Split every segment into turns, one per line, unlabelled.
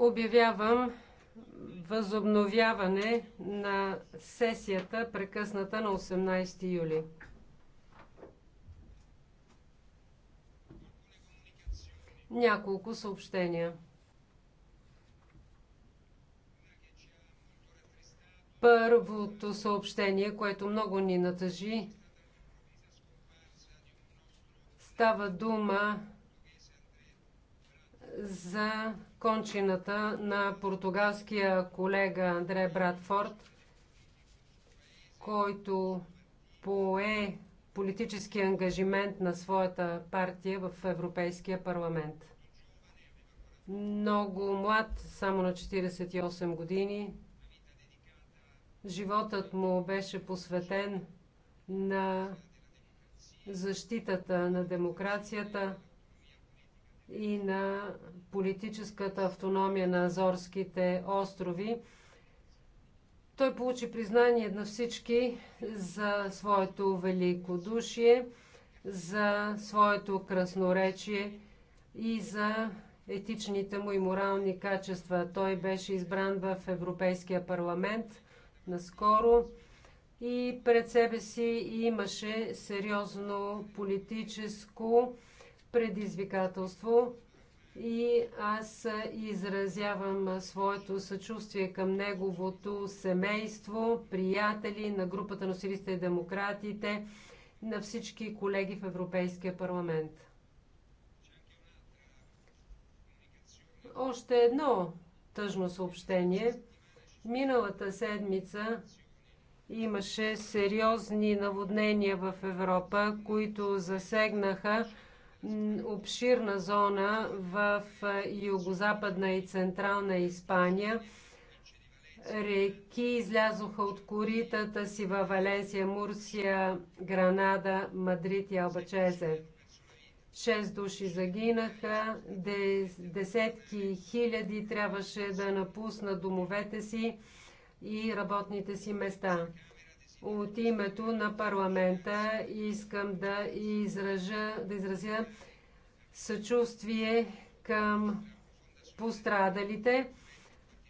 Обявявам възобновяване на сесията, прекъсната на 18 юли. Няколко съобщения. Първото съобщение, което много ни натъжи, става дума за кончината на португалския колега Андре Братфорд, който пое политически ангажимент на своята партия в Европейския парламент. Много млад, само на 48 години, животът му беше посветен на защитата на демокрацията – и на политическата автономия на Азорските острови. Той получи признание на всички за своето великодушие, за своето красноречие и за етичните му и морални качества. Той беше избран в Европейския парламент наскоро и пред себе си имаше сериозно политическо предизвикателство и аз изразявам своето съчувствие към неговото семейство, приятели на групата на и демократите, на всички колеги в Европейския парламент. Още едно тъжно съобщение. Миналата седмица имаше сериозни наводнения в Европа, които засегнаха обширна зона в югозападна и централна Испания. Реки излязоха от коритата си във Валенсия, Мурсия, Гранада, Мадрид и Албачезе. Шест души загинаха, десетки хиляди трябваше да напуснат домовете си и работните си места. От името на парламента искам да, изража, да изразя съчувствие към пострадалите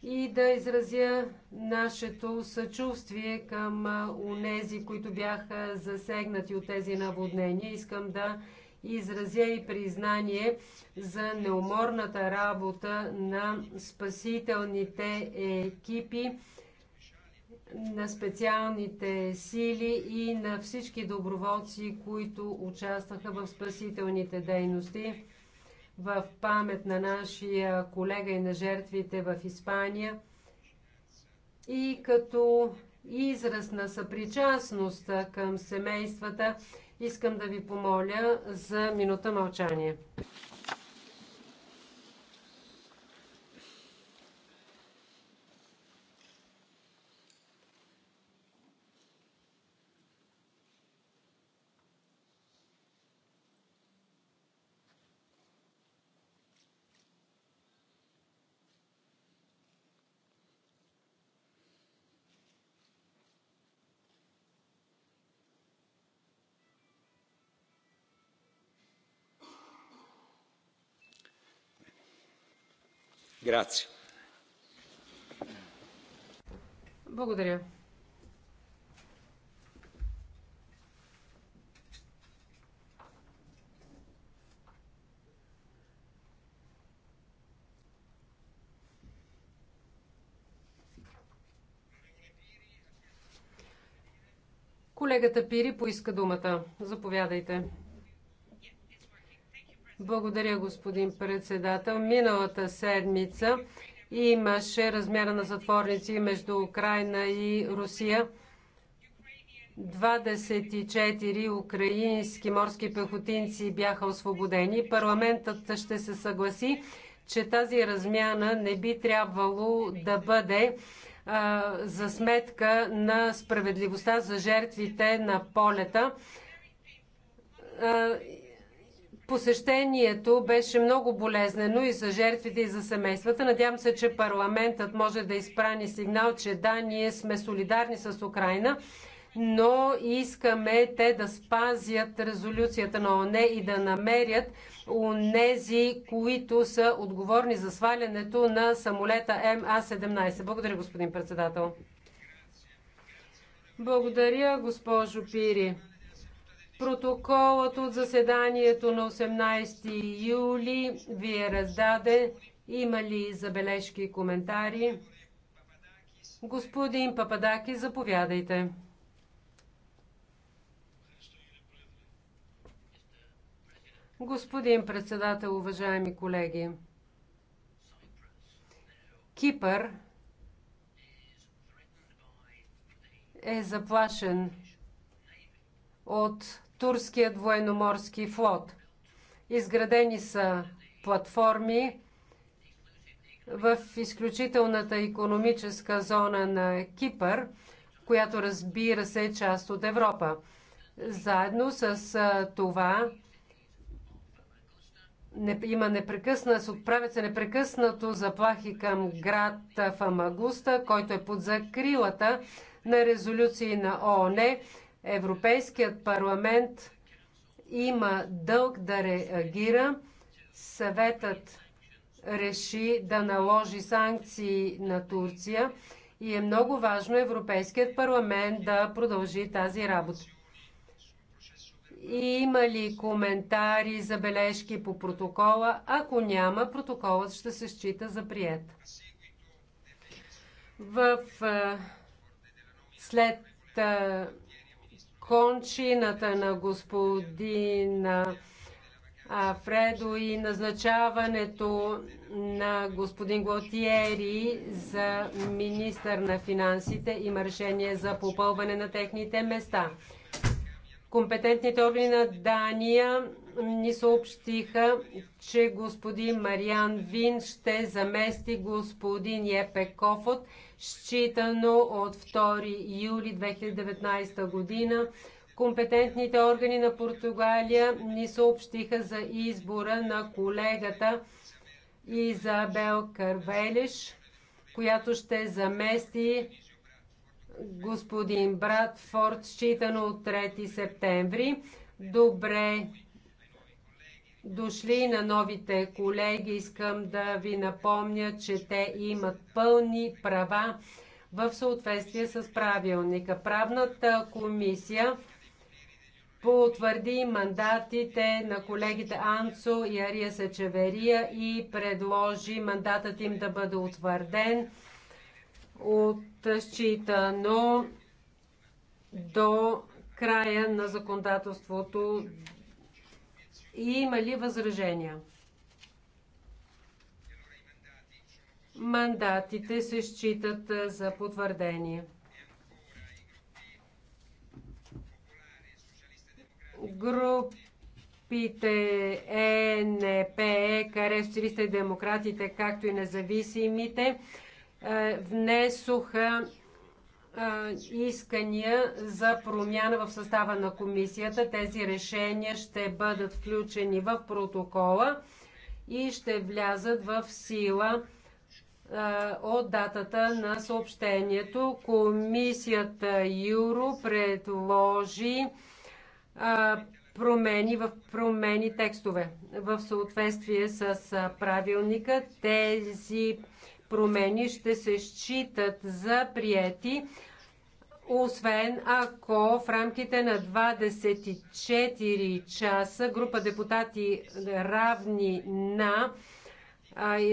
и да изразя нашето съчувствие към унези, които бяха засегнати от тези наводнения. Искам да изразя и признание за неуморната работа на спасителните екипи на специалните сили и на всички доброволци, които участваха в спасителните дейности. В памет на нашия колега и на жертвите в Испания и като израз на съпричастност към семействата, искам да ви помоля за минута мълчание. Благодаря. Колегата Пири поиска думата. Заповядайте. Благодаря, господин председател. Миналата седмица имаше размяна на затворници между Украина и Русия. 24 украински морски пехотинци бяха освободени. Парламентът ще се съгласи, че тази размяна не би трябвало да бъде а, за сметка на справедливостта за жертвите на полета. А, Посещението беше много болезнено и за жертвите, и за семействата. Надявам се, че парламентът може да изпрани сигнал, че да, ние сме солидарни с Украина, но искаме те да спазят резолюцията на ОНЕ и да намерят онези, които са отговорни за свалянето на самолета МА-17. Благодаря, господин председател. Благодаря, госпожо Пири. Протоколът от заседанието на 18 юли ви е раздаден. Има ли забележки и коментари? Господин Пападаки, заповядайте. Господин председател, уважаеми колеги, Кипър е заплашен от турският военноморски флот. Изградени са платформи в изключителната економическа зона на Кипър, която разбира се е част от Европа. Заедно с това има непрекъснато, отправят се непрекъснато заплахи към град Фамагуста, който е под закрилата на резолюции на ООН Европейският парламент има дълг да реагира. Съветът реши да наложи санкции на Турция и е много важно Европейският парламент да продължи тази работа. Има ли коментари, забележки по протокола? Ако няма, протоколът ще се счита за прият. В, след кончината на господин Фредо и назначаването на господин Глотиери за министър на финансите има решение за попълване на техните места. Компетентните органи на Дания ни съобщиха, че господин Мариан Вин ще замести господин Епе Кофот считано от 2 юли 2019 година. Компетентните органи на Португалия ни съобщиха за избора на колегата Изабел Карвелиш, която ще замести господин Братфорд, считано от 3 септември. Добре дошли на новите колеги. Искам да ви напомня, че те имат пълни права в съответствие с правилника. Правната комисия потвърди мандатите на колегите Анцо и Ария Сечеверия и предложи мандатът им да бъде утвърден от считано до края на законодателството и има ли възражения? Мандатите се считат за потвърдени. Групите ЕНП, ЕКР, социалистите и демократите, както и независимите, внесоха искания за промяна в състава на комисията. Тези решения ще бъдат включени в протокола и ще влязат в сила от датата на съобщението. Комисията Юро предложи промени в промени текстове. В съответствие с правилника тези промени ще се считат за приети освен ако в рамките на 24 часа група депутати равни на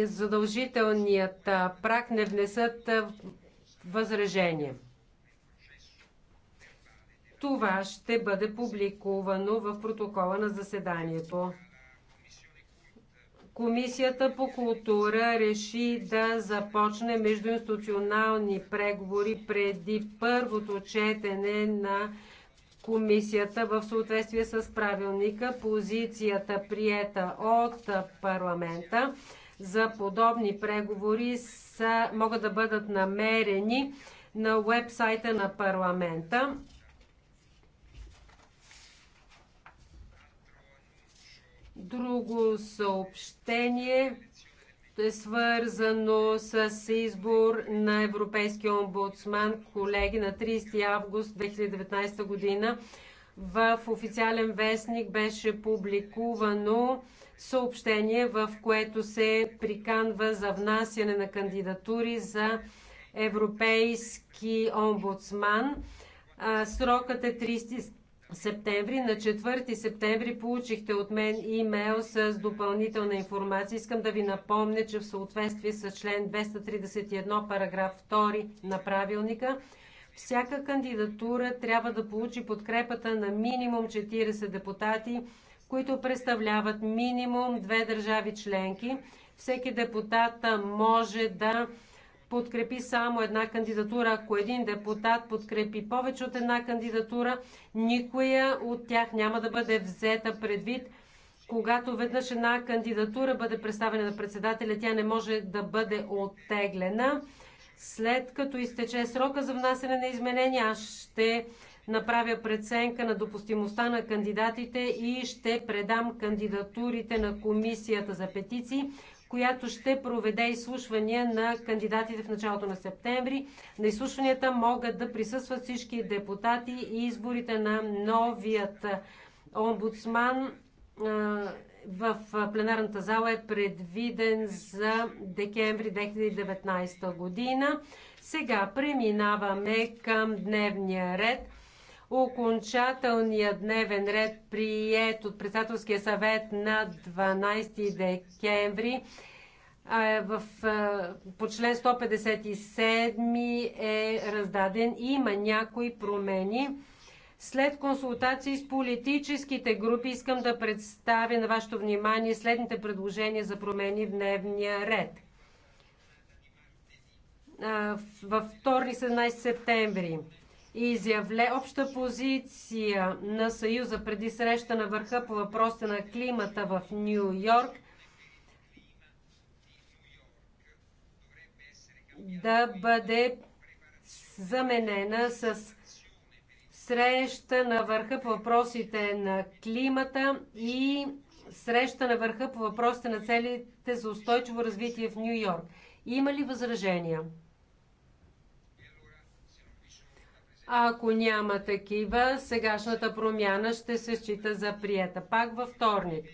задължителният прак не внесат възражение. Това ще бъде публикувано в протокола на заседанието. Комисията по култура реши да започне междуинституционални преговори преди първото четене на комисията в съответствие с правилника позицията приета от парламента за подобни преговори са, могат да бъдат намерени на уебсайта на парламента. Друго съобщение е свързано с избор на Европейския омбудсман, колеги, на 30 август 2019 година. В официален вестник беше публикувано съобщение, в което се приканва за внасяне на кандидатури за Европейски омбудсман. Срокът е 30 септември. На 4 септември получихте от мен имейл с допълнителна информация. Искам да ви напомня, че в съответствие с член 231 параграф 2 на правилника, всяка кандидатура трябва да получи подкрепата на минимум 40 депутати, които представляват минимум две държави членки. Всеки депутат може да подкрепи само една кандидатура. Ако един депутат подкрепи повече от една кандидатура, никоя от тях няма да бъде взета предвид. Когато веднъж една кандидатура бъде представена на председателя, тя не може да бъде оттеглена. След като изтече срока за внасене на изменения, аз ще направя преценка на допустимостта на кандидатите и ще предам кандидатурите на комисията за петиции която ще проведе изслушвания на кандидатите в началото на септември. На изслушванията могат да присъстват всички депутати и изборите на новият омбудсман в пленарната зала е предвиден за декември 2019 година. Сега преминаваме към дневния ред. Окончателният дневен ред, прият от председателския съвет на 12 декември, в, по член 157 е раздаден и има някои промени. След консултации с политическите групи искам да представя на вашето внимание следните предложения за промени в дневния ред. Във вторник 17 септември изявле обща позиция на Съюза преди среща на върха по въпроса на климата в Нью Йорк. да бъде заменена с среща на върха по въпросите на климата и среща на върха по въпросите на целите за устойчиво развитие в Нью Йорк. Има ли възражения? Ако няма такива, сегашната промяна ще се счита за прията. Пак във вторник.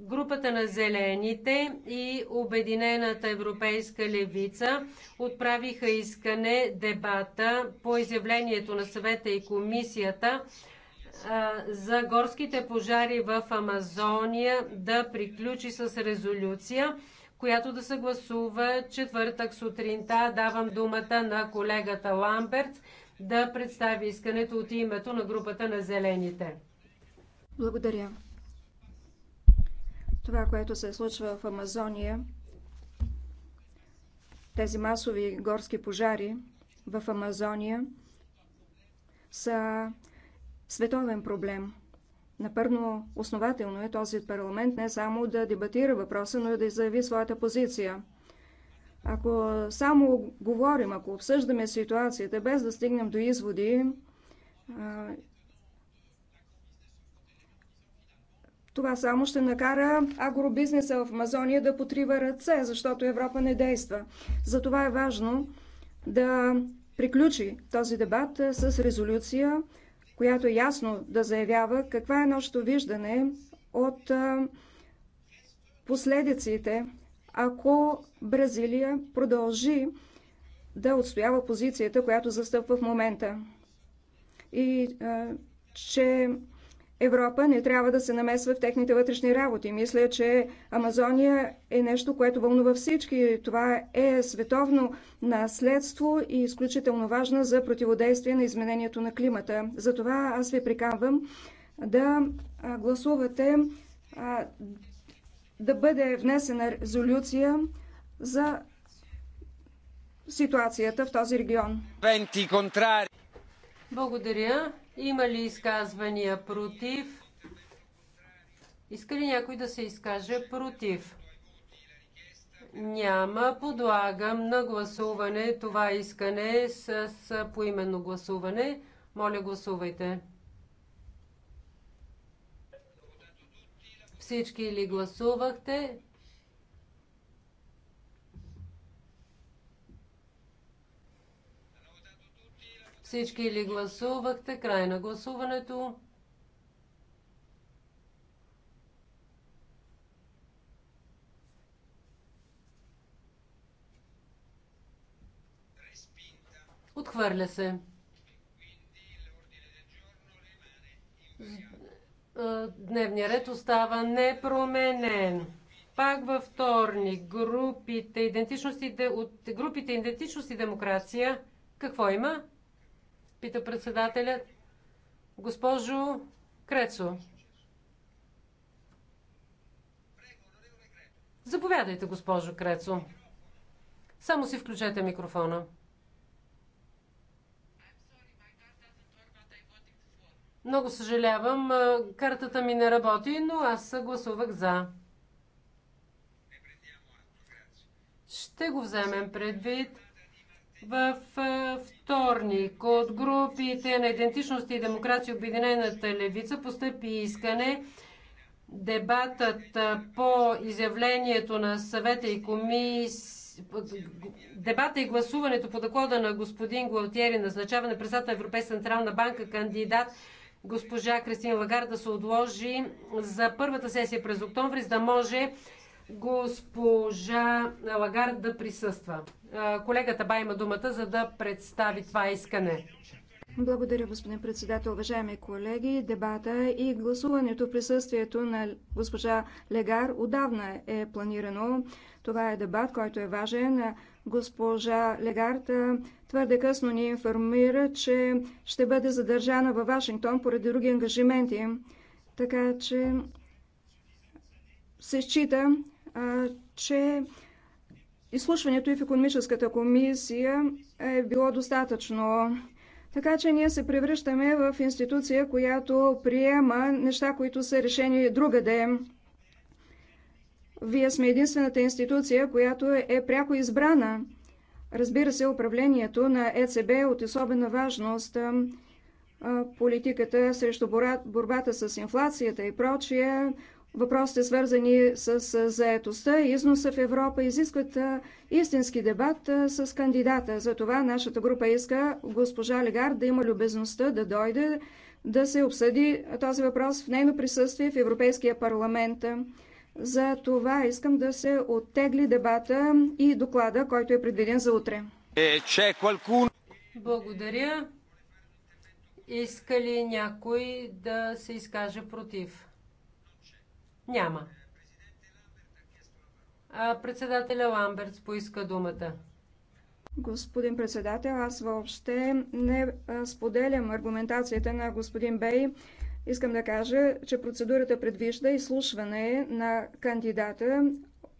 Групата на Зелените и Обединената европейска левица отправиха искане дебата по изявлението на съвета и комисията за горските пожари в Амазония да приключи с резолюция, която да се гласува четвъртък сутринта. Давам думата на колегата Ламберт да представи искането от името на групата на зелените.
Благодаря. Това, което се случва в Амазония, тези масови горски пожари в Амазония са световен проблем. Напърно основателно е този парламент не само да дебатира въпроса, но и да изяви своята позиция – ако само говорим, ако обсъждаме ситуацията, без да стигнем до изводи, това само ще накара агробизнеса в Амазония да потрива ръце, защото Европа не действа. Затова е важно да приключи този дебат е, с резолюция, която ясно да заявява каква е нашето виждане от последиците ако Бразилия продължи да отстоява позицията, която застъпва в момента. И а, че Европа не трябва да се намесва в техните вътрешни работи. Мисля, че Амазония е нещо, което вълнува всички. Това е световно наследство и изключително важно за противодействие на изменението на климата. Затова аз ви приканвам да гласувате да бъде внесена резолюция за ситуацията в този регион.
Благодаря. Има ли изказвания против? Иска ли някой да се изкаже против? Няма. Подлагам на гласуване това искане с поименно гласуване. Моля, гласувайте. Всички ли гласувахте? Всички ли гласувахте? Край на гласуването. Отхвърля се. Е, дневният ред остава непроменен. Пак във вторник, групите идентичност и, от групите идентичност и демокрация, какво има? Пита председателят. Госпожо Крецо. Заповядайте, госпожо Крецо. Само си включете микрофона. Много съжалявам, картата ми не работи, но аз гласувах за. Ще го вземем предвид в вторник от групите на идентичност и демокрация Обединената левица постъпи искане дебатът по изявлението на съвета и комисия дебата и гласуването по доклада на господин Гуалтиери назначаване председател на Европейска централна банка кандидат госпожа Кристин Лагар да се отложи за първата сесия през октомври, за да може госпожа Лагар да присъства. Колегата Ба има думата, за да представи това искане.
Благодаря, господин председател. Уважаеми колеги, дебата и гласуването в присъствието на госпожа Легар отдавна е планирано. Това е дебат, който е важен Госпожа Легарта твърде късно ни информира, че ще бъде задържана във Вашингтон поради други ангажименти. Така че се счита, че изслушването и в економическата комисия е било достатъчно. Така че ние се превръщаме в институция, която приема неща, които са решени другаде. Вие сме единствената институция, която е пряко избрана. Разбира се, управлението на ЕЦБ е от особена важност. Политиката срещу борбата с инфлацията и прочие, въпросите свързани с заетостта и износа в Европа изискват истински дебат с кандидата. Затова нашата група иска госпожа Легар да има любезността да дойде да се обсъди този въпрос в нейно присъствие в Европейския парламент. За това искам да се оттегли дебата и доклада, който е предвиден за утре.
Е,
Благодаря. Иска ли някой да се изкаже против? Няма. А председателя Ламбертс поиска думата.
Господин председател, аз въобще не споделям аргументацията на господин Бей Искам да кажа, че процедурата предвижда изслушване на кандидата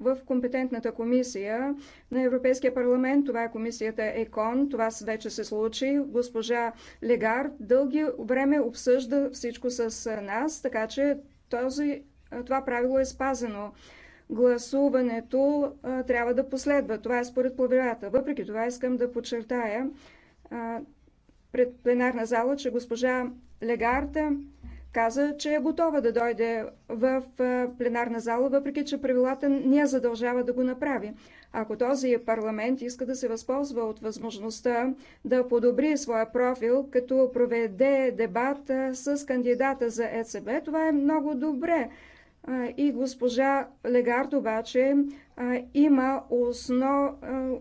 в компетентната комисия на Европейския парламент. Това е комисията ЕКОН. Това вече се случи. Госпожа Легар дълги време обсъжда всичко с нас, така че този, това правило е спазено. Гласуването а, трябва да последва. Това е според правилата. Въпреки това искам да подчертая а, пред пленарна зала, че госпожа Легарта каза, че е готова да дойде в пленарна зала, въпреки че правилата не задължава да го направи. Ако този парламент иска да се възползва от възможността да подобри своя профил, като проведе дебат с кандидата за ЕЦБ, това е много добре. И госпожа Легард обаче има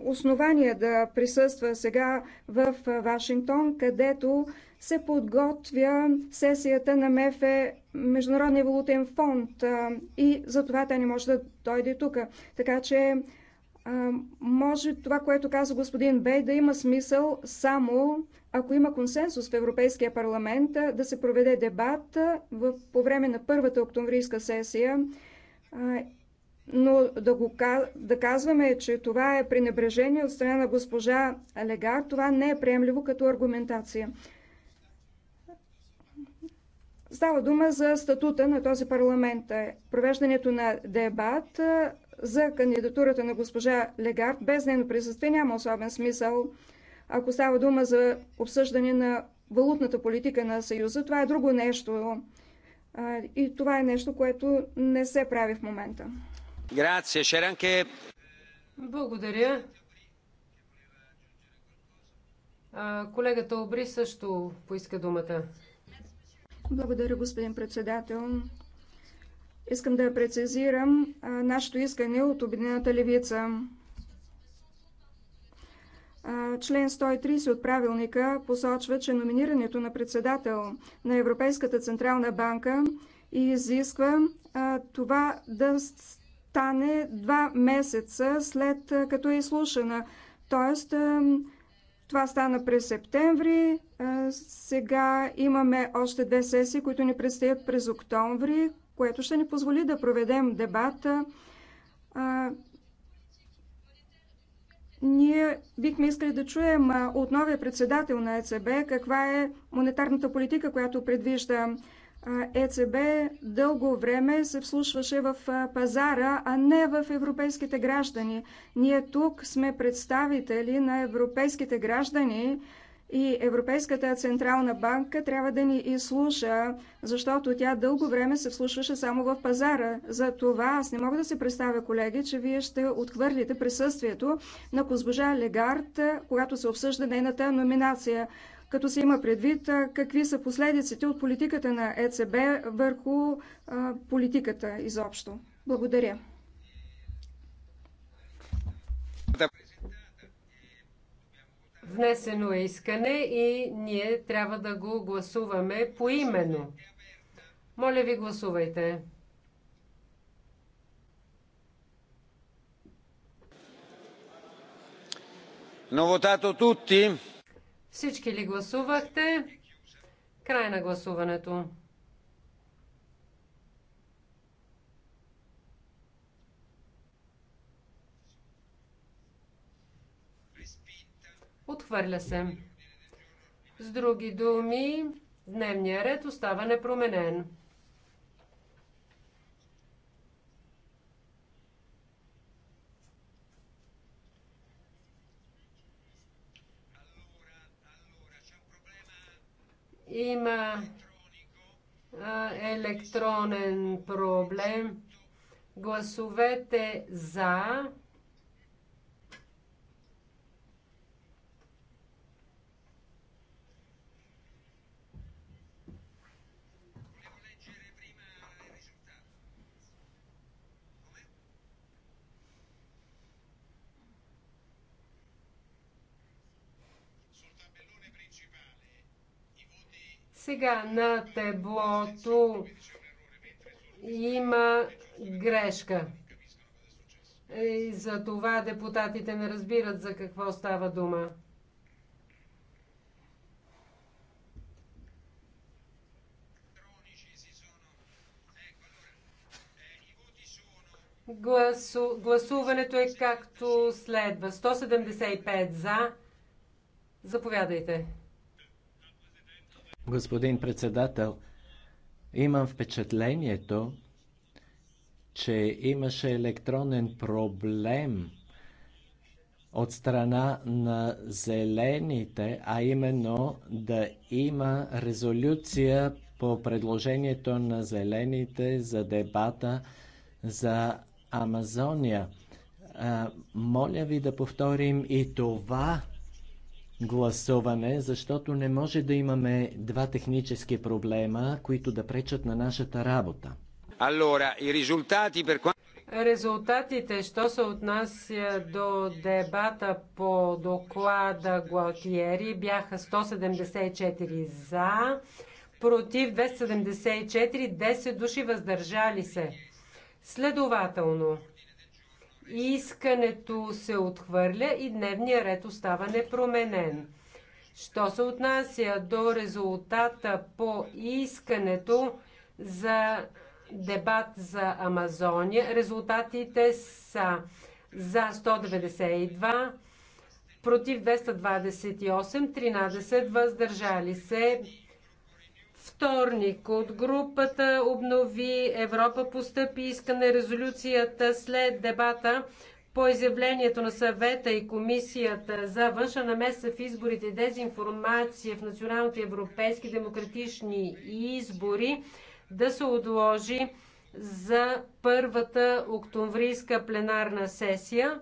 основания да присъства сега в Вашингтон, където се подготвя сесията на МЕФЕ, Международния валутен фонд и затова тя не може да дойде тук. Така че може това, което каза господин Бей, да има смисъл само ако има консенсус в Европейския парламент да се проведе дебат в, по време на първата октомврийска сесия, но да, го, да казваме, че това е пренебрежение от страна на госпожа Легар, това не е приемливо като аргументация. Става дума за статута на този парламент. Е, провеждането на дебат е, за кандидатурата на госпожа Легард без нейно присъствие няма особен смисъл. Ако става дума за обсъждане на валутната политика на Съюза, това е друго нещо. Е, и това е нещо, което не се прави в момента. Благодаря.
Колегата Обри също поиска думата.
Благодаря, господин председател. Искам да прецизирам нашето искане от Обединената левица. Член 130 от правилника посочва, че номинирането на председател на Европейската централна банка изисква това да стане два месеца след като е изслушана. Тоест, това стана през септември. Сега имаме още две сесии, които ни предстоят през октомври, което ще ни позволи да проведем дебата. Ние бихме искали да чуем от новия председател на ЕЦБ каква е монетарната политика, която предвижда ЕЦБ дълго време се вслушваше в пазара, а не в европейските граждани. Ние тук сме представители на европейските граждани и Европейската Централна банка трябва да ни изслуша, защото тя дълго време се вслушваше само в пазара. За това аз не мога да се представя, колеги, че вие ще отхвърлите присъствието на госпожа Легард, когато се обсъжда нейната номинация като се има предвид какви са последиците от политиката на ЕЦБ върху политиката изобщо. Благодаря.
Внесено е искане и ние трябва да го гласуваме поименно. Моля ви, гласувайте.
Но votato
всички ли гласувахте? Край на гласуването. Отхвърля се. С други думи, дневният ред остава непроменен. Има а, електронен проблем. Гласовете за Сега на теблото има грешка. И за това депутатите не разбират за какво става дума. Гласу... Гласуването е както следва. 175 за. Заповядайте.
Господин председател, имам впечатлението, че имаше електронен проблем от страна на зелените, а именно да има резолюция по предложението на зелените за дебата за Амазония. моля ви да повторим и това гласуване, защото не може да имаме два технически проблема, които да пречат на нашата работа.
Резултатите, що се отнася до дебата по доклада Гуалтиери, бяха 174 за, против 274, 10 души въздържали се. Следователно, Искането се отхвърля и дневния ред остава непроменен. Що се отнася до резултата по искането за дебат за Амазония, резултатите са за 192, против 228, 13 въздържали се вторник от групата Обнови Европа постъпи искане резолюцията след дебата по изявлението на съвета и комисията за външна намеса в изборите и дезинформация в националните европейски демократични избори да се отложи за първата октомврийска пленарна сесия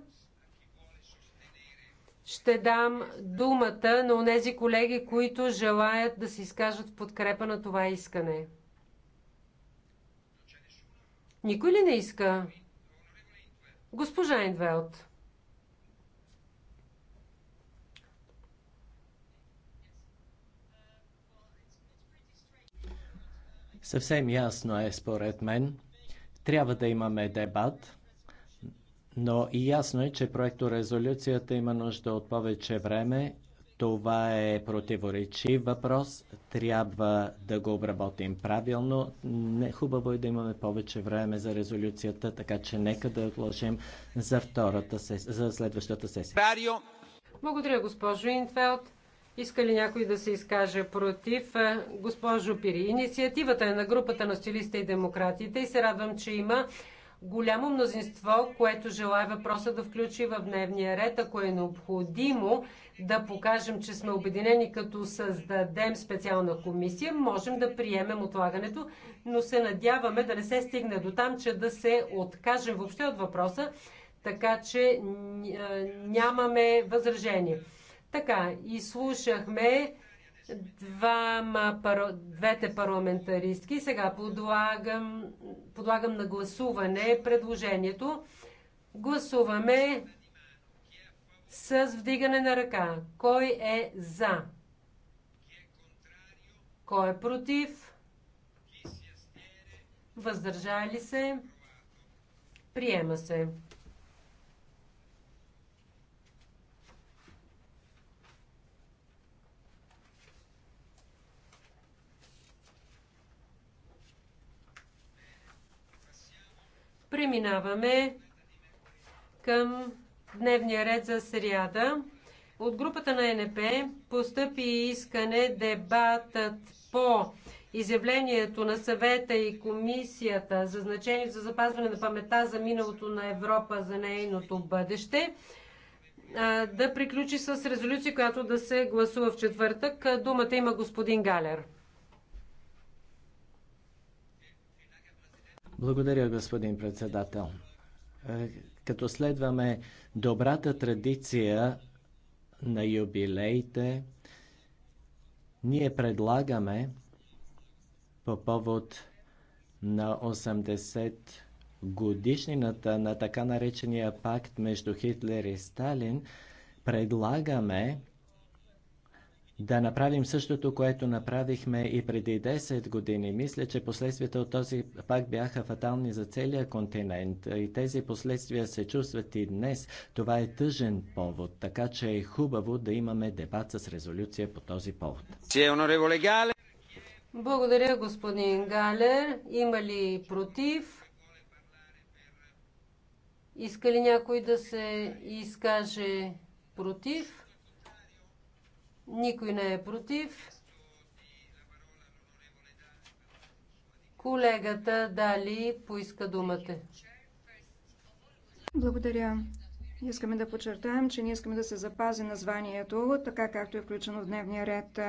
ще дам думата на онези колеги, които желаят да се изкажат в подкрепа на това искане. Никой ли не иска? Госпожа Индвелт.
Съвсем ясно е според мен. Трябва да имаме дебат но и ясно е, че проекторезолюцията има нужда от повече време. Това е противоречив въпрос. Трябва да го обработим правилно. Не, хубаво е да имаме повече време за резолюцията, така че нека да отложим за, втората сес... за следващата сесия. Радио.
Благодаря, госпожо Инфелд. Иска ли някой да се изкаже против? Е, госпожо Пири, инициативата е на групата на стилиста и демократите и се радвам, че има голямо мнозинство, което желая въпроса да включи в дневния ред, ако е необходимо да покажем, че сме обединени, като създадем специална комисия, можем да приемем отлагането, но се надяваме да не се стигне до там, че да се откажем въобще от въпроса, така че нямаме възражение. Така, изслушахме двама, двете парламентаристки. Сега подлагам, подлагам на гласуване предложението. Гласуваме с вдигане на ръка. Кой е за? Кой е против? Въздържали се? Приема се. Преминаваме към дневния ред за сериада. От групата на НП постъпи искане дебатът по изявлението на съвета и комисията за значение за запазване на памета за миналото на Европа, за нейното бъдеще, да приключи с резолюция, която да се гласува в четвъртък. Думата има господин Галер.
Благодаря, господин председател. Е, като следваме добрата традиция на юбилеите, ние предлагаме по повод на 80 годишнината на така наречения пакт между Хитлер и Сталин, предлагаме да направим същото, което направихме и преди 10 години. Мисля, че последствията от този пак бяха фатални за целия континент и тези последствия се чувстват и днес. Това е тъжен повод, така че е хубаво да имаме дебат с резолюция по този повод.
Е,
Благодаря, господин Галер. Има ли против? Иска ли някой да се изкаже против? Никой не е против. Колегата Дали поиска думата.
Благодаря. Искаме да подчертаем, че ние искаме да се запази названието, така както е включено в дневния ред,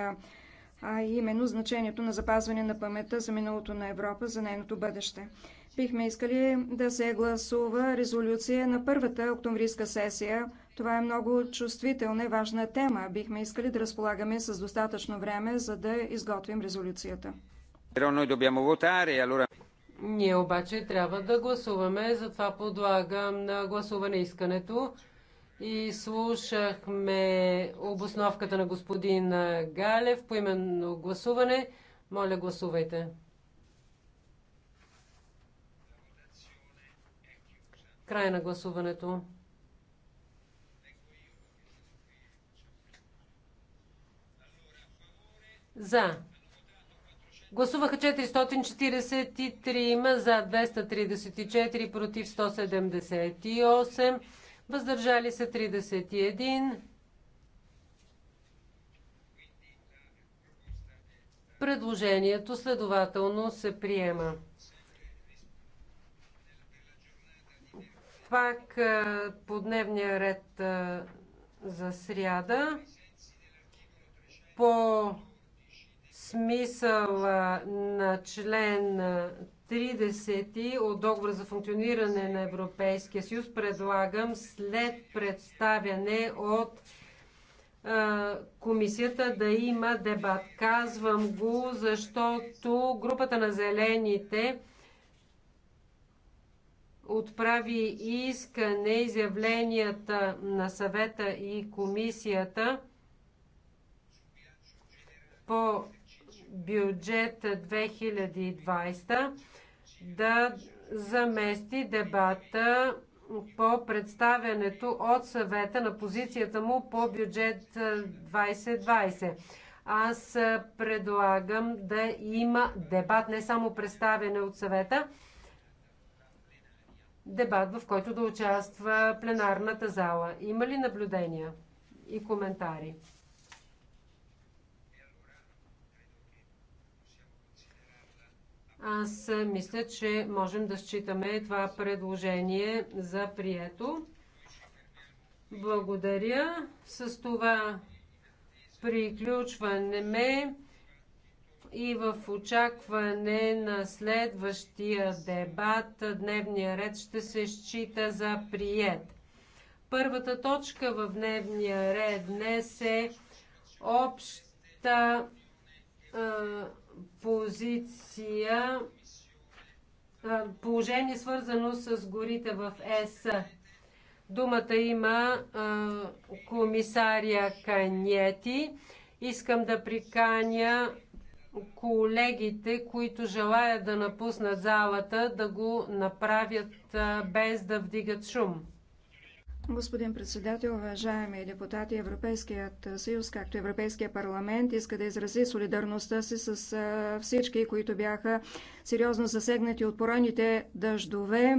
а именно значението на запазване на паметта за миналото на Европа, за нейното бъдеще. Бихме искали да се гласува резолюция на първата октомврийска сесия – това е много чувствителна и важна тема. Бихме искали да разполагаме с достатъчно време, за да изготвим резолюцията.
Ние обаче трябва да гласуваме, затова подлагам на гласуване искането. И слушахме обосновката на господин Галев по именно гласуване. Моля, гласувайте. Край на гласуването. за. Гласуваха 443 за 234, против 178, въздържали се 31. Предложението следователно се приема. Пак по дневния ред за сряда по смисъл на член 30 от договора за функциониране на Европейския съюз предлагам след представяне от комисията да има дебат. Казвам го, защото групата на зелените отправи искане изявленията на съвета и комисията по бюджет 2020 да замести дебата по представянето от съвета на позицията му по бюджет 2020. Аз предлагам да има дебат, не само представяне от съвета, дебат, в който да участва пленарната зала. Има ли наблюдения и коментари? Аз мисля, че можем да считаме това предложение за прието. Благодаря. С това приключваме и в очакване на следващия дебат дневния ред ще се счита за прият. Първата точка в дневния ред днес е обща позиция, положение свързано с горите в ЕС. Думата има комисария Каньети. Искам да приканя колегите, които желаят да напуснат залата, да го направят без да вдигат шум.
Господин председател, уважаеми депутати, Европейският съюз, както Европейския парламент, иска да изрази солидарността си с всички, които бяха сериозно засегнати от поройните дъждове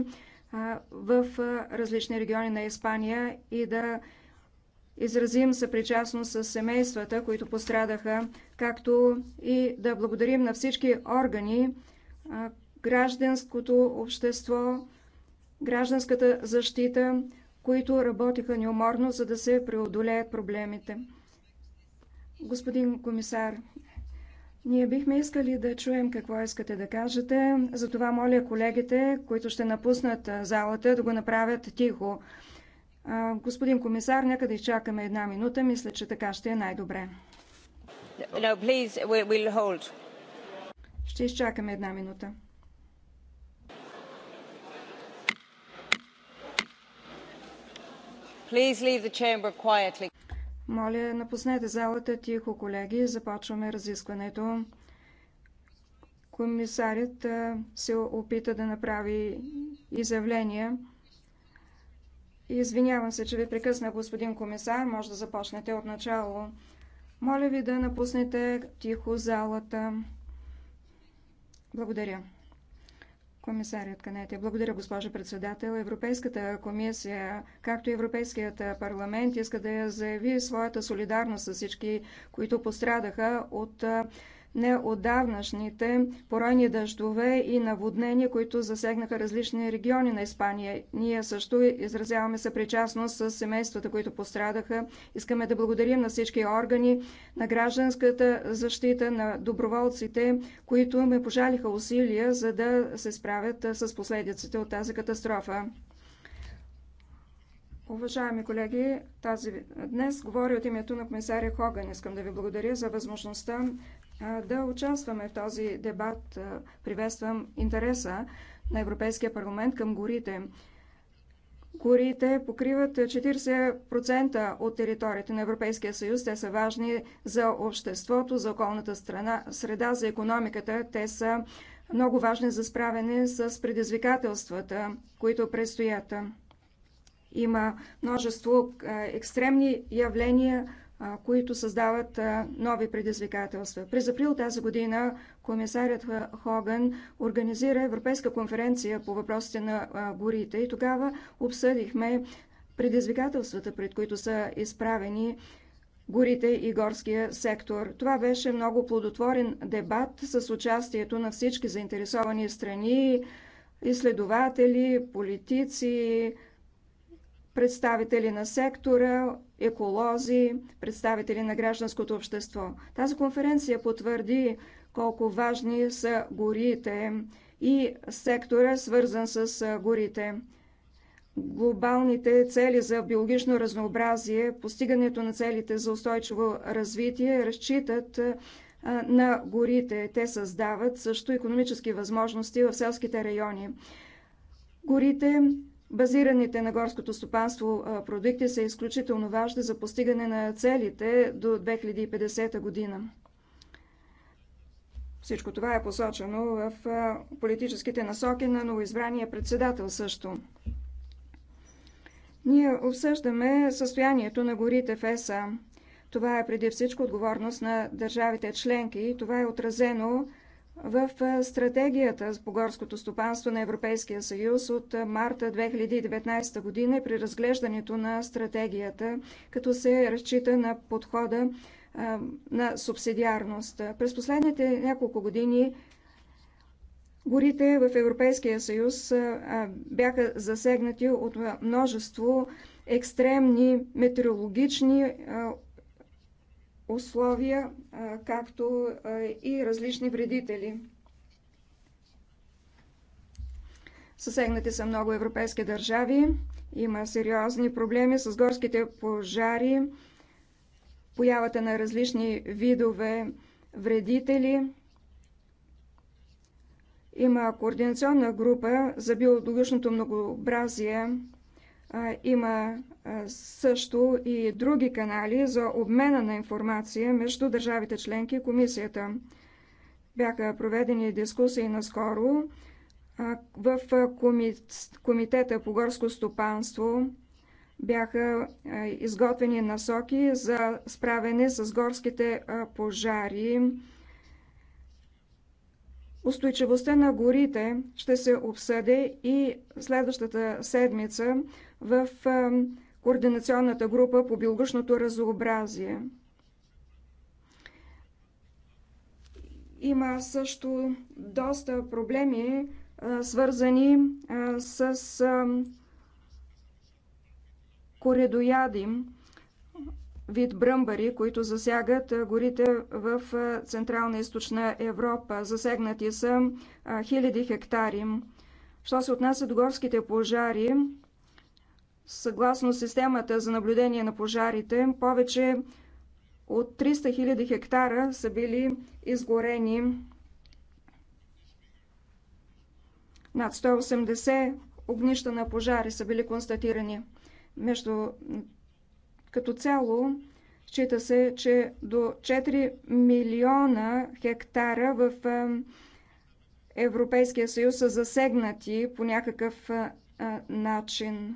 в различни региони на Испания и да изразим съпричастност с семействата, които пострадаха, както и да благодарим на всички органи, гражданското общество, гражданската защита, които работиха неуморно, за да се преодолеят проблемите. Господин комисар, ние бихме искали да чуем какво искате да кажете. Затова моля колегите, които ще напуснат залата, да го направят тихо. Господин комисар, нека да изчакаме една минута. Мисля, че така ще е най-добре.
No, please, we'll
hold. Ще изчакаме една минута. Моля, напуснете залата тихо, колеги. Започваме разискването. Комисарят се опита да направи изявление. Извинявам се, че ви прекъсна, господин комисар. Може да започнете от начало. Моля ви да напуснете тихо залата. Благодаря. Комисарят Канете. Благодаря, госпожа председател. Европейската комисия, както и Европейският парламент, иска да я заяви своята солидарност с всички, които пострадаха от неодавнашните поройни дъждове и наводнения, които засегнаха различни региони на Испания. Ние също изразяваме съпричастност с семействата, които пострадаха. Искаме да благодарим на всички органи, на гражданската защита, на доброволците, които ме пожалиха усилия, за да се справят с последиците от тази катастрофа. Уважаеми колеги, тази... днес говоря от името на комисаря Хоган. Искам да ви благодаря за възможността да участваме в този дебат. Приветствам интереса на Европейския парламент към горите. Горите покриват 40% от територията на Европейския съюз. Те са важни за обществото, за околната страна, среда, за економиката. Те са много важни за справяне с предизвикателствата, които предстоят. Има множество екстремни явления, които създават нови предизвикателства. През април тази година комисарят Хоган организира Европейска конференция по въпросите на горите и тогава обсъдихме предизвикателствата, пред които са изправени горите и горския сектор. Това беше много плодотворен дебат с участието на всички заинтересовани страни, изследователи, политици, представители на сектора, еколози, представители на гражданското общество. Тази конференция потвърди колко важни са горите и сектора, свързан с горите. Глобалните цели за биологично разнообразие, постигането на целите за устойчиво развитие разчитат на горите. Те създават също економически възможности в селските райони. Горите Базираните на горското стопанство продукти са изключително важни за постигане на целите до 2050 година. Всичко това е посочено в политическите насоки на новоизбрания председател също. Ние обсъждаме състоянието на горите в ЕСА. Това е преди всичко отговорност на държавите членки и това е отразено в стратегията по горското стопанство на Европейския съюз от марта 2019 година при разглеждането на стратегията, като се разчита на подхода на субсидиарност. През последните няколко години горите в Европейския съюз бяха засегнати от множество екстремни метеорологични условия, както и различни вредители. Съсегнати са много европейски държави. Има сериозни проблеми с горските пожари, появата на различни видове вредители. Има координационна група за биологичното многообразие има също и други канали за обмена на информация между държавите членки и комисията. Бяха проведени дискусии наскоро в Комитета по горско стопанство бяха изготвени насоки за справяне с горските пожари. Устойчивостта на горите ще се обсъде и следващата седмица в Координационната група по биологичното разнообразие. Има също доста проблеми, свързани с коредояди, вид бръмбари, които засягат горите в Централна и Източна Европа. Засегнати са хиляди хектари. Що се отнася до горските пожари, Съгласно системата за наблюдение на пожарите, повече от 300 000 хектара са били изгорени. Над 180 огнища на пожари са били констатирани. Между... Като цяло, счита се, че до 4 милиона хектара в Европейския съюз са засегнати по някакъв начин.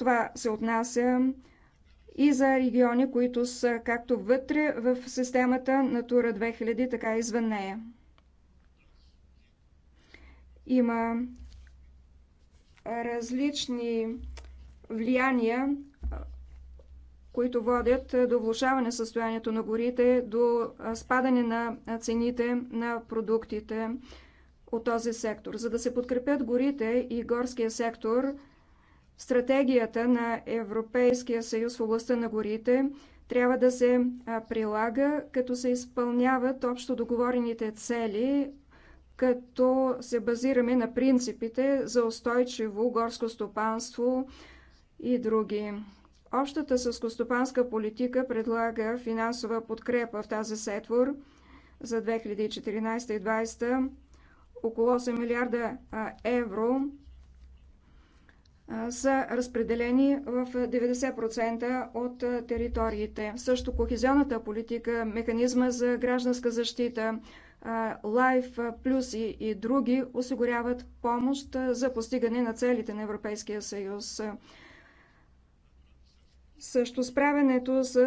Това се отнася и за региони, които са както вътре в системата Натура 2000, така и извън нея. Има различни влияния, които водят до влушаване състоянието на горите, до спадане на цените на продуктите от този сектор. За да се подкрепят горите и горския сектор – Стратегията на Европейския съюз в областта на горите трябва да се прилага, като се изпълняват общо договорените цели, като се базираме на принципите за устойчиво горско стопанство и други. Общата съскостопанска политика предлага финансова подкрепа в тази сетвор за 2014 и 2020 около 8 милиарда евро са разпределени в 90% от териториите. Също кохезионната политика, механизма за гражданска защита, Лайф Плюс и, други осигуряват помощ за постигане на целите на Европейския съюз. Също справянето с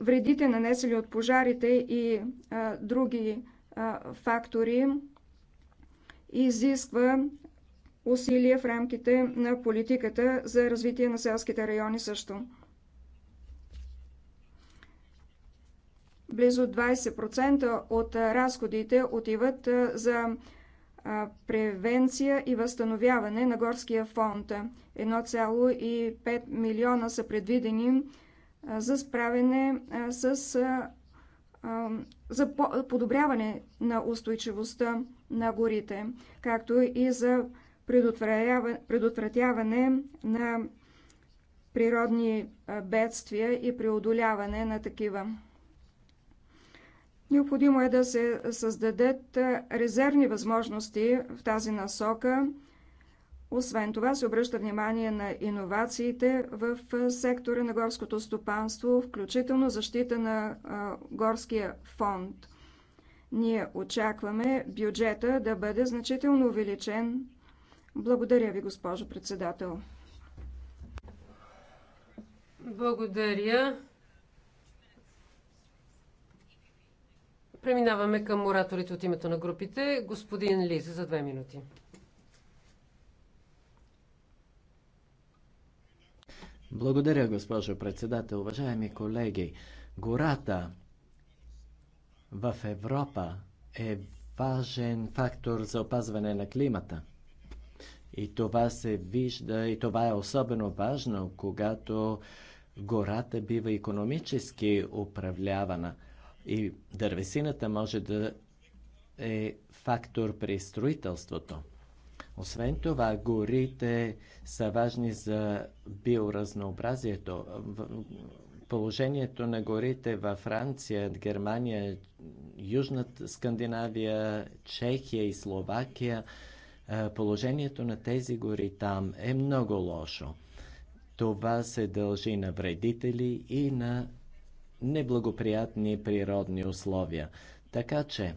вредите нанесели от пожарите и други фактори изисква усилия в рамките на политиката за развитие на селските райони също. Близо 20% от разходите отиват за превенция и възстановяване на горския фонд. 1,5 милиона са предвидени за справяне с за подобряване на устойчивостта на горите, както и за предотвратяване на природни бедствия и преодоляване на такива. Необходимо е да се създадат резервни възможности в тази насока. Освен това се обръща внимание на иновациите в сектора на горското стопанство, включително защита на горския фонд. Ние очакваме бюджета да бъде значително увеличен благодаря ви, госпожо председател.
Благодаря. Преминаваме към ораторите от името на групите. Господин Лиз, за две минути.
Благодаря, госпожо председател. Уважаеми колеги, гората в Европа е важен фактор за опазване на климата – и това се вижда, и това е особено важно, когато гората бива економически управлявана. И дървесината може да е фактор при строителството. Освен това, горите са важни за биоразнообразието. Положението на горите във Франция, Германия, Южна Скандинавия, Чехия и Словакия – е, положението на тези гори там е много лошо. Това се дължи на вредители и на неблагоприятни природни условия. Така че,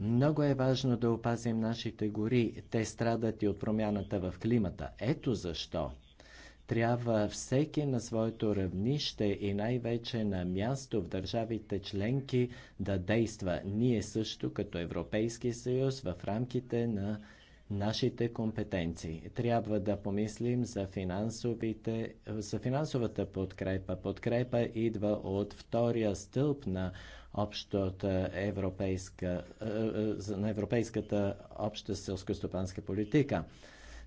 много е важно да опазим нашите гори. Те страдат и от промяната в климата. Ето защо. Трябва всеки на своето равнище и най-вече на място в държавите членки да действа. Ние също като Европейски съюз в рамките на нашите компетенции. Трябва да помислим за, финансовите, за финансовата подкрепа. Подкрепа идва от втория стълб на общата европейска, е, е, на европейската обща селскостопанска политика.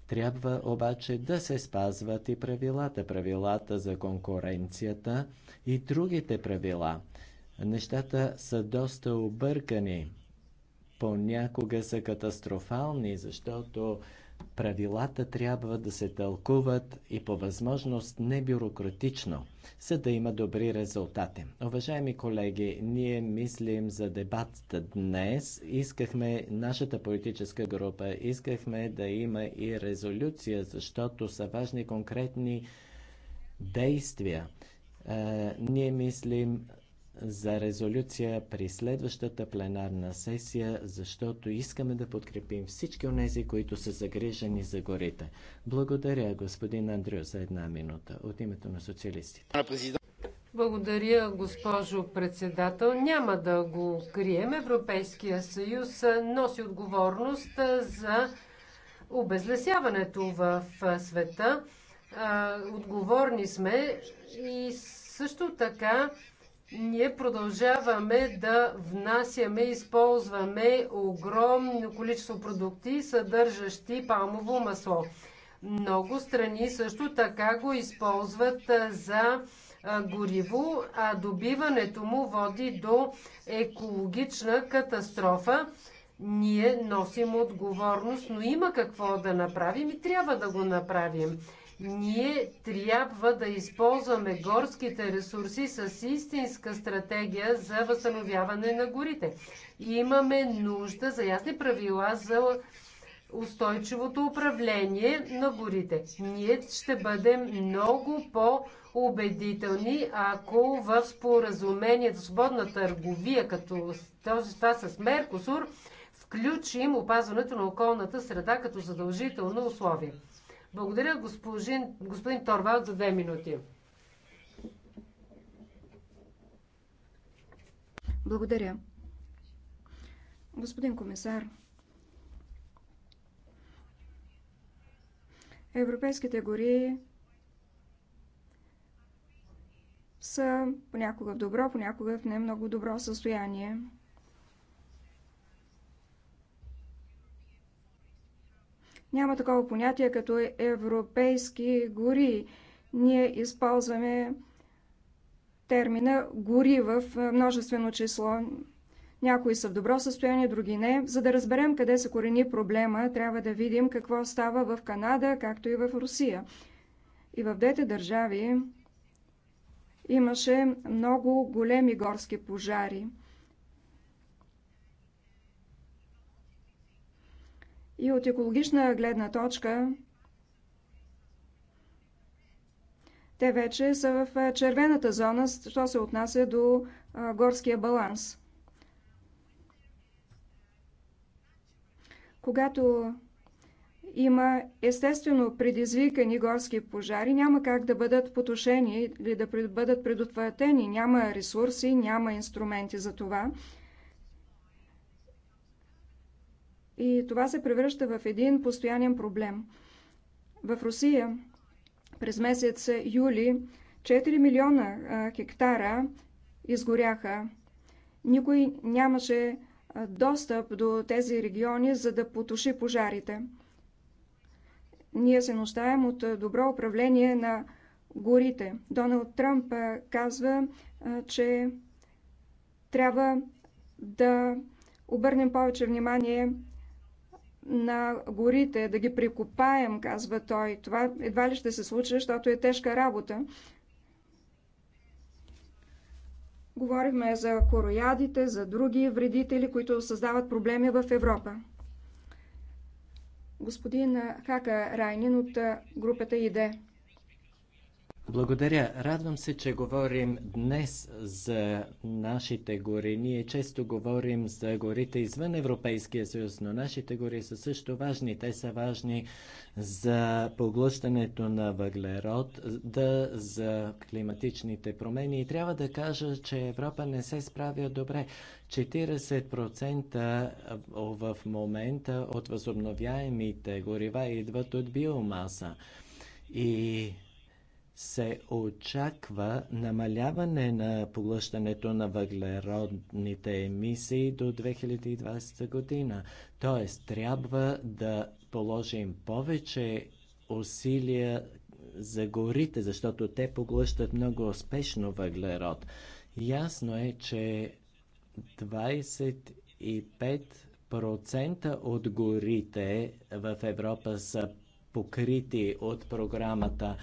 Трябва обаче да се спазват и правилата, правилата за конкуренцията и другите правила. Нещата са доста объркани понякога са катастрофални, защото правилата трябва да се тълкуват и по възможност не бюрократично, за да има добри резултати. Уважаеми колеги, ние мислим за дебат днес. Искахме, нашата политическа група, искахме да има и резолюция, защото са важни конкретни действия. Е, ние мислим за резолюция при следващата пленарна сесия, защото искаме да подкрепим всички онези, които са загрижени за горите. Благодаря, господин Андрю, за една минута от името на социалистите.
Благодаря, госпожо председател. Няма да го крием. Европейския съюз носи отговорност за обезлесяването в света. Отговорни сме и също така ние продължаваме да внасяме, използваме огромно количество продукти, съдържащи палмово масло. Много страни също така го използват за гориво, а добиването му води до екологична катастрофа. Ние носим отговорност, но има какво да направим и трябва да го направим. Ние трябва да използваме горските ресурси с истинска стратегия за възстановяване на горите. имаме нужда за ясни правила за устойчивото управление на горите. Ние ще бъдем много по-убедителни, ако в споразумение за свободна търговия, като този това с Меркосур, включим опазването на околната среда като задължително условие. Благодаря, господин, господин Торвалд, за две минути.
Благодаря. Господин комисар, европейските гори са понякога в добро, понякога в не много добро състояние. Няма такова понятие като европейски гори. Ние използваме термина гори в множествено число. Някои са в добро състояние, други не. За да разберем къде се корени проблема, трябва да видим какво става в Канада, както и в Русия. И в двете държави имаше много големи горски пожари. И от екологична гледна точка те вече са в червената зона, що се отнася до горския баланс. Когато има естествено предизвикани горски пожари, няма как да бъдат потушени или да бъдат предотвратени. Няма ресурси, няма инструменти за това. И това се превръща в един постоянен проблем. В Русия през месец юли 4 милиона хектара изгоряха. Никой нямаше достъп до тези региони, за да потуши пожарите. Ние се нуждаем от добро управление на горите. Доналд Тръмп казва, че трябва да обърнем повече внимание на горите, да ги прикопаем, казва той. Това едва ли ще се случи, защото е тежка работа. Говорихме за короядите, за други вредители, които създават проблеми в Европа. Господин Хака Райнин от групата ИДЕ.
Благодаря. Радвам се, че говорим днес за нашите гори. Ние често говорим за горите извън Европейския съюз, но нашите гори са също важни. Те са важни за поглъщането на въглерод, да, за климатичните промени. И трябва да кажа, че Европа не се справя добре. 40% в момента от възобновяемите горива идват от биомаса. И се очаква намаляване на поглъщането на въглеродните емисии до 2020 година. Тоест, трябва да положим повече усилия за горите, защото те поглъщат много успешно въглерод. Ясно е, че 25% от горите в Европа са покрити от програмата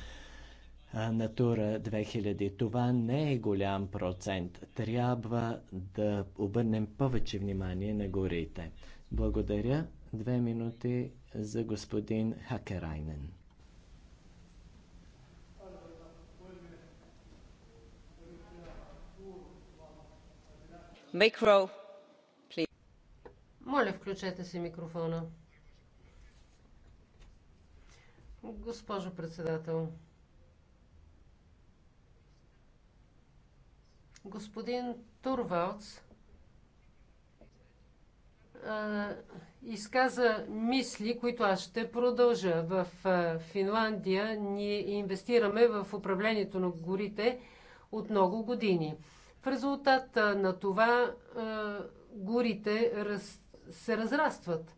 Натура 2000. Това не е голям процент. Трябва да обърнем повече внимание на горите. Благодаря. Две минути за господин Хакерайнен. Микро,
Моля, включете си микрофона. Госпожо председател, Господин Турвалц изказа мисли, които аз ще продължа. В Финландия ние инвестираме в управлението на горите от много години. В резултат на това горите се разрастват.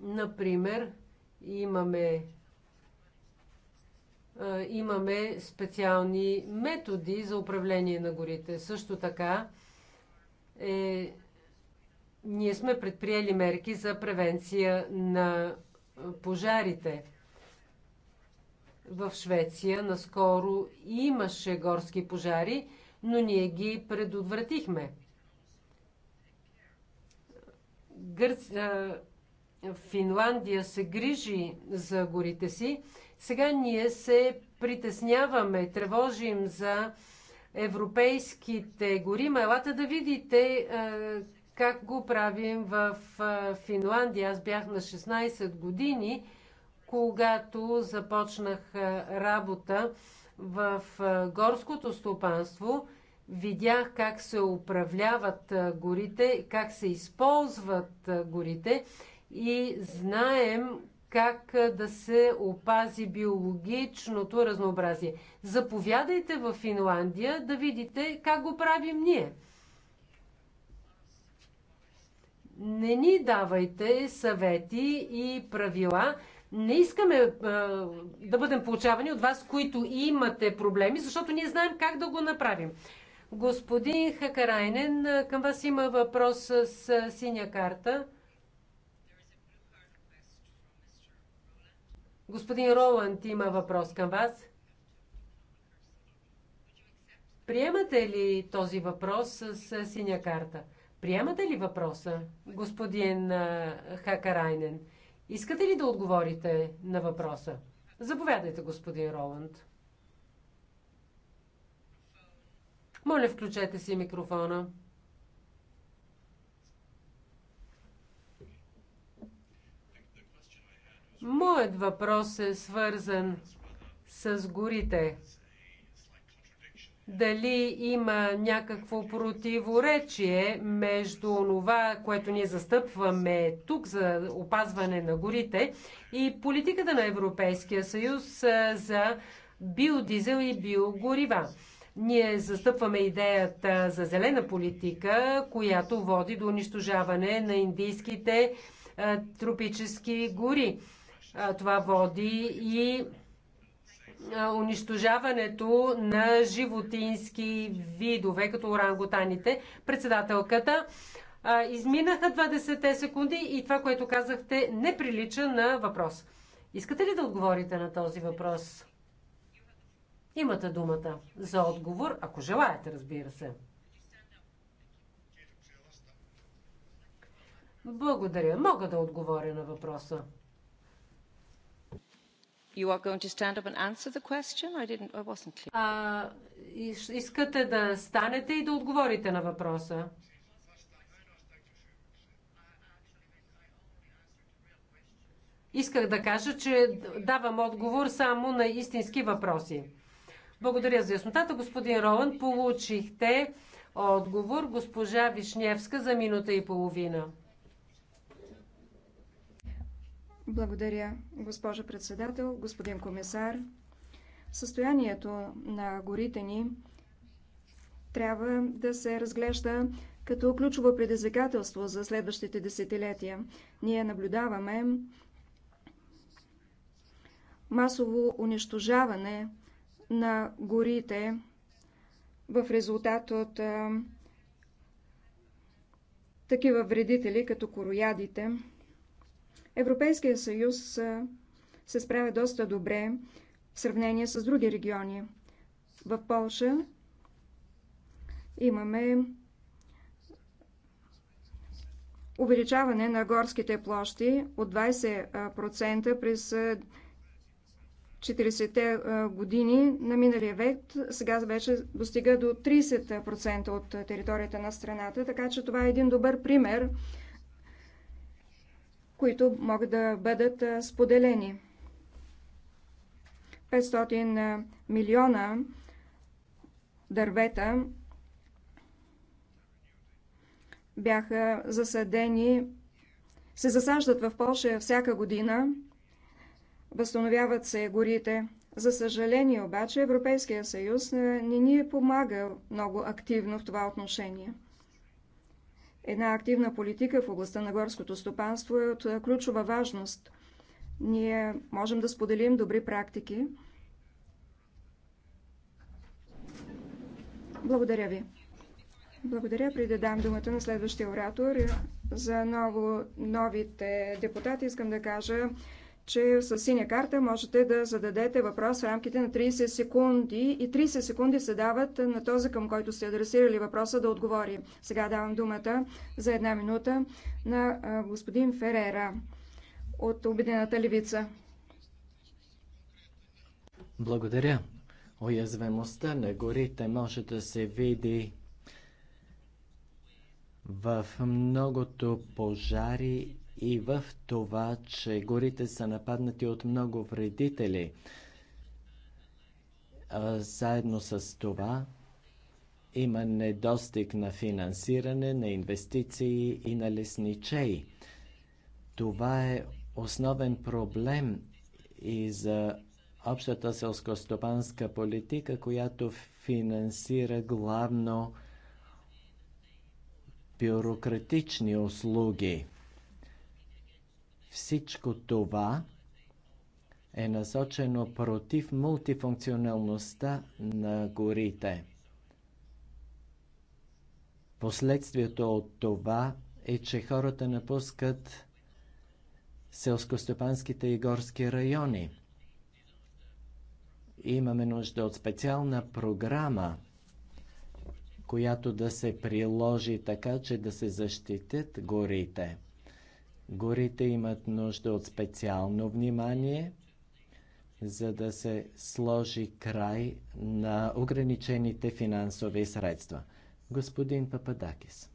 Например, имаме имаме специални методи за управление на горите. Също така е, ние сме предприели мерки за превенция на пожарите. В Швеция наскоро имаше горски пожари, но ние ги предотвратихме. Гърц... Финландия се грижи за горите си сега ние се притесняваме, тревожим за европейските гори. Малата да видите е, как го правим в е, Финландия. Аз бях на 16 години, когато започнах е, работа в горското стопанство. Видях как се управляват горите, как се използват горите и знаем как да се опази биологичното разнообразие. Заповядайте в Финландия да видите как го правим ние. Не ни давайте съвети и правила. Не искаме а, да бъдем получавани от вас, които имате проблеми, защото ние знаем как да го направим. Господин Хакарайнен, към вас има въпрос с синя карта. Господин Роланд има въпрос към вас. Приемате ли този въпрос с синя карта? Приемате ли въпроса, господин Хакарайнен? Искате ли да отговорите на въпроса? Заповядайте, господин Роланд. Моля, включете си микрофона. Моят въпрос е свързан с горите. Дали има някакво противоречие между това, което ние застъпваме тук за опазване на горите и политиката на Европейския съюз за биодизел и биогорива? Ние застъпваме идеята за зелена политика, която води до унищожаване на индийските тропически гори. Това води и унищожаването на животински видове, като оранготаните. Председателката, изминаха 20 секунди и това, което казахте, не прилича на въпрос. Искате ли да отговорите на този въпрос? Имате думата за отговор, ако желаете, разбира се. Благодаря. Мога да отговоря на въпроса. You are going to stand up and answer the question? I didn't, I wasn't clear. А, искате да станете и да отговорите на въпроса. Исках да кажа, че давам отговор само на истински въпроси. Благодаря за яснотата, господин Ролан. Получихте отговор госпожа Вишневска за минута и половина.
Благодаря, госпожо председател, господин комисар. Състоянието на горите ни трябва да се разглежда като ключово предизвикателство за следващите десетилетия. Ние наблюдаваме масово унищожаване на горите в резултат от а, такива вредители, като короядите. Европейския съюз се справя доста добре в сравнение с други региони. В Польша имаме увеличаване на горските площи от 20% през 40-те години на миналия век. Сега вече достига до 30% от територията на страната, така че това е един добър пример които могат да бъдат споделени. 500 милиона дървета бяха засадени, се засаждат в Польша всяка година, възстановяват се горите. За съжаление обаче Европейския съюз не ни е помагал много активно в това отношение. Една активна политика в областта на горското стопанство е от ключова важност. Ние можем да споделим добри практики. Благодаря ви. Благодаря. Преди да дам думата на следващия оратор е, за ново, новите депутати, искам да кажа, че с синя карта можете да зададете въпрос в рамките на 30 секунди и 30 секунди се дават на този, към който сте адресирали въпроса, да отговори. Сега давам думата за една минута на господин Ферера от Обедената левица.
Благодаря. Уязвемостта на горите може да се види в многото пожари и в това, че горите са нападнати от много вредители. Заедно с това има недостиг на финансиране, на инвестиции и на лесничей. Това е основен проблем и за общата селско-стопанска политика, която финансира главно бюрократични услуги. Всичко това е насочено против мултифункционалността на горите. Последствието от това е, че хората напускат селскостопанските и горски райони. Имаме нужда от специална програма, която да се приложи така, че да се защитят горите. Горите имат нужда от специално внимание, за да се сложи край на ограничените финансови средства. Господин Пападакис.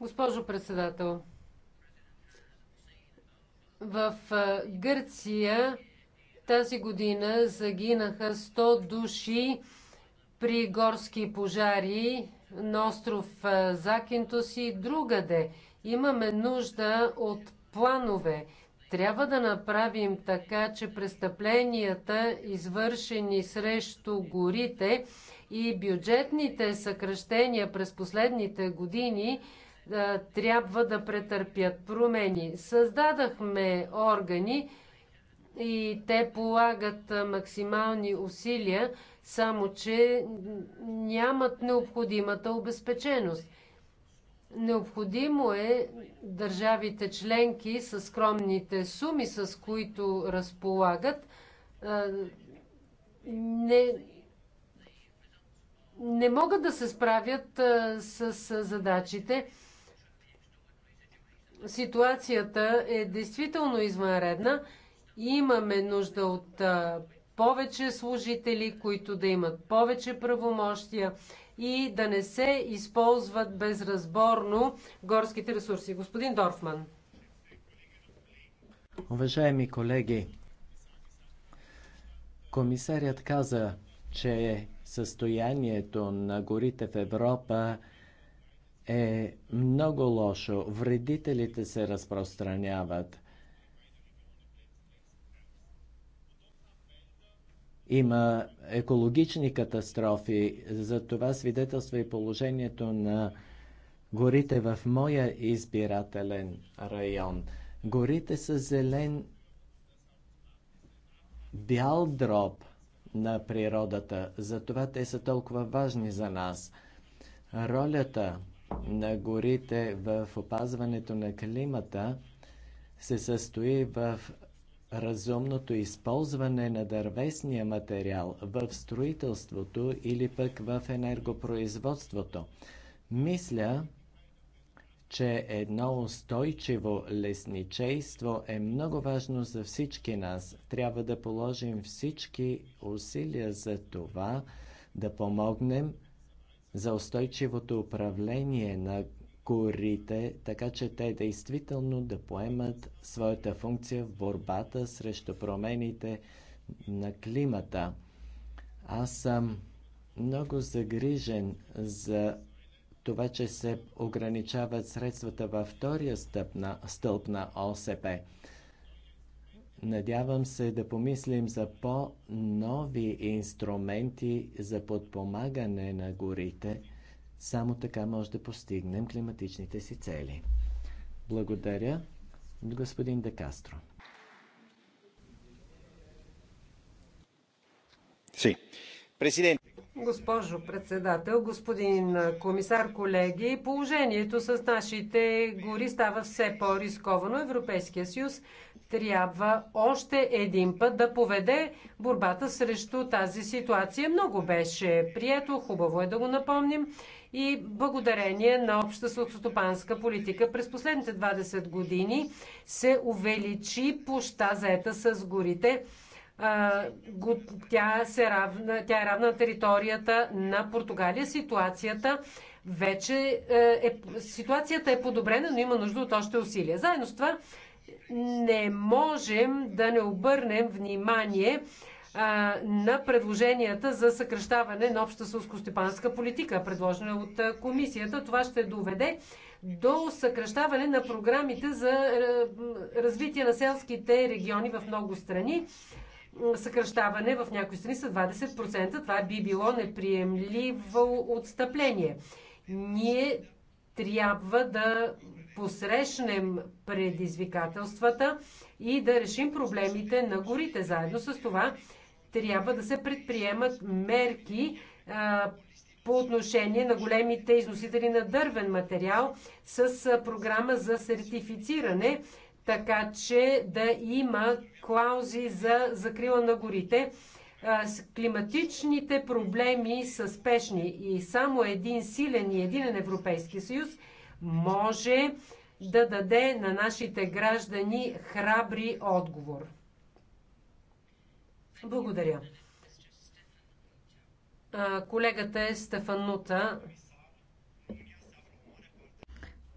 Госпожо председател, в Гърция тази година загинаха 100 души при горски пожари на остров е, Закинтос и другаде. Имаме нужда от планове. Трябва да направим така, че престъпленията, извършени срещу горите и бюджетните съкръщения през последните години, е, трябва да претърпят промени. Създадахме органи и те полагат е, максимални усилия само че нямат необходимата обезпеченост. Необходимо е държавите членки с скромните суми, с които разполагат, не, не могат да се справят с задачите. Ситуацията е действително извънредна. Имаме нужда от повече служители, които да имат повече правомощия и да не се използват безразборно горските ресурси. Господин Дорфман.
Уважаеми колеги, комисарят каза, че състоянието на горите в Европа е много лошо. Вредителите се разпространяват. Има екологични катастрофи. За това свидетелства и положението на горите в моя избирателен район. Горите са зелен бял дроб на природата. Затова те са толкова важни за нас. Ролята на горите в опазването на климата се състои в разумното използване на дървесния материал в строителството или пък в енергопроизводството. Мисля, че едно устойчиво лесничейство е много важно за всички нас. Трябва да положим всички усилия за това, да помогнем за устойчивото управление на корите, така че те действително да поемат своята функция в борбата срещу промените на климата. Аз съм много загрижен за това, че се ограничават средствата във втория стъп на, стълб на ОСП. Надявам се да помислим за по-нови инструменти за подпомагане на горите – само така може да постигнем климатичните си цели. Благодаря, господин Декастро.
Си. Президент.
Госпожо председател, господин комисар, колеги, положението с нашите гори става все по-рисковано. Европейския съюз трябва още един път да поведе борбата срещу тази ситуация. Много беше прието, хубаво е да го напомним и благодарение на обща сухостопанска политика. През последните 20 години се увеличи площа заета с горите. Тя, се равна, тя е равна на територията на Португалия. Ситуацията вече е, е, ситуацията е подобрена, но има нужда от още усилия. Заедно с това не можем да не обърнем внимание на предложенията за съкръщаване на обща сълскостепанска политика, предложена от комисията. Това ще доведе до съкръщаване на програмите за развитие на селските региони в много страни. Съкръщаване в някои страни са 20%. Това би било неприемливо отстъпление. Ние трябва да посрещнем предизвикателствата и да решим проблемите на горите. Заедно с това трябва да се предприемат мерки а, по отношение на големите износители на дървен материал с а, програма за сертифициране, така че да има клаузи за закрила на горите. А, климатичните проблеми са спешни и само един силен и единен Европейски съюз може да даде на нашите граждани храбри отговор. Благодаря. Колегата е Нута.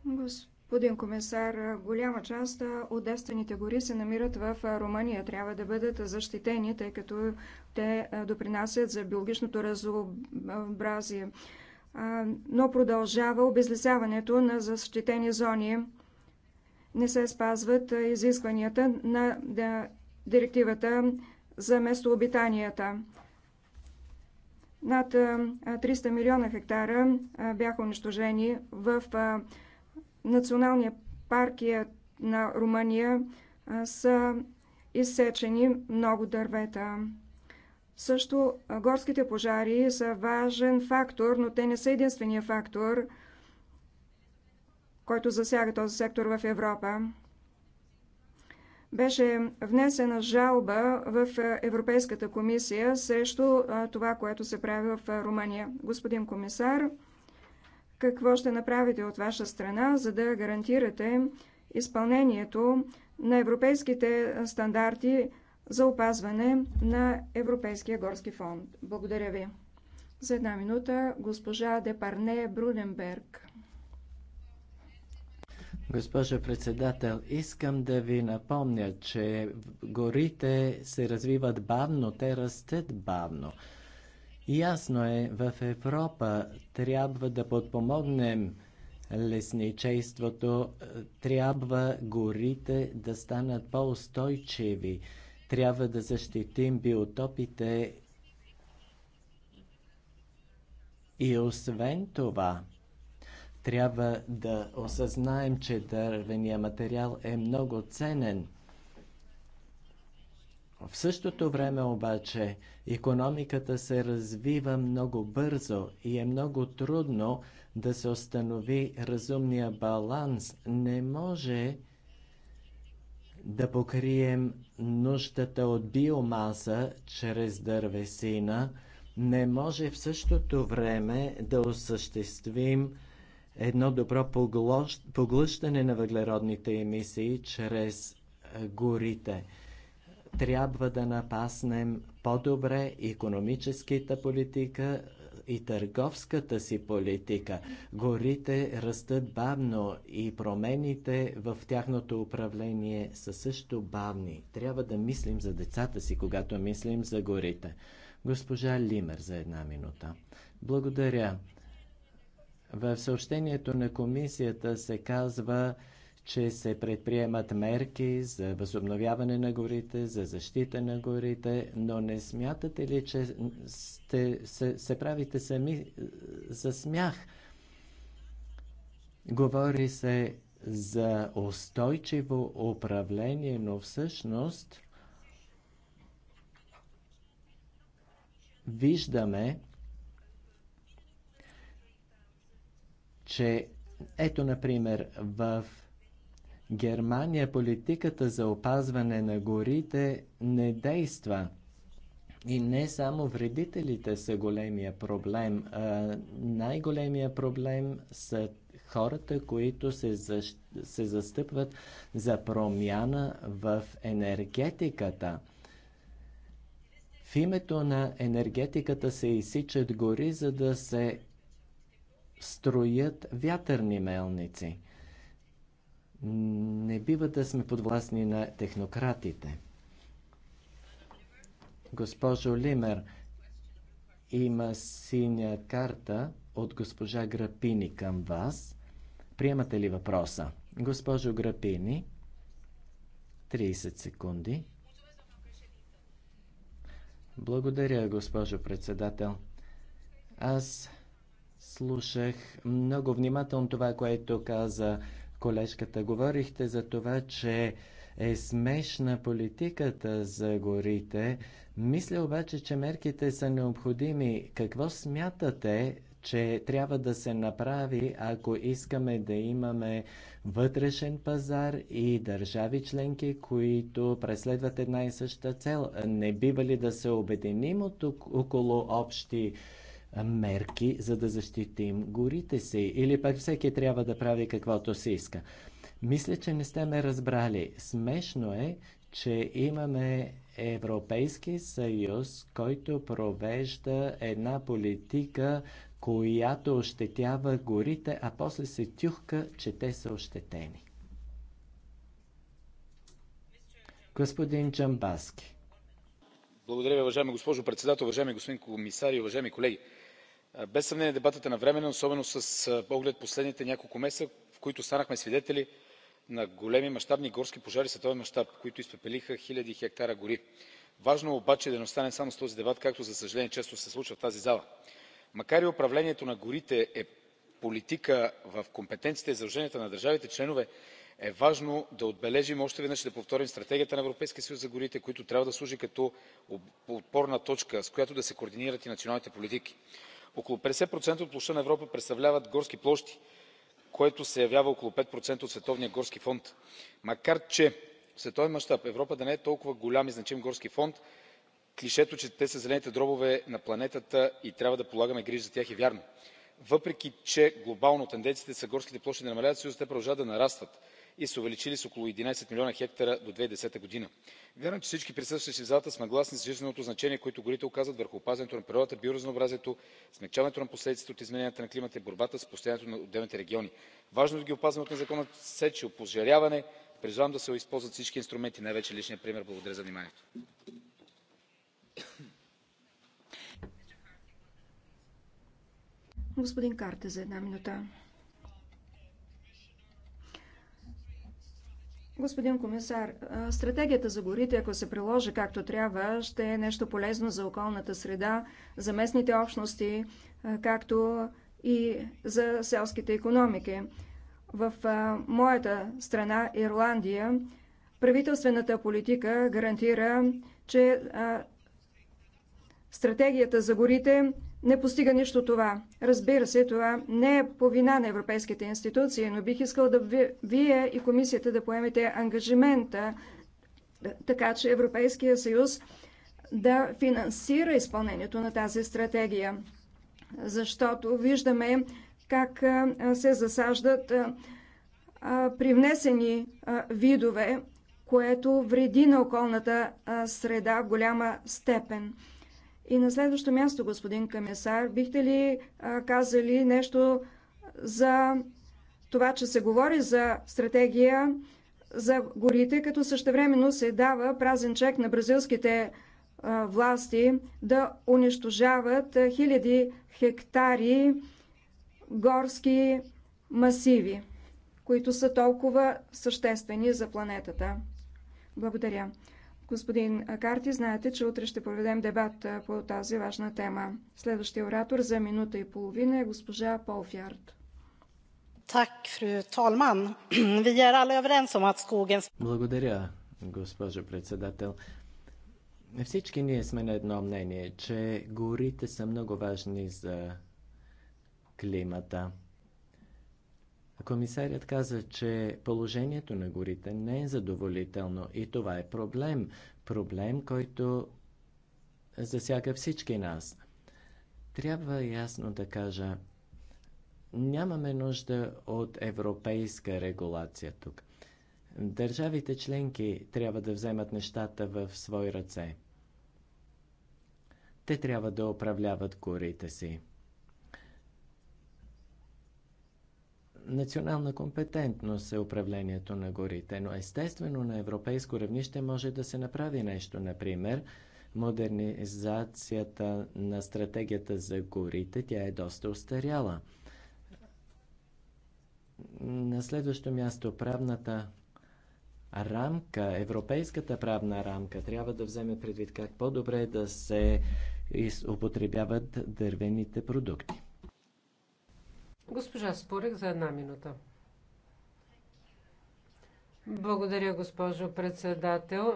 Господин комисар, голяма част от дестените гори се намират в Румъния. Трябва да бъдат защитени, тъй като те допринасят за биологичното разнообразие. Но продължава обезлисяването на защитени зони. Не се спазват изискванията на директивата за местообитанията. Над 300 милиона хектара бяха унищожени в националния парк на Румъния са изсечени много дървета. Също горските пожари са важен фактор, но те не са единствения фактор, който засяга този сектор в Европа беше внесена жалба в е, Европейската комисия срещу е, това, което се прави в е, Румъния. Господин комисар, какво ще направите от ваша страна, за да гарантирате изпълнението на европейските стандарти за опазване на Европейския горски фонд? Благодаря ви. За една минута госпожа Депарне Бруденберг.
Госпожо председател, искам да ви напомня, че горите се развиват бавно, те растат бавно. Ясно е, в Европа трябва да подпомогнем лесничейството, трябва горите да станат по-устойчиви, трябва да защитим биотопите и освен това – трябва да осъзнаем, че дървения материал е много ценен. В същото време обаче економиката се развива много бързо и е много трудно да се установи разумния баланс. Не може да покрием нуждата от биомаса чрез дървесина, не може в същото време да осъществим едно добро поглъщане на въглеродните емисии чрез е, горите. Трябва да напаснем по-добре економическата политика е, и търговската си политика. Горите растат бавно и промените в тяхното управление са също бавни. Трябва да мислим за децата си, когато мислим за горите. Госпожа Лимер за една минута. Благодаря. В съобщението на комисията се казва, че се предприемат мерки за възобновяване на горите, за защита на горите, но не смятате ли, че сте, се, се правите сами е, за смях? Говори се за устойчиво управление, но всъщност виждаме, че ето, например, в Германия политиката за опазване на горите не действа. И не само вредителите са големия проблем. най-големия проблем са хората, които се, защ... се застъпват за промяна в енергетиката. В името на енергетиката се изсичат гори, за да се строят вятърни мелници. Не бива да сме подвластни на технократите. Госпожо Лимер, има синя карта от госпожа Грапини към вас. Приемате ли въпроса? Госпожо Грапини, 30 секунди. Благодаря, госпожо председател. Аз Слушах много внимателно това, което каза колежката. Говорихте за това, че е смешна политиката за горите. Мисля обаче, че мерките са необходими. Какво смятате, че трябва да се направи, ако искаме да имаме вътрешен пазар и държави членки, които преследват една и съща цел? Не бива ли да се обединим от около общи мерки, за да защитим горите си. Или пък всеки трябва да прави каквото си иска. Мисля, че не сте ме разбрали. Смешно е, че имаме Европейски съюз, който провежда една политика, която ощетява горите, а после се тюхка, че те са ощетени. Господин Джамбаски.
Благодаря ви, уважаема госпожо председател, уважаеми господин комисар и уважаеми колеги без съмнение дебатът е навременен особено с оглед последните няколко месеца в които станахме свидетели на големи мащабни горски пожари в световен мащаб които изпепелиха хиляди хектари гори. важно е обаче да не остане само с този дебат както за съжаление често се случва в тази зала. макар и управлението на горите да е политика в компетенциите и задълженията на държавите членки е важно да отбележим още веднъж да повторим стратегията на европейския съюз за горите която трябва да служи като опорна точка с която да се координират и националните политики. Около 50% от площта на Европа представляват горски площи, което се явява около 5% от световния горски фонд. Макар че в световен мащаб Европа да не е толкова голям и значим горски фонд, клишето, че те са зелените дробове на планетата и трябва да полагаме грижи за тях, е вярно. Въпреки че глобално тенденциите са горските площи да намаляват, в Съюза те продължават да нарастват и са се увеличили с около 11 милиона хектара до. 2010 г. вярвам че всички присъстващи в залата сме съгласни с жизненото значение което горите оказват върху опазването на природата биоразнообразието смекчаването на последиците от измененията на климата и борбата с опустяването на отделните региони. важно е да ги опазваме от незаконна сеч и опожаряване. призовавам да се използват всички инструменти най-вече личният пример. благодаря за вниманието.
Господин Карта за една минута. Господин комисар, стратегията за горите, ако се приложи както трябва, ще е нещо полезно за околната среда, за местните общности, както и за селските економики. В моята страна, Ирландия, правителствената политика гарантира, че стратегията за горите не постига нищо това. Разбира се, това не е по вина на европейските институции, но бих искал да ви, вие и комисията да поемете ангажимента, е, така че Европейския съюз да финансира изпълнението на тази стратегия. Защото виждаме как е, се засаждат е, привнесени видове, което вреди на околната среда в голяма степен. И на следващо място, господин Камесар, бихте ли а, казали нещо за това, че се говори за стратегия за горите, като същевременно се дава празен чек на бразилските а, власти да унищожават а, хиляди хектари горски масиви, които са толкова съществени за планетата. Благодаря. Господин Карти, знаете, че утре ще проведем дебат по тази важна тема. Следващия оратор за минута и половина е госпожа Полфярд. Е
Благодаря, госпожо председател. Всички ние сме на едно мнение, че горите са много важни за климата. Комисарят каза, че положението на горите не е задоволително и това е проблем. Проблем, който засяга всички нас. Трябва ясно да кажа, нямаме нужда от европейска регулация тук. Държавите членки трябва да вземат нещата в свои ръце. Те трябва да управляват горите си. национална компетентност е управлението на горите, но естествено на европейско равнище може да се направи нещо. Например, модернизацията на стратегията за горите, тя е доста устаряла. На следващо място правната рамка, европейската правна рамка трябва да вземе предвид как по-добре да се употребяват дървените продукти.
Госпожа Спорик, за една минута. Благодаря, госпожо председател.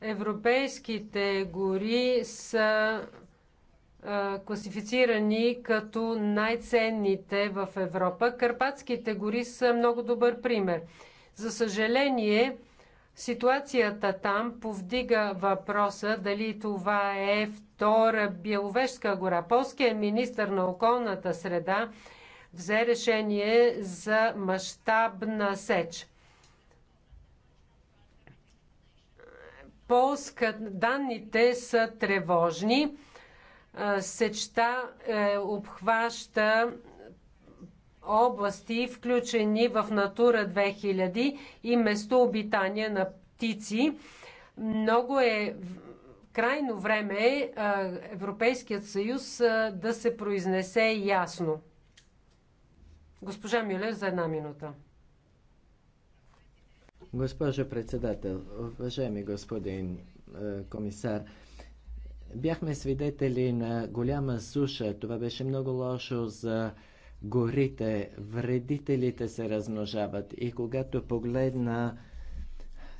Европейските гори са а, класифицирани като най-ценните в Европа. Карпатските гори са много добър пример. За съжаление, Ситуацията там повдига въпроса дали това е втора Беловежска гора. Полският министр на околната среда взе решение за мащабна сеч. Полска данните са тревожни. Сечта е, обхваща области, включени в Натура 2000 и местообитания на птици. Много е крайно време Европейският съюз да се произнесе ясно. Госпожа Мюлер за една минута.
Госпожо председател, уважаеми господин комисар, бяхме свидетели на голяма суша. Това беше много лошо за горите, вредителите се размножават. И когато погледна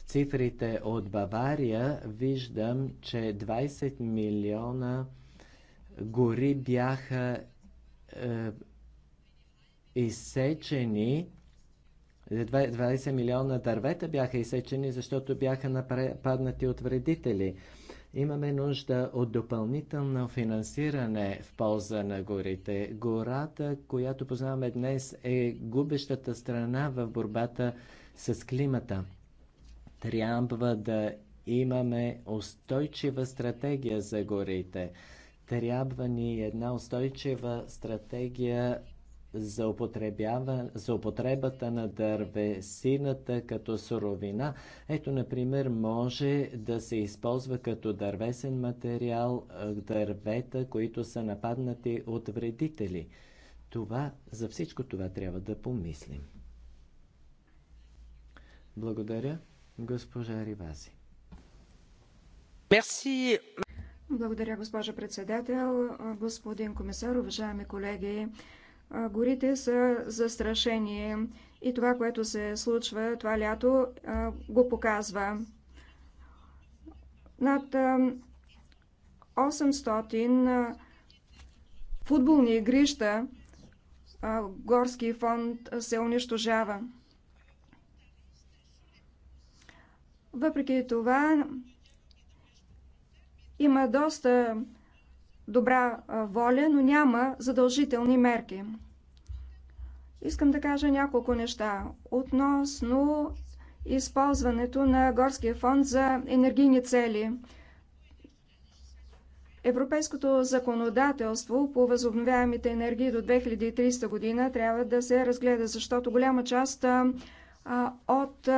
цифрите от Бавария, виждам, че 20 милиона гори бяха е, изсечени. 20 милиона дървета бяха изсечени, защото бяха нападнати от вредители. Имаме нужда от допълнително финансиране в полза на горите. Гората, която познаваме днес, е губещата страна в борбата с климата. Трябва да имаме устойчива стратегия за горите. Трябва ни една устойчива стратегия за, употребата на дървесината като суровина. Ето, например, може да се използва като дървесен материал дървета, които са нападнати от вредители. Това, за всичко това трябва да помислим. Благодаря, госпожа Ривази.
Мерси. Благодаря, госпожа председател, господин комисар, уважаеми колеги горите са застрашени. И това, което се случва това лято, го показва. Над 800 футболни игрища горски фонд се унищожава. Въпреки това, има доста добра воля, но няма задължителни мерки. Искам да кажа няколко неща относно използването на Горския фонд за енергийни цели. Европейското законодателство по възобновяемите енергии до 2030 година трябва да се разгледа, защото голяма част от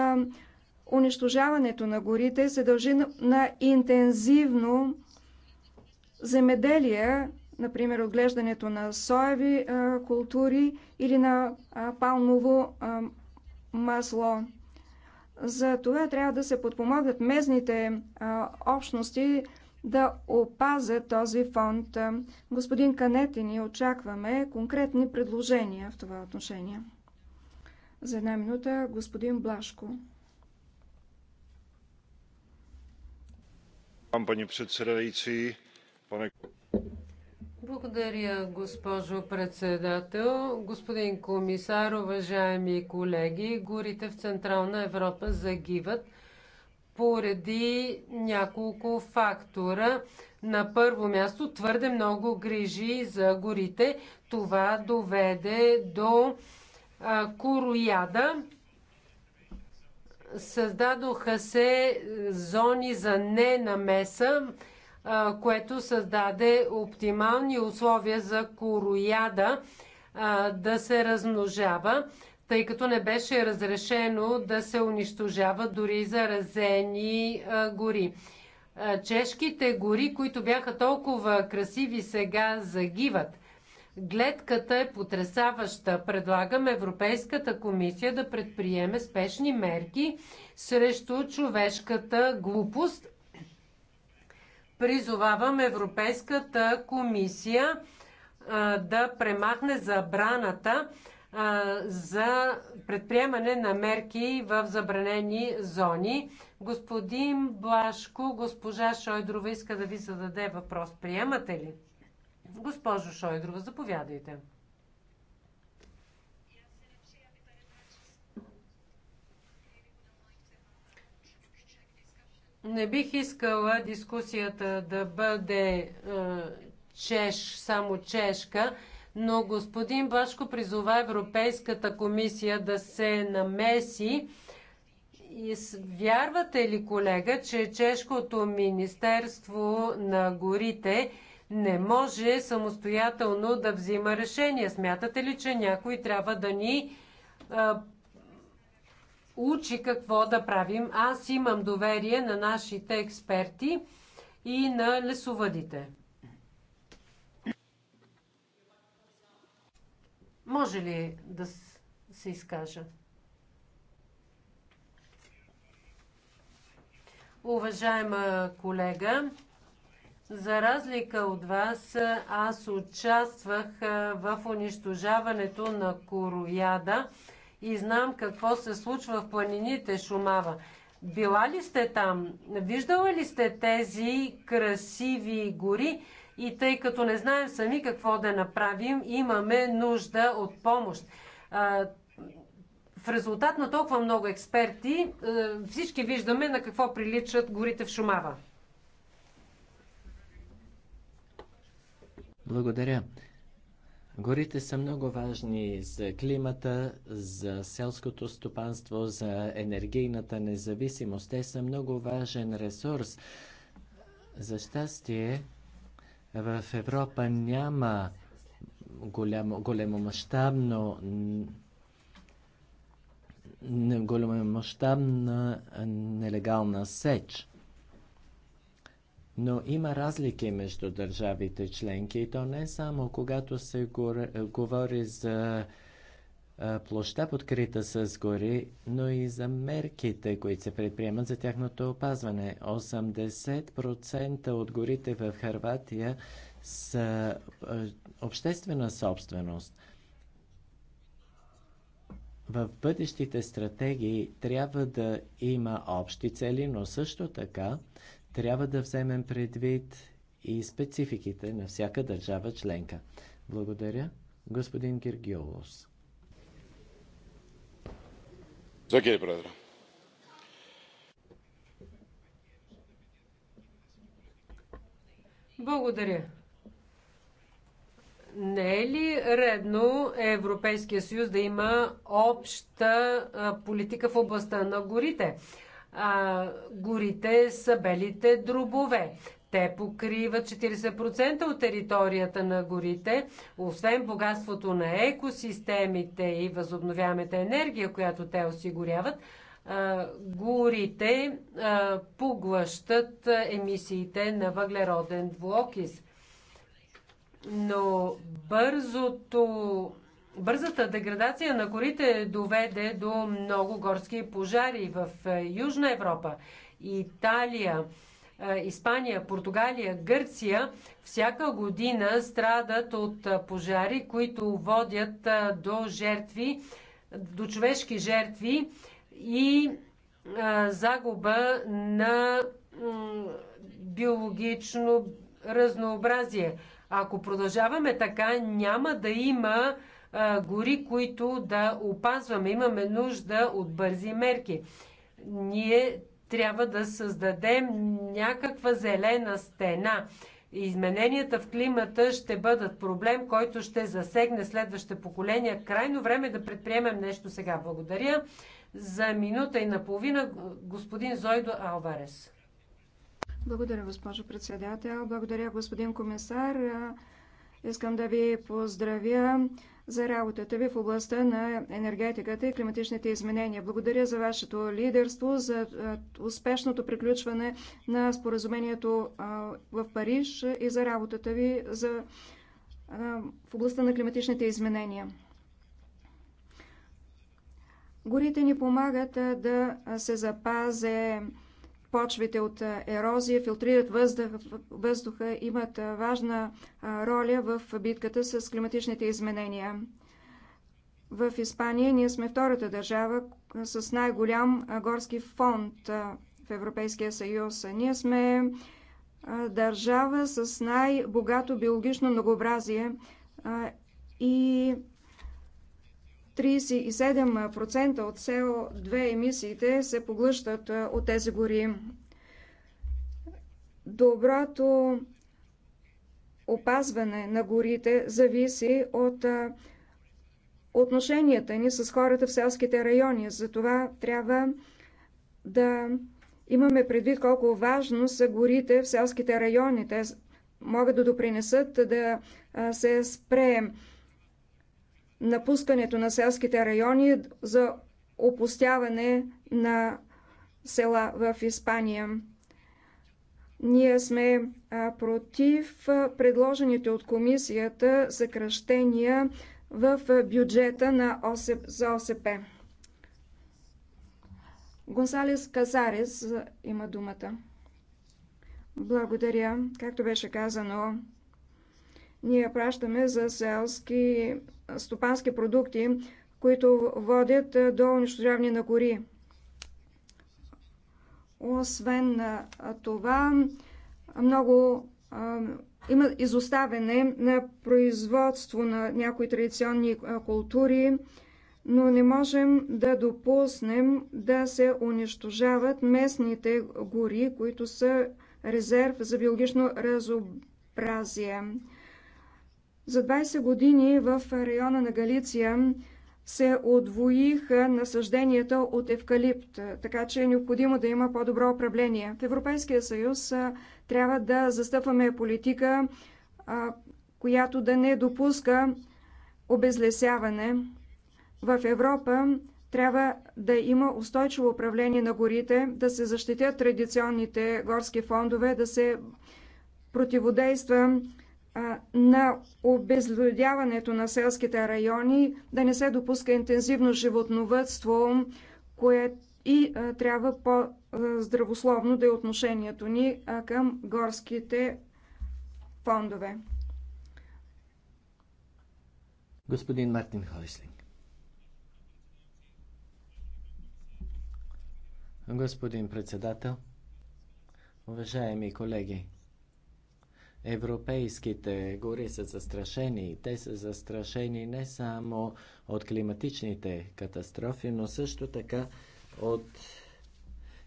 унищожаването на горите се дължи на интензивно земеделие, например отглеждането на соеви култури или на палмово масло. За това трябва да се подпомогнат местните общности да опазят този фонд. Господин Канети, ни очакваме конкретни предложения в това отношение. За една минута господин Блашко.
Пане председател,
благодаря, госпожо председател. Господин комисар, уважаеми колеги, горите в Централна Европа загиват поради няколко фактора. На първо място твърде много грижи за горите. Това доведе до а, корояда. Създадоха се е, зони за ненамеса което създаде оптимални условия за корояда да се размножава, тъй като не беше разрешено да се унищожава дори заразени гори. Чешките гори, които бяха толкова красиви, сега загиват. Гледката е потрясаваща. Предлагам Европейската комисия да предприеме спешни мерки срещу човешката глупост Призовавам Европейската комисия а, да премахне забраната а, за предприемане на мерки в забранени зони. Господин Блашко, госпожа Шойдрова иска да ви зададе въпрос. Приемате ли? Госпожо Шойдрова, заповядайте. Не бих искала дискусията да бъде е, чеш, само чешка, но господин Башко призова Европейската комисия да се намеси. и Вярвате ли, колега, че Чешкото Министерство на горите не може самостоятелно да взима решение? Смятате ли, че някой трябва да ни е, учи какво да правим. Аз имам доверие на нашите експерти и на лесовъдите. Може ли да се изкажа? Уважаема колега, за разлика от вас, аз участвах в унищожаването на корояда и знам какво се случва в планините Шумава. Била ли сте там? Виждала ли сте тези красиви гори? И тъй като не знаем сами какво да направим, имаме нужда от помощ. В резултат на толкова много експерти, всички виждаме на какво приличат горите в Шумава.
Благодаря. Горите са много важни за климата, за селското стопанство, за енергийната независимост. Те са много важен ресурс. За щастие, в Европа няма голямо, големомащабно голямомащабна нелегална сеч. Но има разлики между държавите членки и то не само когато се е, говори за е, площа подкрита с гори, но и за мерките, които се предприемат за тяхното опазване. 80% от горите в Харватия са е, обществена собственост. В бъдещите стратегии трябва да има общи цели, но също така трябва да вземем предвид и спецификите на всяка държава членка. Благодаря, господин Гергиолос.
Благодаря. Не е ли редно Европейския съюз да има обща политика в областта на горите? а, горите са белите дробове. Те покриват 40% от територията на горите. Освен богатството на екосистемите и възобновяемата енергия, която те осигуряват, горите поглъщат емисиите на въглероден двуокис. Но бързото Бързата деградация на горите доведе до много горски пожари в е, Южна Европа, Италия, е, Испания, Португалия, Гърция всяка година страдат от е, пожари, които водят до жертви, до човешки жертви и загуба на биологично разнообразие. Ако продължаваме така, няма да има гори, които да опазваме. Имаме нужда от бързи мерки. Ние трябва да създадем някаква зелена стена. Измененията в климата ще бъдат проблем, който ще засегне следващите поколения. Крайно време е да предприемем нещо сега. Благодаря. За минута и наполовина господин Зойдо
Алварес.
Благодаря, госпожо председател. Благодаря, господин комисар. Искам да ви поздравя за работата ви в областта на енергетиката и климатичните изменения. Благодаря за вашето лидерство, за успешното приключване на споразумението в Париж и за работата ви за, в областта на климатичните изменения. Горите ни помагат да се запазе почвите от ерозия, филтрират въздуха, въздуха имат важна роля в битката с климатичните изменения. В Испания ние сме втората държава с най-голям горски фонд в Европейския съюз. Ние сме държава с най-богато биологично многообразие и 37% от СО2 емисиите се поглъщат от тези гори. Доброто опазване на горите зависи от отношенията ни с хората в селските райони. Затова трябва да имаме предвид колко важно са горите в селските райони. Те могат да допринесат да се спреем напускането на селските райони за опустяване на села в Испания. Ние сме против предложените от комисията съкръщения в бюджета на ОСЕП за ОСП. Гонсалес Казарес има думата. Благодаря. Както беше казано, ние пращаме за селски стопански продукти, които водят до унищожаване на гори. Освен това, много има изоставяне на производство на някои традиционни култури, но не можем да допуснем да се унищожават местните гори, които са резерв за биологично разобразие. За 20 години в района на Галиция се отвоиха насъжденията от евкалипт, така че е необходимо да има по-добро управление. В Европейския съюз трябва да застъпваме политика, която да не допуска обезлесяване. В Европа трябва да има устойчиво управление на горите, да се защитят традиционните горски фондове, да се противодейства на обезлюдяването на селските райони, да не се допуска интензивно животновътство, което и трябва по-здравословно да е отношението ни към горските фондове.
Господин Мартин Хойслинг. Господин председател, уважаеми колеги, Европейските гори са застрашени. Те са застрашени не само от климатичните катастрофи, но също така от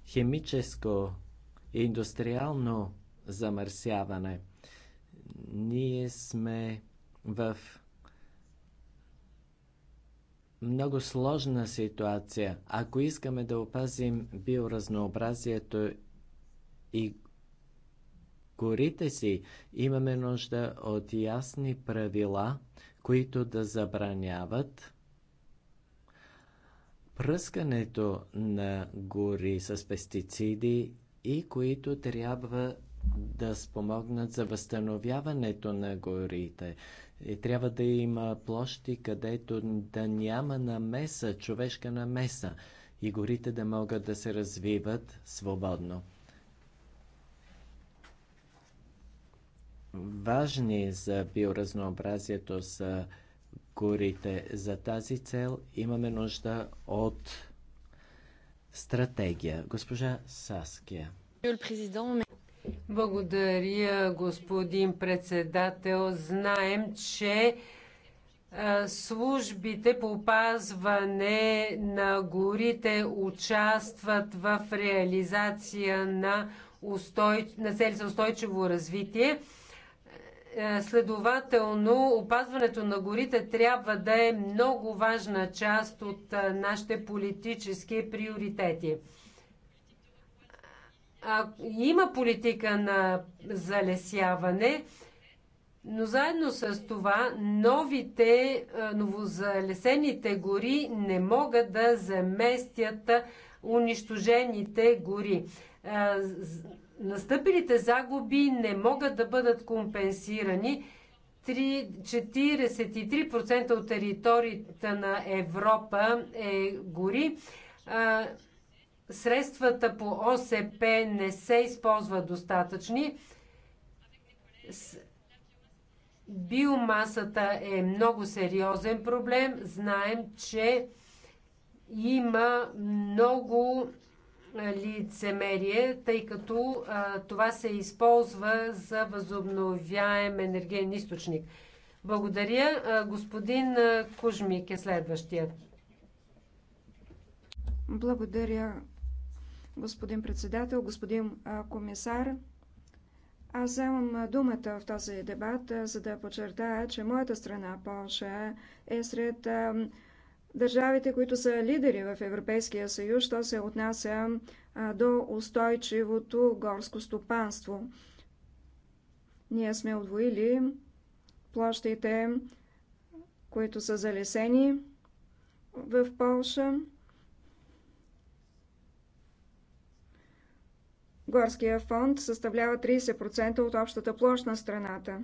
химическо и индустриално замърсяване. Ние сме в много сложна ситуация. Ако искаме да опазим биоразнообразието и горите си. Имаме нужда от ясни правила, които да забраняват пръскането на гори с пестициди и които трябва да спомогнат за възстановяването на горите. И трябва да има площи, където да няма намеса, човешка намеса и горите да могат да се развиват свободно. важни за биоразнообразието са горите. За тази цел имаме нужда от стратегия. Госпожа Саския.
Благодаря, господин председател. Знаем, че службите по опазване на горите участват в реализация на, устой... на цели за устойчиво развитие е, следователно, опазването на горите трябва да е много важна част от е, нашите политически приоритети. А, има политика на залесяване, но заедно с това новите, е, новозалесените гори не могат да заместят унищожените гори Настъпилите загуби не могат да бъдат компенсирани. 43% от територията на Европа е гори. Средствата по ОСП не се използват достатъчни. Биомасата е много сериозен проблем. Знаем, че има много Нали, лицемерие, тъй като а, това се използва за възобновяем енергиен източник. Благодаря. А, господин Кужмик е следващия.
Благодаря, господин председател, господин комисар. Аз вземам думата в този дебат, за да подчертая, че моята страна, Польша, е сред държавите, които са лидери в Европейския съюз, що се отнася до устойчивото горско стопанство. Ние сме отвоили площите, които са залесени в Полша. Горския фонд съставлява 30% от общата площ на страната.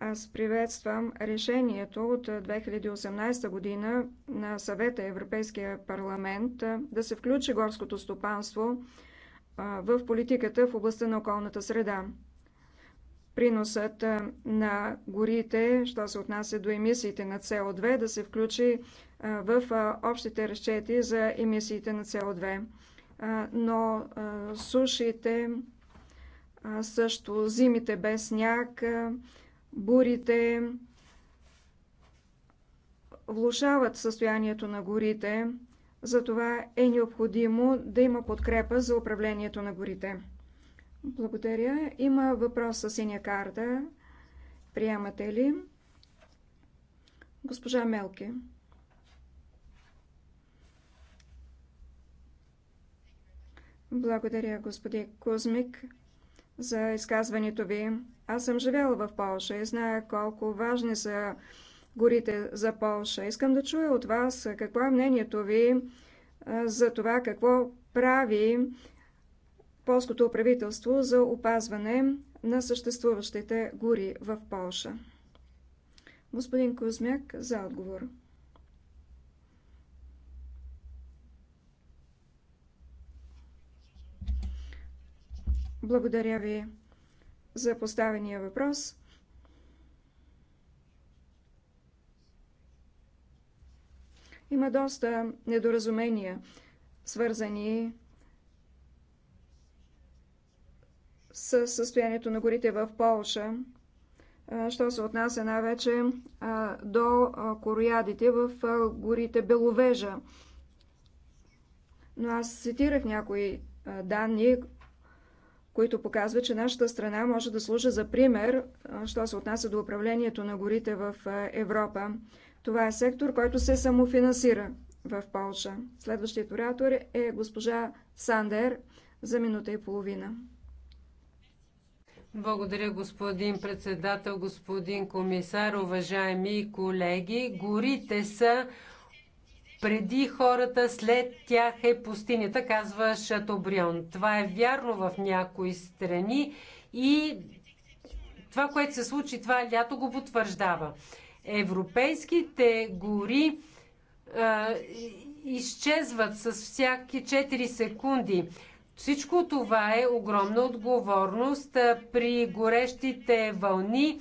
Аз приветствам решението от 2018 година на съвета Европейския парламент да се включи горското стопанство в политиката в областта на околната среда. Приносът на горите, що се отнася до емисиите на СО2, да се включи в общите разчети за емисиите на СО2. Но сушите, също зимите без сняг, бурите влушават състоянието на горите, затова е необходимо да има подкрепа за управлението на горите. Благодаря. Има въпрос с синя карта. Приемате ли? Госпожа Мелки. Благодаря, господи Кузмик, за изказването ви. Аз съм живяла в Полша и зная колко важни са горите за Полша. Искам да чуя от вас какво е мнението ви за това какво прави полското правителство за опазване на съществуващите гори в Полша. Господин Кузмяк за отговор. Благодаря ви за поставения въпрос. Има доста недоразумения, свързани с състоянието на горите в Полша, що се отнася най-вече до короядите в горите Беловежа. Но аз цитирах някои данни, които показва, че нашата страна може да служи за пример, що се отнася до управлението на горите в Европа. Това е сектор, който се самофинансира в Полша. Следващият оратор е госпожа Сандер за минута и половина.
Благодаря, господин председател, господин комисар, уважаеми колеги. Горите са преди хората, след тях е пустинята, казва Шатобрион. Това е вярно в някои страни и това, което се случи това лято, го потвърждава. Европейските гори а, изчезват с всяки 4 секунди. Всичко това е огромна отговорност при горещите вълни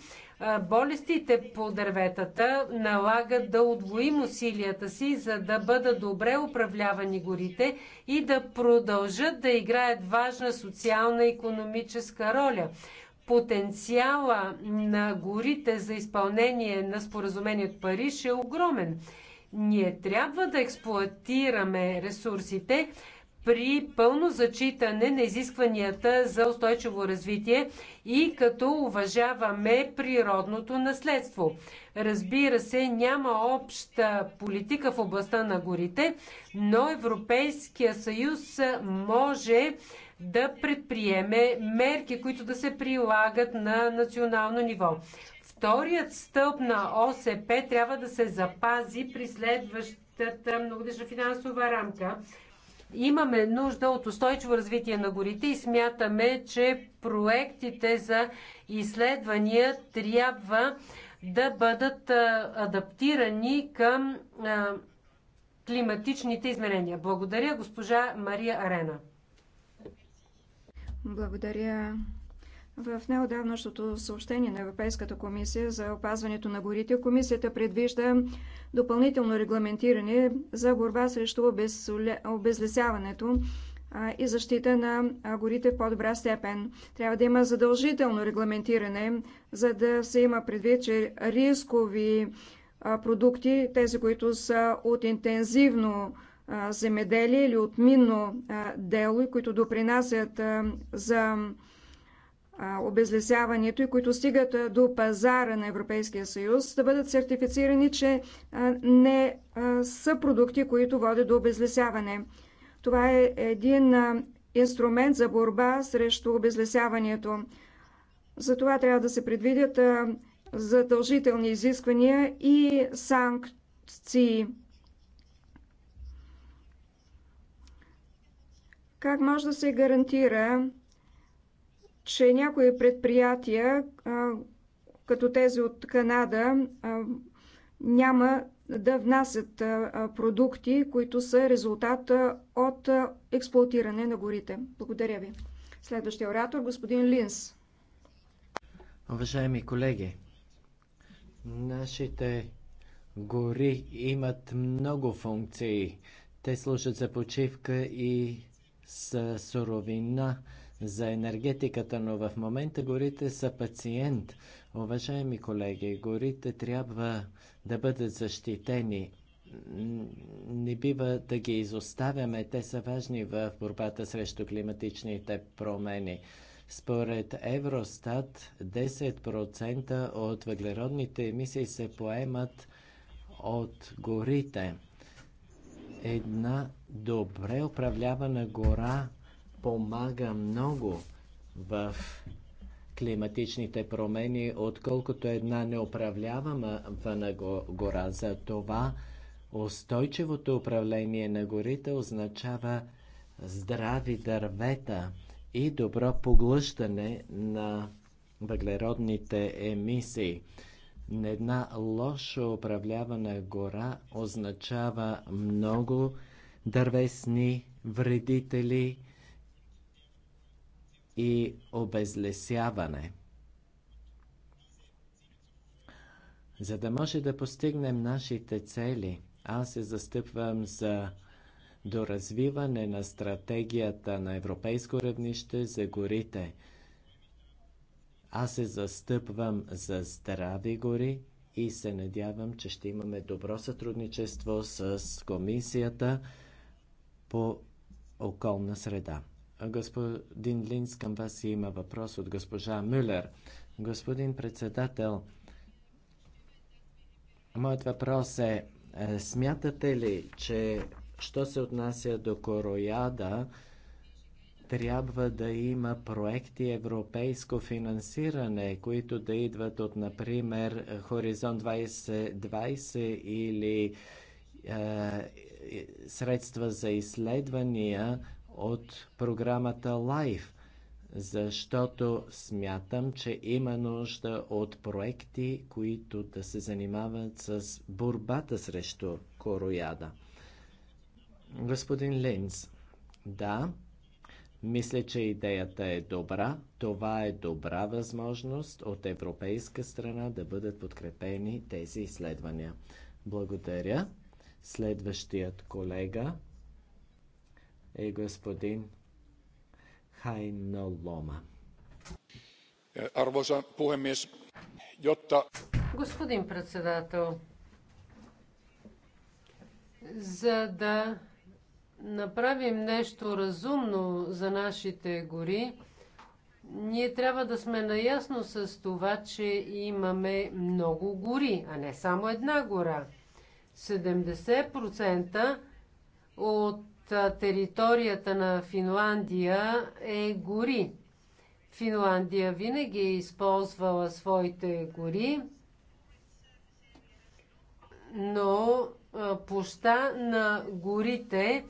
Болестите по дърветата налагат да отвоим усилията си, за да бъдат добре управлявани горите и да продължат да играят важна социална и економическа роля. Потенциала на горите за изпълнение на споразумението Париж е огромен. Ние трябва да експлуатираме ресурсите, при пълно зачитане на изискванията за устойчиво развитие и като уважаваме природното наследство. Разбира се, няма обща политика в областта на горите, но Европейския съюз може да предприеме мерки, които да се прилагат на национално ниво. Вторият стълб на ОСП трябва да се запази при следващата многодишна финансова рамка. Имаме нужда от устойчиво развитие на горите и смятаме, че проектите за изследвания трябва да бъдат адаптирани към климатичните изменения. Благодаря, госпожа Мария Арена.
Благодаря, в неодавнащото съобщение на Европейската комисия за опазването на горите, комисията предвижда допълнително регламентиране за борба срещу обезлесяването и защита на горите в по-добра степен. Трябва да има задължително регламентиране, за да се има предвид, че рискови продукти, тези, които са от интензивно земеделие или от минно дело, които допринасят за обезлесяването и които стигат до пазара на Европейския съюз, да бъдат сертифицирани, че не са продукти, които водят до обезлесяване. Това е един инструмент за борба срещу обезлесяването. За това трябва да се предвидят задължителни изисквания и санкции. Как може да се гарантира че някои предприятия, като тези от Канада, няма да внасят продукти, които са резултат от експлуатиране на горите. Благодаря ви. Следващия оратор, господин Линс.
Уважаеми колеги, нашите гори имат много функции. Те служат за почивка и са суровина за енергетиката, но в момента горите са пациент. Уважаеми колеги, горите трябва да бъдат защитени. Не бива да ги изоставяме. Те са важни в борбата срещу климатичните промени. Според Евростат 10% от въглеродните емисии се поемат от горите. Една добре управлявана гора помага много в климатичните промени, отколкото една неуправлявана гора. За това устойчивото управление на горите означава здрави дървета и добро поглъщане на въглеродните емисии. Една лошо управлявана гора означава много дървесни вредители – и обезлесяване. За да може да постигнем нашите цели, аз се застъпвам за доразвиване на стратегията на европейско равнище за горите. Аз се застъпвам за здрави гори и се надявам, че ще имаме добро сътрудничество с Комисията по околна среда. Господин Линс, към вас има въпрос от госпожа Мюлер. Господин председател, моят въпрос е, е, смятате ли, че що се отнася до корояда, трябва да има проекти европейско финансиране, които да идват от, например, Хоризонт 2020 или е, е, средства за изследвания от програмата LIFE, защото смятам, че има нужда от проекти, които да се занимават с борбата срещу корояда. Господин Линц, да, мисля, че идеята е добра. Това е добра възможност от европейска страна да бъдат подкрепени тези изследвания. Благодаря. Следващият колега е господин Хайнолома.
Arvoisa пухемис,
jotta...
Господин председател, за да направим нещо разумно за нашите гори, ние трябва да сме наясно с това, че имаме много гори, а не само една гора. 70% от територията на Финландия е гори. Финландия винаги е използвала своите гори, но площа на горите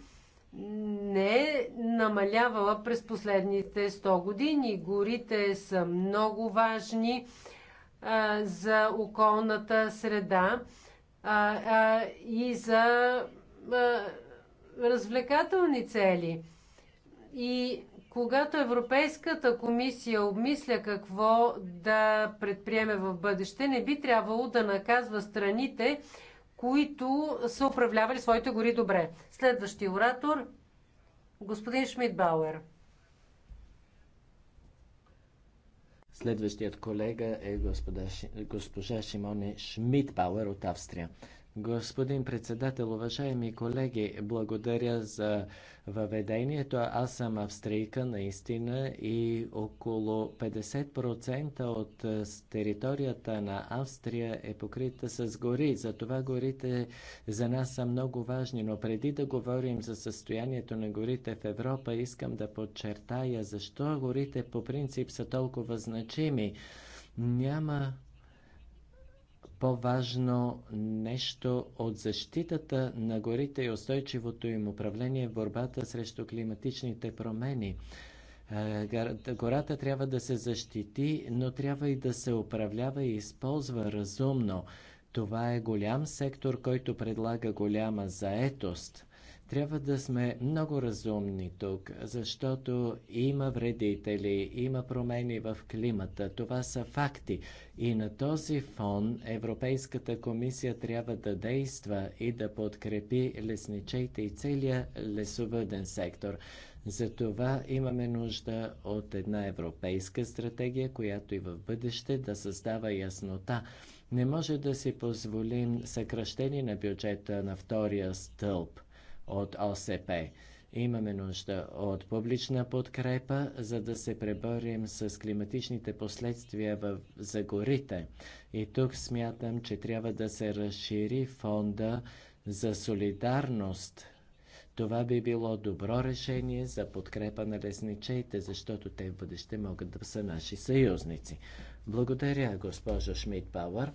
не е намалявала през последните 100 години. Горите са много важни а, за околната среда а, а, и за а, развлекателни цели. И когато Европейската комисия обмисля какво да предприеме в бъдеще, не би трябвало да наказва страните, които са управлявали своите гори добре. Следващи оратор господин Шмидбауер.
Следващият колега е госпожа Шимоне Шмидбауер от Австрия. Господин председател, уважаеми колеги, благодаря за въведението. Аз съм австрийка наистина и около 50% от територията на Австрия е покрита с гори. Затова горите за нас са много важни. Но преди да говорим за състоянието на горите в Европа, искам да подчертая защо горите по принцип са толкова значими. Няма по-важно нещо от защитата на горите и устойчивото им управление в борбата срещу климатичните промени. Е, гората трябва да се защити, но трябва и да се управлява и използва разумно. Това е голям сектор, който предлага голяма заетост. Трябва да сме много разумни тук, защото има вредители, има промени в климата. Това са факти. И на този фон Европейската комисия трябва да действа и да подкрепи лесничейте и целия лесовъден сектор. Затова имаме нужда от една европейска стратегия, която и в бъдеще да създава яснота. Не може да си позволим съкръщение на бюджета на втория стълб – от ОСП. Имаме нужда от публична подкрепа, за да се преборим с климатичните последствия в, за горите. И тук смятам, че трябва да се разшири фонда за солидарност. Това би било добро решение за подкрепа на лесничеите, защото те в бъдеще могат да са наши съюзници. Благодаря, госпожо Шмидт Пауър.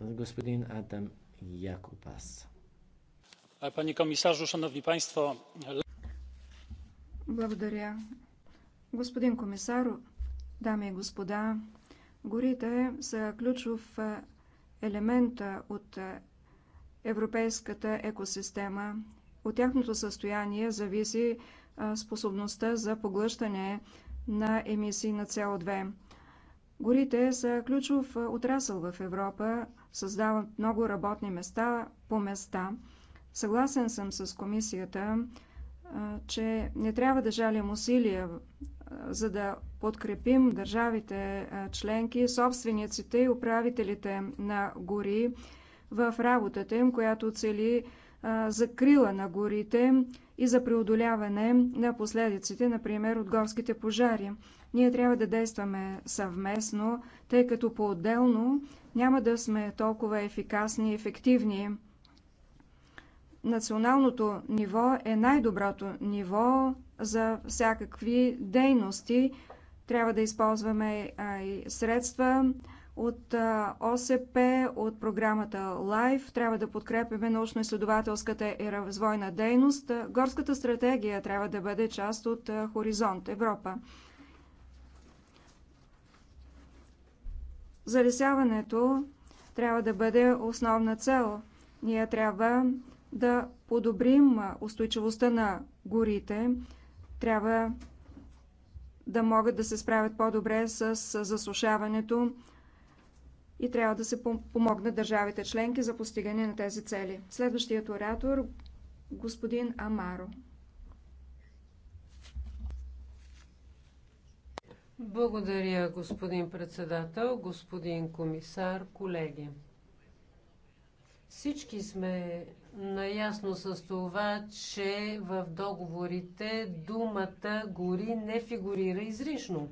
Господин Адам Якобас.
Panie komisarzu, szanowni państwo.
Благодаря. Господин комисар, дами и господа, горите са ключов елемент от европейската екосистема. От тяхното състояние зависи способността за поглъщане на емисии на СО2. Горите са ключов отрасъл в Европа, създават много работни места по места – Съгласен съм с комисията, че не трябва да жалим усилия, за да подкрепим държавите членки, собствениците и управителите на гори в работата им, която цели закрила на горите и за преодоляване на последиците, например, от горските пожари. Ние трябва да действаме съвместно, тъй като по-отделно няма да сме толкова ефикасни и ефективни националното ниво е най-доброто ниво за всякакви дейности. Трябва да използваме и средства от ОСП, от програмата LIFE. Трябва да подкрепяме научно-изследователската и развойна дейност. Горската стратегия трябва да бъде част от Хоризонт Европа. Залесяването трябва да бъде основна цел. Ние трябва да подобрим устойчивостта на горите, трябва да могат да се справят по-добре с засушаването и трябва да се помогнат държавите членки за постигане на тези цели. Следващият оратор – господин Амаро.
Благодаря, господин председател, господин комисар, колеги. Всички сме наясно с това, че в договорите думата гори не фигурира изрично.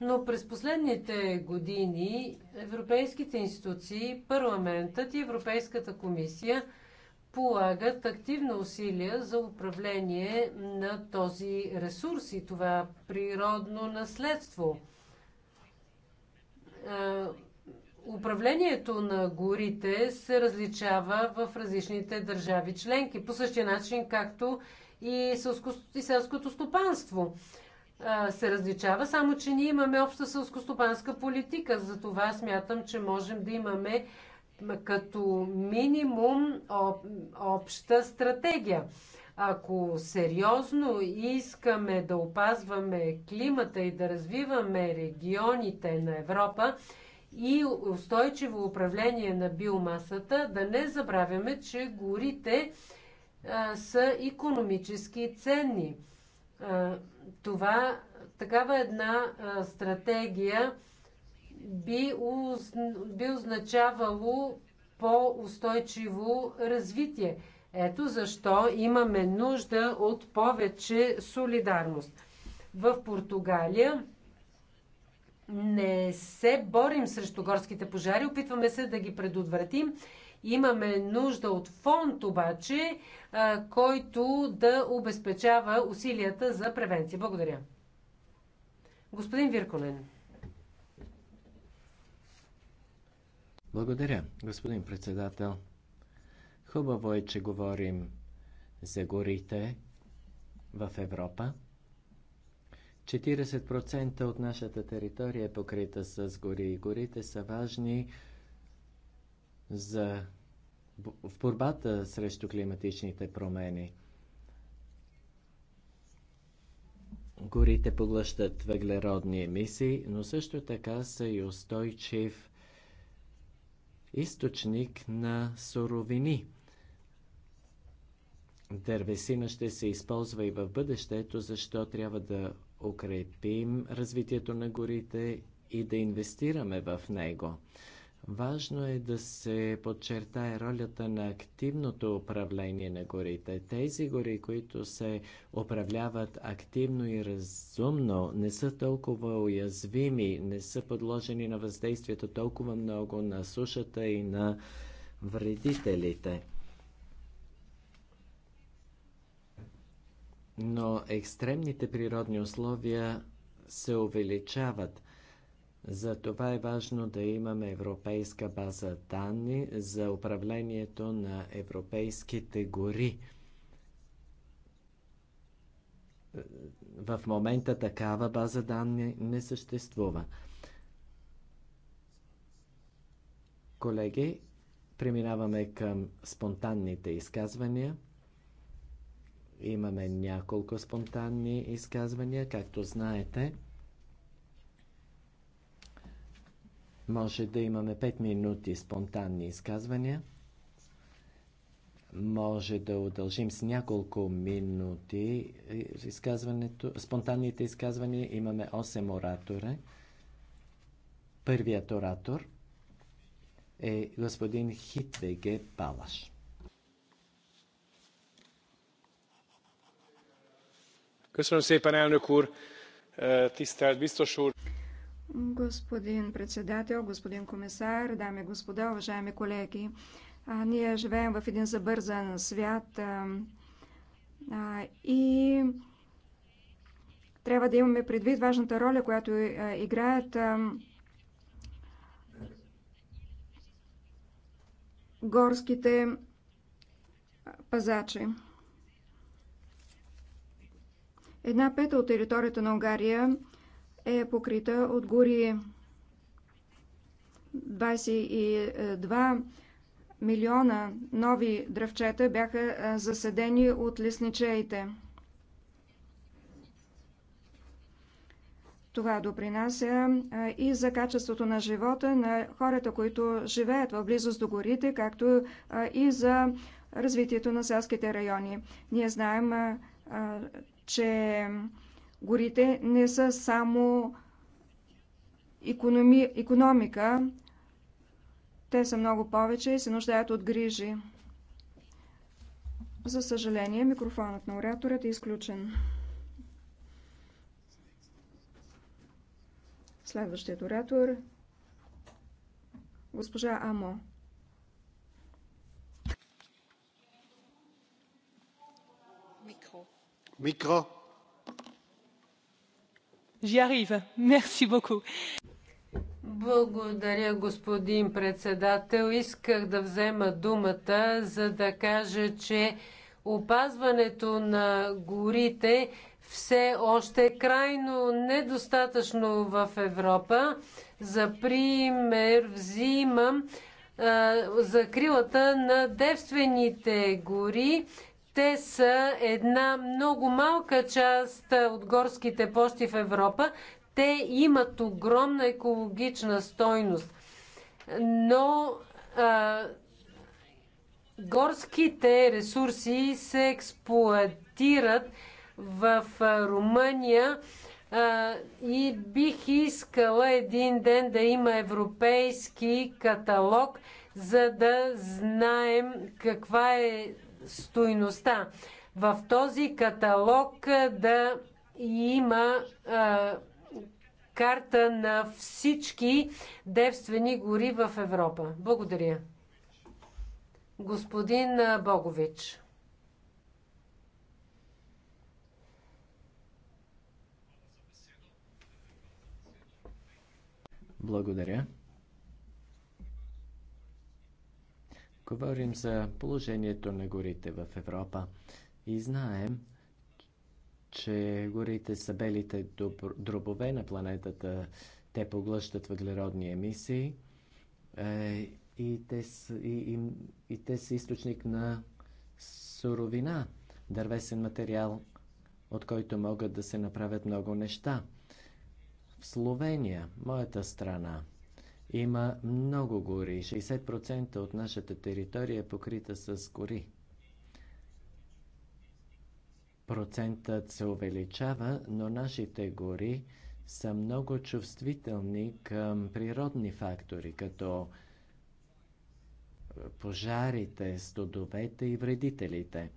Но през последните години европейските институции, парламентът и Европейската комисия полагат активни усилия за управление на този ресурс и това природно наследство Управлението на горите се различава в различните държави членки, по същия начин както и, и селското стопанство се различава, само че ние имаме обща сълскостопанска политика. Затова смятам, че можем да имаме като минимум обща стратегия. Ако сериозно искаме да опазваме климата и да развиваме регионите на Европа, и устойчиво управление на биомасата, да не забравяме, че горите а, са економически ценни. А, това, такава една а, стратегия би, уз, би означавало по-устойчиво развитие. Ето защо имаме нужда от повече солидарност. В Португалия не се борим срещу горските пожари, опитваме се да ги предотвратим. Имаме нужда от фонд обаче, който да обезпечава усилията за превенция. Благодаря. Господин Вирконен.
Благодаря, господин председател. Хубаво е, че говорим за горите в Европа. 40% от нашата територия е покрита с гори. Горите са важни за в борбата срещу климатичните промени. Горите поглъщат въглеродни емисии, но също така са и устойчив източник на суровини. Дървесина ще се използва и в бъдещето, защо трябва да укрепим развитието на горите и да инвестираме в него. Важно е да се подчертае ролята на активното управление на горите. Тези гори, които се управляват активно и разумно, не са толкова уязвими, не са подложени на въздействието толкова много на сушата и на вредителите. но екстремните природни условия се увеличават. Затова е важно да имаме европейска база данни за управлението на европейските гори. В момента такава база данни не съществува. Колеги, преминаваме към спонтанните изказвания. Имаме няколко спонтанни изказвания, както знаете. Може да имаме 5 минути спонтанни изказвания. Може да удължим с няколко минути изказването, спонтанните изказвания. Имаме 8 оратора. Първият оратор е господин Хитвеге Палаш.
Господин председател, господин комисар, дами и господа, уважаеми колеги, ние живеем в един забързан свят и трябва да имаме предвид важната роля, която е, играят горските пазачи. Една пета от територията на Унгария е покрита от гори 22 милиона нови дръвчета бяха заседени от лесничеите. Това допринася и за качеството на живота на хората, които живеят в близост до горите, както и за развитието на селските райони. Ние знаем, че горите не са само економи, економика, те са много повече и се нуждаят от грижи. За съжаление, микрофонът на ораторът е изключен. Следващият оратор госпожа Амо.
Микро. Благодаря, господин председател. Исках да взема думата, за да кажа, че опазването на горите все още е крайно недостатъчно в Европа. За пример взимам закрилата на девствените гори те са една много малка част от горските площи в Европа. Те имат огромна екологична стойност. Но а, горските ресурси се експлуатират в Румъния а, и бих искала един ден да има европейски каталог, за да знаем каква е стойността. В този каталог да има а, карта на всички девствени гори в Европа. Благодаря. Господин Богович.
Благодаря. Говорим за положението на горите в Европа и знаем, че горите са белите дробове на планетата. Те поглъщат въглеродни емисии е, и, те са, и, и, и те са източник на суровина, дървесен материал, от който могат да се направят много неща. В Словения, моята страна, има много гори. 60% от нашата територия е покрита с гори. Процентът се увеличава, но нашите гори са много чувствителни към природни фактори, като пожарите, студовете и вредителите.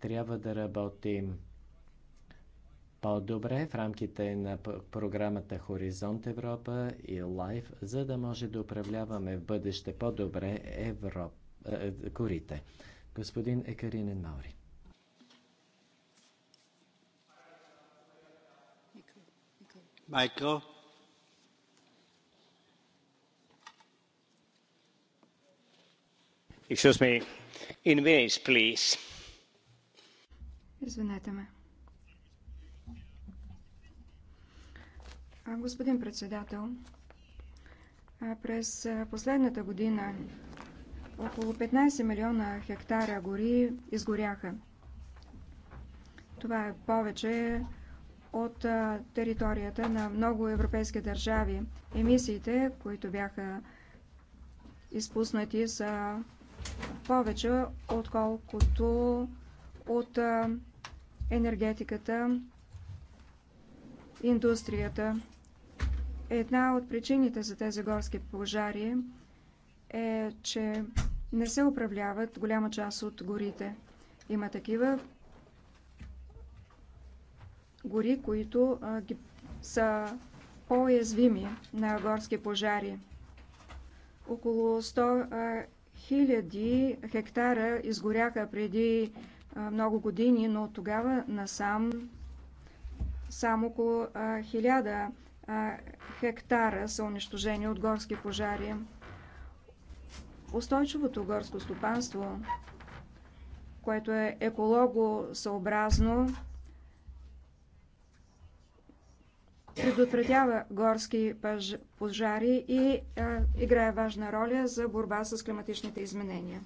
Трябва да работим по-добре в рамките на програмата Хоризонт Европа и Лайф, за да може да управляваме в бъдеще по-добре Европ... Е, е, горите. Господин Екаринен Маури. Майкъл. Excuse me. In Venice, please.
Извинете ме. Господин председател, през последната година около 15 милиона хектара гори изгоряха. Това е повече от територията на много европейски държави. Емисиите, които бяха изпуснати, са повече, отколкото от енергетиката, индустрията Една от причините за тези горски пожари е, че не се управляват голяма част от горите. Има такива гори, които а, ги, са по язвими на горски пожари. Около 100 хиляди хектара изгоряха преди а, много години, но от тогава насам само около хиляда хектара са унищожени от горски пожари. Устойчивото горско стопанство, което е екологосъобразно, предотвратява горски пожари и а, играе важна роля за борба с климатичните изменения.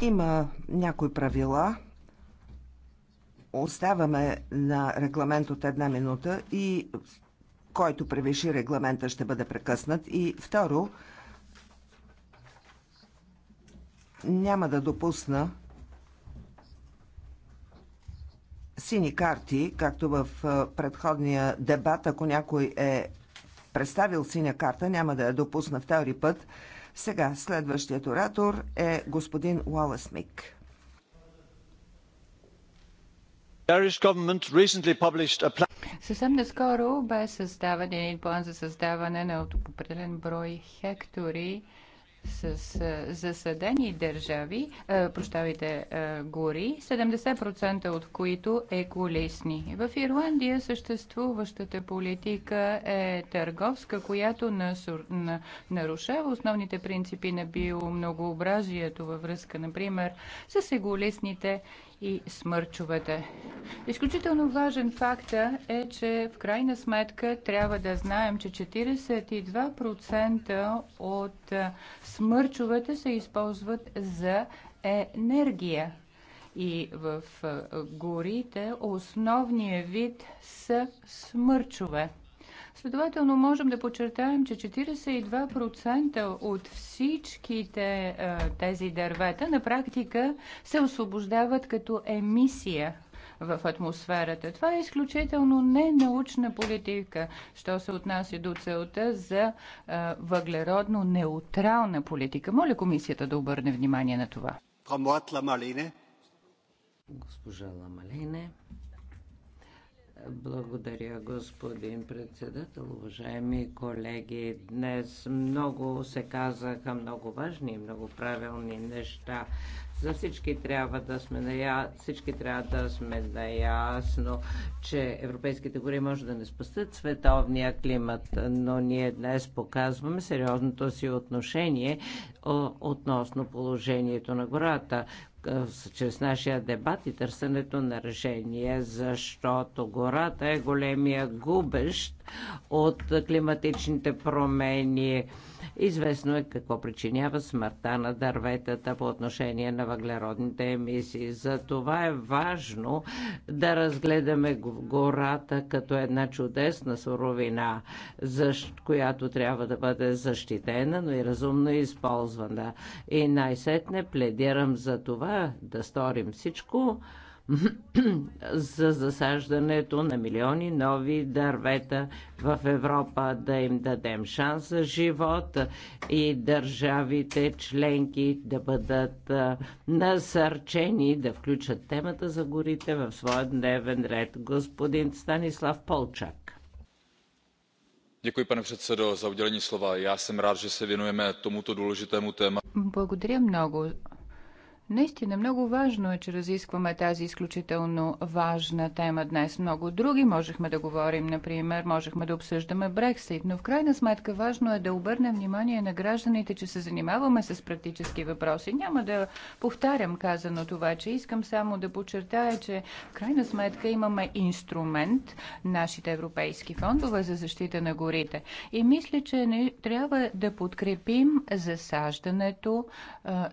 Има някои правила, оставаме на регламент от една минута и който превиши регламента ще бъде прекъснат. И второ, няма да допусна сини карти, както в предходния дебат, ако някой е представил синя карта, няма да я допусна втори път. Сега следващият оратор е господин Уолес Мик.
Съвсем наскоро бе създаван един план за създаване на определен брой хектори с засадени държави, прощавайте, гори, 70% от които е колесни. В Ирландия съществуващата политика е търговска, която нарушава основните принципи на биомногообразието във връзка, например, с еголесните и смърчовете. Изключително важен факт е, че в крайна сметка трябва да знаем, че 42% от смърчовете се използват за енергия. И в горите основният вид са смърчове. Следователно можем да подчертаем, че 42% от всичките е, тези дървета на практика се освобождават като емисия в атмосферата. Това е изключително ненаучна политика, що се отнася до целта за а, е, въглеродно неутрална политика. Моля комисията да обърне внимание на това.
Госпожа Ламалине.
Благодаря, господин председател. Уважаеми колеги, днес много се казаха много важни и много правилни неща. За всички трябва да сме наясно, всички трябва да сме наясно, че европейските гори може да не спастат световния климат, но ние днес показваме сериозното си отношение относно положението на гората чрез нашия дебат и търсенето на решение, защото гората е големия губещ от климатичните промени Известно е какво причинява смъртта на дърветата по отношение на въглеродните емисии. За това е важно да разгледаме гората като една чудесна суровина, която трябва да бъде защитена, но и разумно използвана. И най-сетне пледирам за това да сторим всичко, за засаждането на милиони нови дървета в Европа, да им дадем шанс за живот и държавите членки да бъдат насърчени да включат темата за горите в своя дневен ред. Господин Станислав Полчак.
Děkuji, pane předsedo, za udělení slova. Já jsem rád, že se věnujeme tomuto důležitému tématu.
Благодаря много Наистина много важно е, че разискваме тази изключително важна тема днес. Много други можехме да говорим, например, можехме да обсъждаме Брексит, но в крайна сметка важно е да обърнем внимание на гражданите, че се занимаваме с практически въпроси. Няма да повтарям казаното вече, искам само да подчертая, че в крайна сметка имаме инструмент, нашите европейски фондове за защита на горите. И мисля, че не трябва да подкрепим засаждането,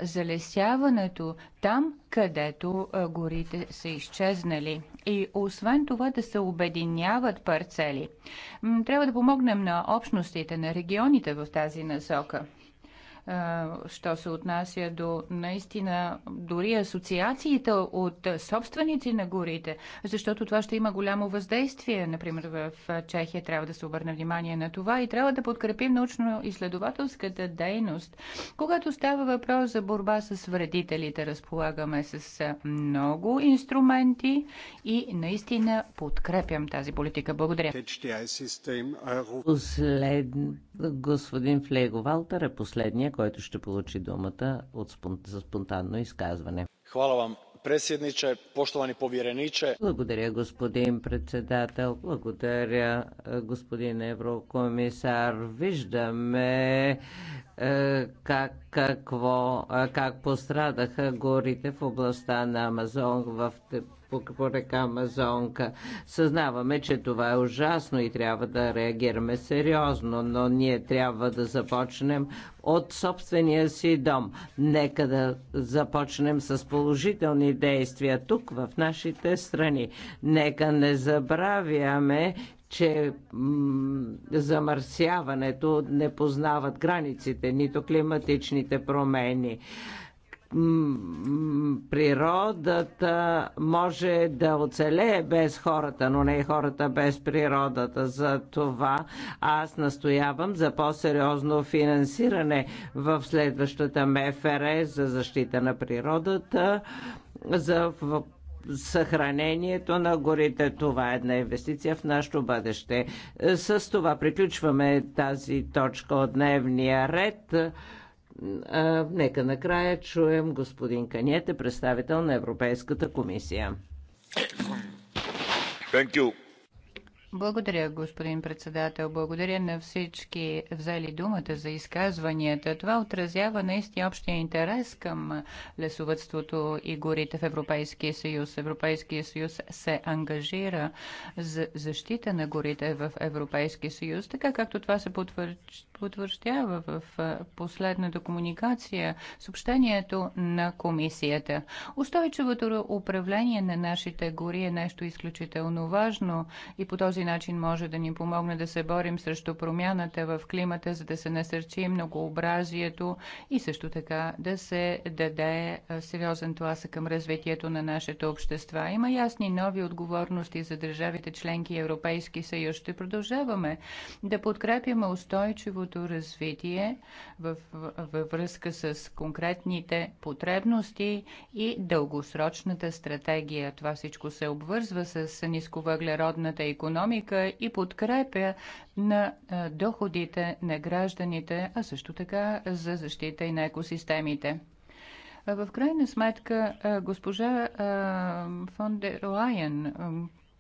залесяването, там където горите са изчезнали. И освен това да се обединяват парцели. Трябва да помогнем на общностите, на регионите в тази насока що се отнася до наистина дори асоциациите от собственици на горите, защото това ще има голямо въздействие. Например, в Чехия трябва да се обърне внимание на това и трябва да подкрепим научно-изследователската дейност. Когато става въпрос за борба с вредителите, разполагаме с много инструменти и наистина подкрепям тази политика. Благодаря.
Uh,
След... Господин Флего Валтер е последния който ще получи думата от спон... за спонтанно изказване.
Хвала вам, председниче, поштовани povjereniče.
Благодаря, господин председател. Благодаря, господин еврокомисар. Виждаме е, как, какво, е, как пострадаха горите в областта на Амазон в по, по река Амазонка. Съзнаваме, че това е ужасно и трябва да реагираме сериозно, но ние трябва да започнем от собствения си дом. Нека да започнем с положителни действия тук, в нашите страни. Нека не забравяме, че замърсяването не познават границите, нито климатичните промени природата може да оцелее без хората, но не и хората без природата. За това аз настоявам за по-сериозно финансиране в следващата МФР за защита на природата, за съхранението на горите. Това е една инвестиция в нашето бъдеще. С това приключваме тази точка от дневния ред. Нека накрая чуем господин Каниете, представител на Европейската комисия.
Thank you.
Благодаря, господин председател. Благодаря на всички взели думата за изказванията. Това отразява наистина общия интерес към лесовътството и горите в Европейския съюз. Европейския съюз се ангажира за защита на горите в Европейския съюз, така както това се потвърждава потвърждава в последната комуникация съобщението на комисията. Устойчивото управление на нашите гори е нещо изключително важно и по този начин може да ни помогне да се борим срещу промяната в климата, за да се насърчи многообразието и също така да се даде сериозен тласък към развитието на нашите общества. Има ясни нови отговорности за държавите членки Европейски съюз. Ще продължаваме да подкрепяме устойчивото тяхното развитие във връзка с конкретните потребности и дългосрочната стратегия. Това всичко се обвързва с нисковъглеродната економика и подкрепя на доходите на гражданите, а също така за защита и на екосистемите. В крайна сметка, госпожа фон дер Лайен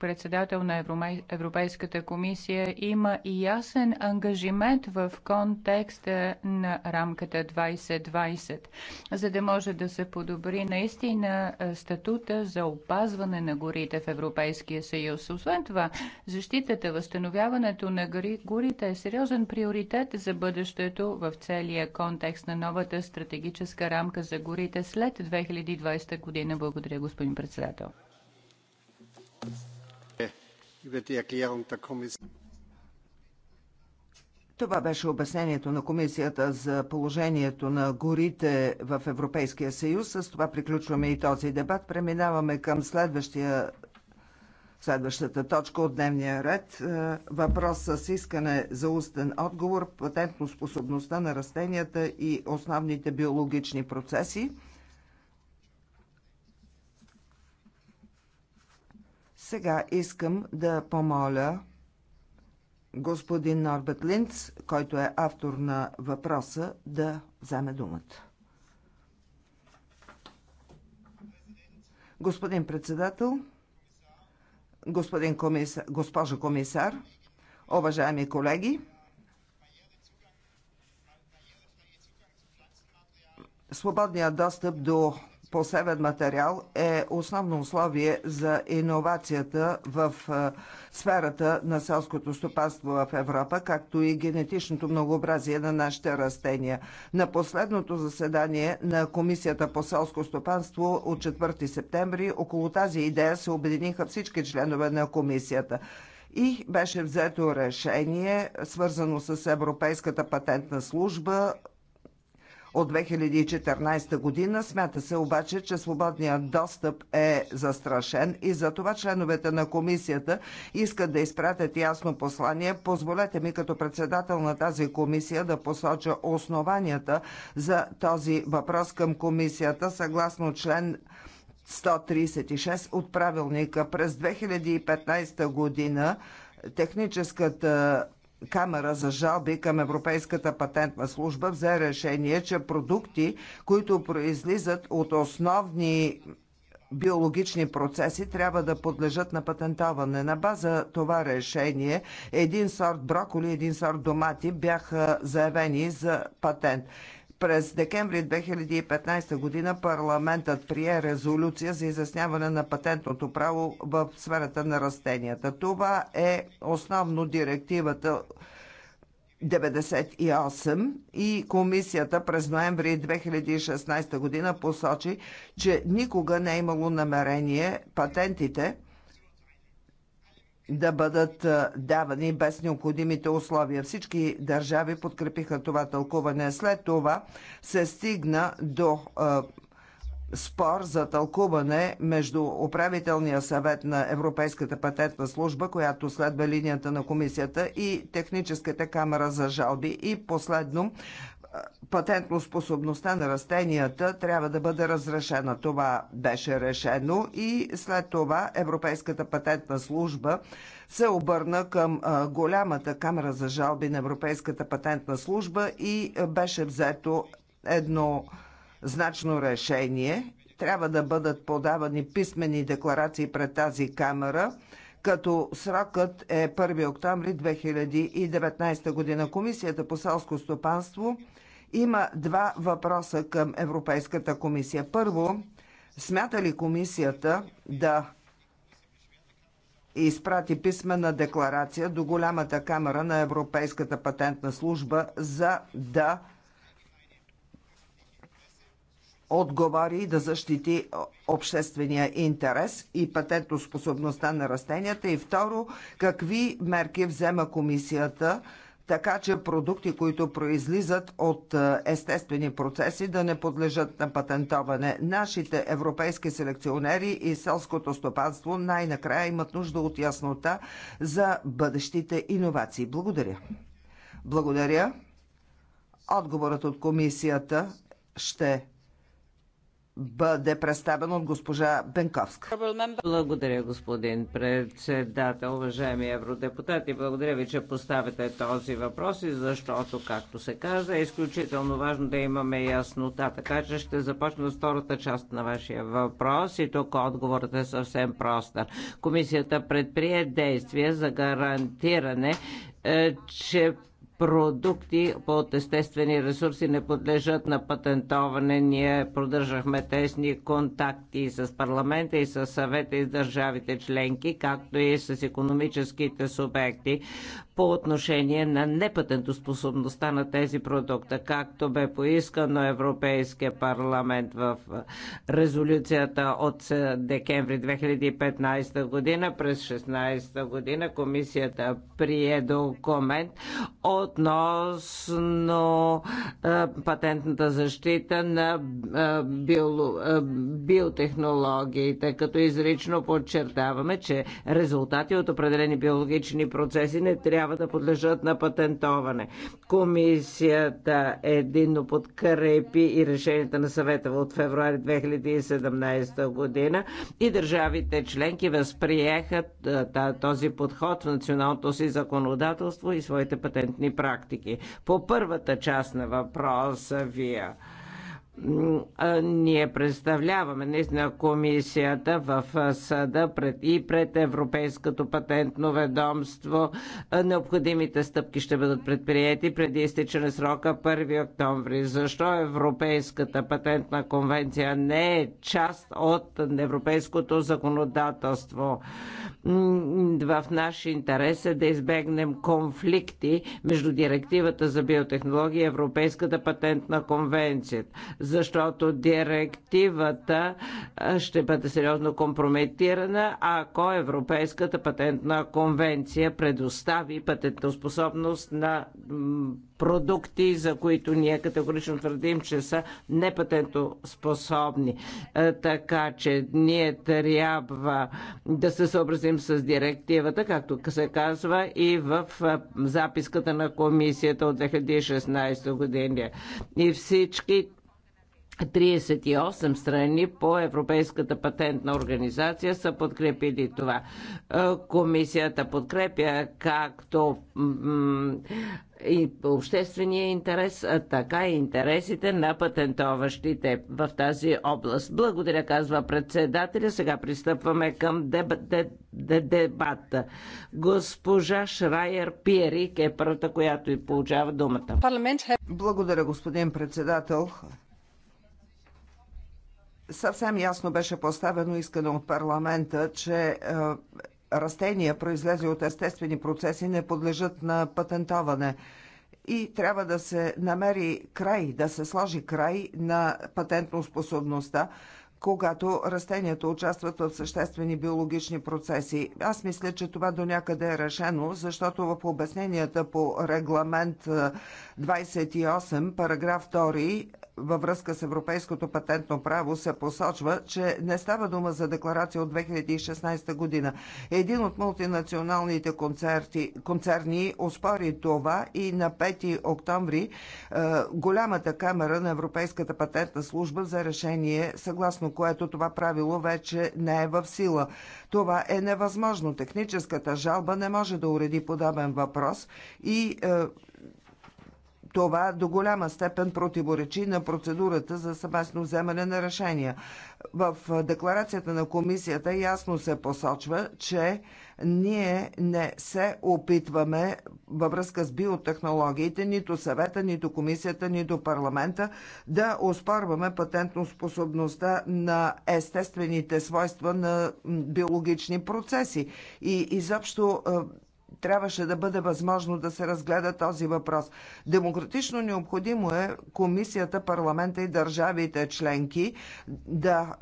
председател на Европейската комисия, има и ясен ангажимент в контекста на рамката 2020, за да може да се подобри наистина статута за опазване на горите в Европейския съюз. Освен това, защитата, възстановяването на горите е сериозен приоритет за бъдещето в целия контекст на новата стратегическа рамка за горите след 2020 година. Благодаря, господин председател.
Това беше обяснението на Комисията за положението на горите в Европейския съюз. С това приключваме и този дебат. Преминаваме към следващия Следващата точка от дневния ред е, – въпрос с искане за устен отговор, патентно способността на растенията и основните биологични процеси. Сега искам да помоля господин Норбет Линц, който е автор на въпроса, да вземе думата. Господин председател, господин комисар, госпожа комисар, уважаеми колеги, свободният достъп до посевен материал е основно условие за иновацията в е, сферата на селското стопанство в Европа, както и генетичното многообразие на нашите растения. На последното заседание на Комисията по селско стопанство от 4 септември около тази идея се обединиха всички членове на комисията и беше взето решение, свързано с Европейската патентна служба, от 2014 година. Смята се обаче, че свободният достъп е застрашен и за това членовете на комисията искат да изпратят ясно послание. Позволете ми като председател на тази комисия да посоча основанията за този въпрос към комисията съгласно член 136 от правилника. През 2015 година техническата Камера за жалби към Европейската патентна служба взе решение, че продукти, които произлизат от основни биологични процеси трябва да подлежат на патентоване. На база това решение един сорт броколи, един сорт домати бяха заявени за патент. През декември 2015 година парламентът прие резолюция за изясняване на патентното право в сферата на растенията. Това е основно директивата 98 и комисията през ноември 2016 година посочи, че никога не е имало намерение патентите да бъдат давани без необходимите условия. Всички държави подкрепиха това тълкуване. След това се стигна до спор за тълкуване между управителния съвет на Европейската патентна служба, която следва линията на комисията и техническата камера за жалби и последно патентно способността на растенията трябва да бъде разрешена. Това беше решено и след това Европейската патентна служба се обърна към голямата камера за жалби на Европейската патентна служба и беше взето едно значно решение. Трябва да бъдат подавани писмени декларации пред тази камера като срокът е 1 октомври 2019 година. Комисията по селско стопанство има два въпроса към Европейската комисия. Първо, смята ли комисията да изпрати писмена декларация до голямата камера на Европейската патентна служба, за да отговори и да защити обществения интерес и патентоспособността на растенията? И второ, какви мерки взема комисията така че продукти, които произлизат от е, естествени процеси, да не подлежат на патентоване. Нашите европейски селекционери и селското стопанство най-накрая имат нужда от яснота за бъдещите иновации. Благодаря. Благодаря. Отговорът от комисията ще бъде представен от госпожа Бенковска.
Благодаря, господин председател, уважаеми евродепутати. Благодаря ви, че поставяте този въпрос и защото, както се каза, е изключително важно да имаме яснота. Така че ще започна с втората част на вашия въпрос и тук отговорът е съвсем простър. Комисията предприе действия за гарантиране е, че продукти от естествени ресурси не подлежат на патентоване. Ние продържахме тесни контакти с парламента и с съвета и с държавите членки, както и с економическите субекти по отношение на непатентоспособността на тези продукта, както бе поискано Европейския парламент в резолюцията от декември 2015 година. През 16 година комисията прие документ от относно е, патентната защита на е, е, биотехнологиите, като изрично подчертаваме, че резултати от определени биологични процеси не трябва да подлежат на патентоване. Комисията единно подкрепи и решенията на съвета от февруари 2017 година и държавите членки възприеха този подход в националното си законодателство и своите патентни практики. По първата част на въпроса вие ние представляваме наистина комисията в съда пред и пред Европейското патентно ведомство. Необходимите стъпки ще бъдат предприяти преди изтичане срока 1 октомври. Защо Европейската патентна конвенция не е част от европейското законодателство? В наш интерес е да избегнем конфликти между директивата за биотехнология и Европейската патентна конвенция защото директивата ще бъде сериозно компрометирана, ако Европейската патентна конвенция предостави патентоспособност на продукти, за които ние категорично твърдим, че са непатентоспособни. Е, така че ние трябва да се съобразим с директивата, както се казва и в записката на комисията от 2016 година. И всички 38 страни по Европейската патентна организация са подкрепили това. Е, комисията подкрепя както и обществения интерес, а така и интересите на патентоващите в тази област. Благодаря, казва председателя. Сега пристъпваме към деб... деб... дебата. Госпожа Шрайер Пиерик е първата, която и получава думата.
Е- Благодаря, господин председател съвсем ясно беше поставено искане от парламента, че е, растения, произлезли от естествени процеси, не подлежат на патентоване. И трябва да се намери край, да се сложи край на патентно способността, когато растенията участват в съществени биологични процеси. Аз мисля, че това до някъде е решено, защото в обясненията по регламент 28, е, параграф във връзка с европейското патентно право се посочва, че не става дума за декларация от 2016 година. Един от мултинационалните концерти, концерни оспори това и на 5 октомври е, голямата камера на Европейската патентна служба за решение, съгласно което това правило вече не е в сила. Това е невъзможно. Техническата жалба не може да уреди подобен въпрос и е, това до голяма степен противоречи на процедурата за съвместно вземане на решения. В декларацията на комисията ясно се посочва, че ние не се опитваме във връзка с биотехнологиите, нито съвета, нито комисията, нито парламента да оспорваме патентно способността на естествените свойства на биологични процеси. И изобщо трябваше да бъде възможно да се разгледа този въпрос. Демократично необходимо е комисията, парламента и държавите членки да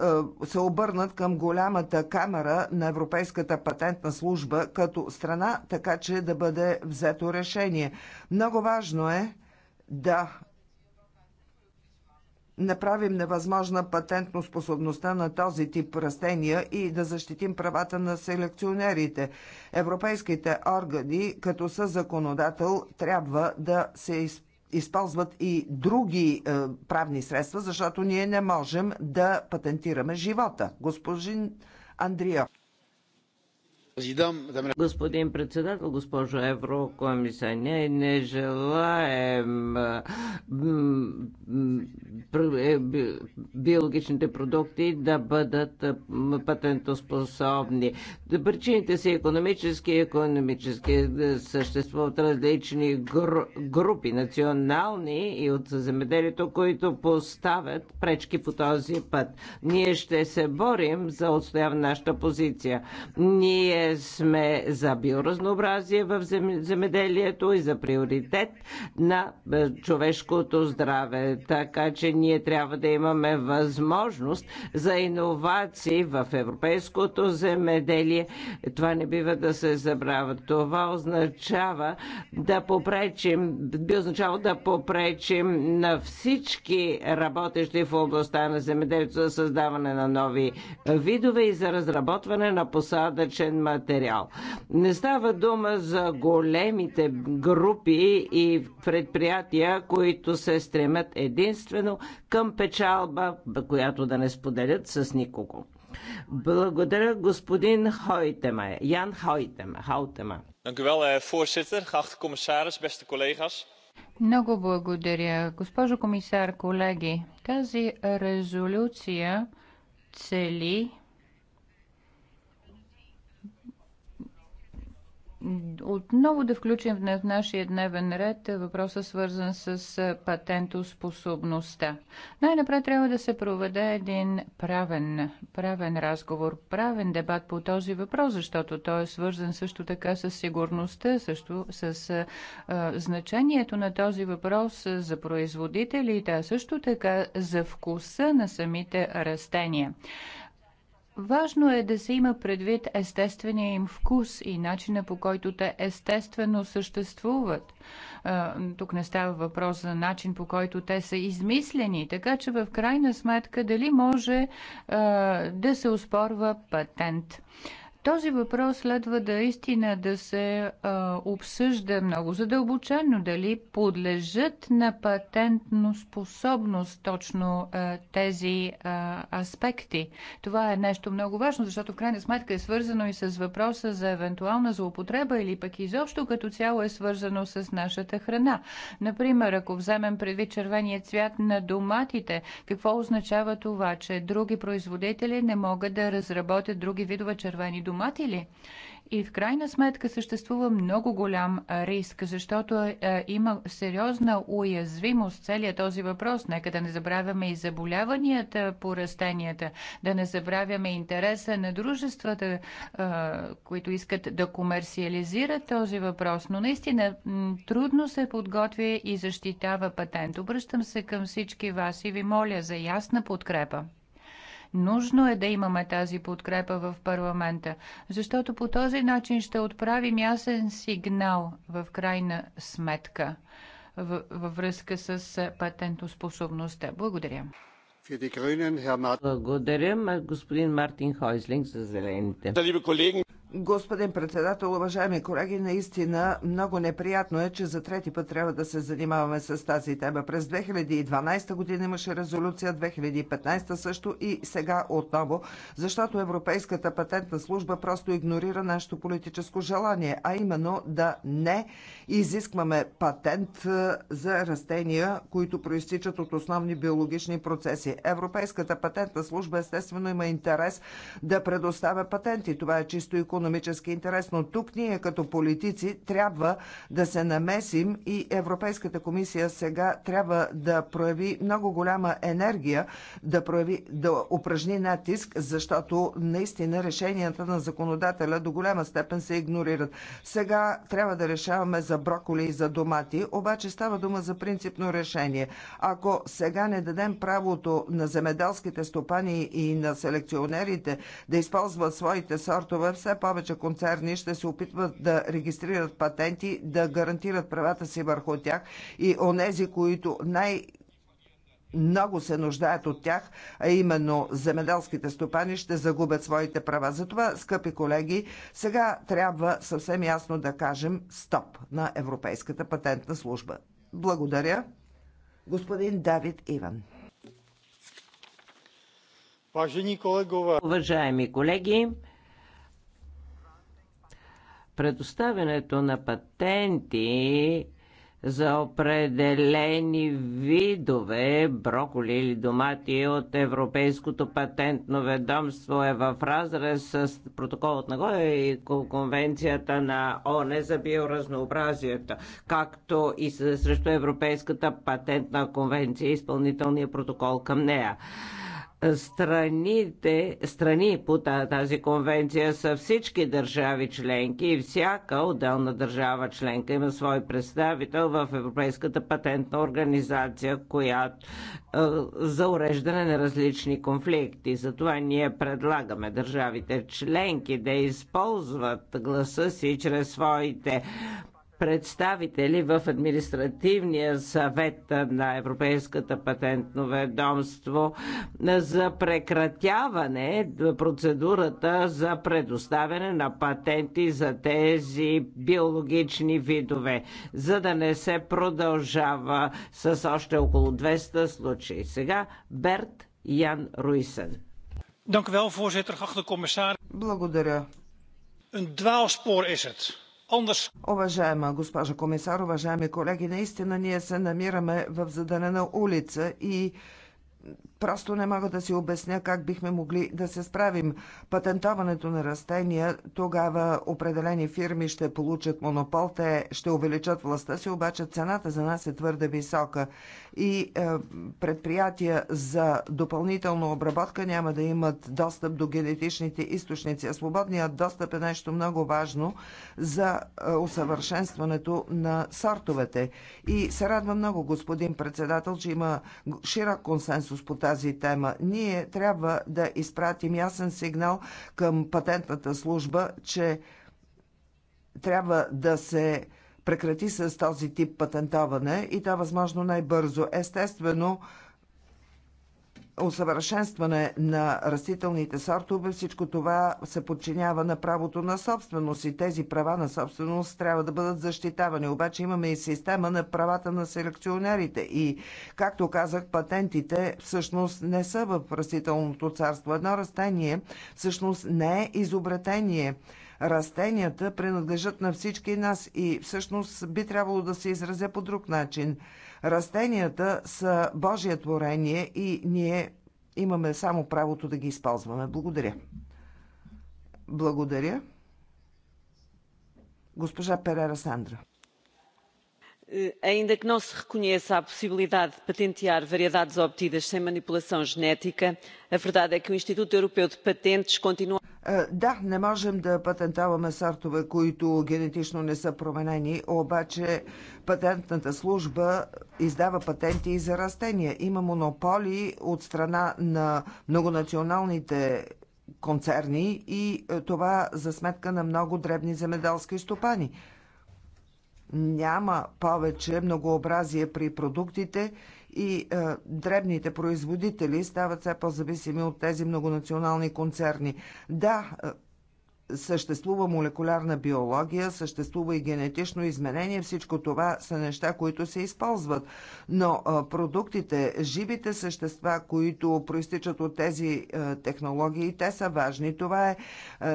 е, се обърнат към голямата камера на Европейската патентна служба като страна, така че да бъде взето решение. Много важно е да направим невъзможна патентно способността на този тип растения и да защитим правата на селекционерите. Европейските органи, като са законодател, трябва да се използват използват и други е, правни средства, защото ние не можем да патентираме живота. Господин Андрио.
Господин председател, госпожо еврокомисар, ние не желаем е, биологичните продукти да бъдат патентоспособни. Причините са економически и економически. Съществуват различни групи, национални и от земеделието, които поставят пречки по този път. Ние ще се борим за отстояване нашата позиция. Ние сме за биоразнообразие в земеделието и за приоритет на е, човешкото здраве. Така че ние трябва да имаме възможност за иновации в европейското земеделие. Това не бива да се забравя. Това означава да попречим, би означава да попречим на всички работещи в областта на земеделието за създаване на нови е, видове и за разработване на посадъчен материал материал. Не става дума за големите групи и предприятия, които се стремят единствено към печалба, която да не споделят с никого. Благодаря господин Хойтема, Ян Хойтема. Хойтема.
Eh,
Много благодаря. Госпожо комисар, колеги, тази резолюция цели отново да включим в нашия дневен ред въпроса свързан с патентоспособността. Най-напред трябва да се проведе един правен, правен разговор, правен дебат по този въпрос, защото той е свързан също така с сигурността, също с а, значението на този въпрос за производителите, а също така за вкуса на самите растения. Важно е да се има предвид естествения им вкус и начина по който те естествено съществуват. Тук не става въпрос за начин по който те са измислени, така че в крайна сметка дали може да се успорва патент. Този въпрос следва да истина да се а, обсъжда много задълбочено, дали подлежат на патентно способност точно а, тези а, аспекти. Това е нещо много важно, защото в крайна сметка е свързано и с въпроса за евентуална злоупотреба или пък изобщо като цяло е свързано с нашата храна. Например, ако вземем предвид червения цвят на доматите, какво означава това, че други производители не могат да разработят други видове червени домати? домати ли? И в крайна сметка съществува много голям риск, защото е, е, има сериозна уязвимост целият този въпрос. Нека да не забравяме и заболяванията по растенията, да не забравяме интереса на дружествата, е, които искат да комерциализират този въпрос. Но наистина трудно се подготвя и защитава патент. Обръщам се към всички вас и ви моля за ясна подкрепа. Нужно е да имаме тази подкрепа в парламента, защото по този начин ще отправим ясен сигнал в крайна сметка във връзка с патентоспособността. Благодаря.
Благодаря, господин Мартин Хойзлинг за зелените.
Господин председател, уважаеми колеги, наистина много неприятно е, че за трети път трябва да се занимаваме с тази тема. През 2012 година имаше резолюция, 2015 също и сега отново, защото Европейската патентна служба просто игнорира нашето политическо желание, а именно да не изискваме патент е, за растения, които проистичат от основни биологични процеси. Европейската патентна служба естествено има интерес да предоставя патенти. Това е чисто и економически интерес, но тук ние като политици трябва да се намесим и Европейската комисия сега трябва да прояви много голяма енергия, да, прояви, да упражни натиск, защото наистина решенията на законодателя до голяма степен се игнорират. Сега трябва да решаваме за броколи и за домати, обаче става дума за принципно решение. Ако сега не дадем правото на земеделските стопани и на селекционерите да използват своите сортове, все по повече концерни ще се опитват да регистрират патенти, да гарантират правата си върху тях и онези, които най- много се нуждаят от тях, а именно земеделските стопани ще загубят своите права. Затова, скъпи колеги, сега трябва съвсем ясно да кажем стоп на Европейската патентна служба. Благодаря. Господин Давид Иван.
Уважаеми колеги, Предоставянето на патенти за определени видове броколи или домати от Европейското патентно ведомство е в разрез с протоколът на Гоя и конвенцията на ОНЕ за биоразнообразието, както и срещу Европейската патентна конвенция и изпълнителния протокол към нея. Страните, страни по тази конвенция са всички държави членки и всяка отделна държава членка има свой представител в Европейската патентна организация, която за уреждане на различни конфликти. Затова ние предлагаме държавите членки да използват гласа си чрез своите представители в административния съвет на Европейската патентно ведомство за прекратяване процедурата за предоставяне на патенти за тези биологични видове, за да не се продължава с още около 200 случаи. Сега Берт Ян
Руисен. Благодаря. Een dwaalspoor is het Anders. Уважаема госпожа комисар, уважаеми колеги, наистина ние се намираме в задънена улица и Просто не мога да си обясня как бихме могли да се справим. Патентоването на растения, тогава определени фирми ще получат монопол, те ще увеличат властта си, обаче цената за нас е твърде висока и е, предприятия за допълнителна обработка няма да имат достъп до генетичните източници. А свободният достъп е нещо много важно за е, усъвършенстването на сортовете. И се радва много, господин председател, че има широк консенсус по тази тази тема. Ние трябва да изпратим ясен сигнал към патентната служба, че трябва да се прекрати с този тип патентоване и то възможно най-бързо. Естествено, усъвършенстване на растителните сортове, всичко това се подчинява на правото на собственост и тези права на собственост трябва да бъдат защитавани. Обаче имаме и система на правата на селекционерите и, както казах, патентите всъщност не са в растителното царство. Едно растение всъщност не е изобретение растенията принадлежат на всички нас и всъщност би трябвало да се изразя по друг начин. Растенията са Божие творение и ние имаме само правото да ги използваме. Благодаря. Благодаря. Госпожа Перера Сандра.
Ainda que não se reconheça a possibilidade de patentear variedades obtidas sem manipulação genética, a verdade é que o Instituto Europeu
de Patentes continua. Е, да, не можем да патентаваме сортове, които генетично не са променени, обаче патентната служба издава патенти и за растения. Има монополи от страна на многонационалните концерни и е, това за сметка на много дребни земеделски стопани. Няма повече многообразие при продуктите и е, дребните производители стават все по-зависими от тези многонационални концерни. Да, е, съществува молекулярна биология, съществува и генетично изменение. Всичко това са неща, които се използват. Но продуктите, живите същества, които проистичат от тези технологии, те са важни. Това е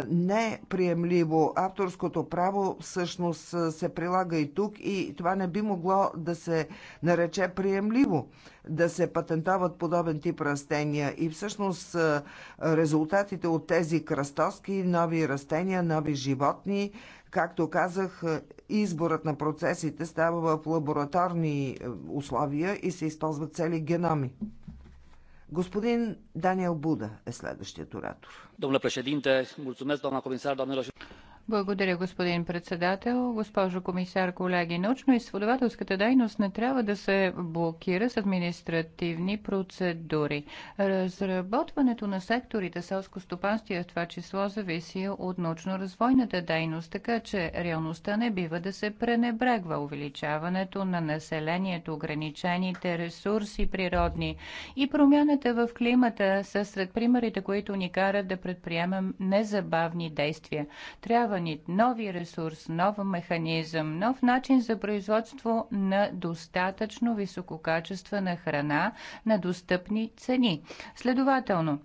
неприемливо. Авторското право всъщност се прилага и тук и това не би могло да се нарече приемливо да се патентоват подобен тип растения. И всъщност резултатите от тези кръстоски, нови растения, нови животни, както казах, изборът на процесите става в лабораторни условия и се използват цели геноми. Господин Даниел Буда е следващият оратор. Добре, președinte, mulțumesc, doamna комисар, doamnelor
благодаря, господин председател. Госпожо комисар, колеги, научно-изследователската дейност не трябва да се блокира с административни процедури. Разработването на секторите селско стопанство в това число зависи от научно-развойната дейност, така че реалността не бива да се пренебрегва. Увеличаването на населението, ограничените ресурси природни и промяната в климата са сред примерите, които ни карат да предприемем незабавни действия. Трябва ни нови ресурс, нов механизъм, нов начин за производство на достатъчно висококачествена храна на достъпни цени. Следователно,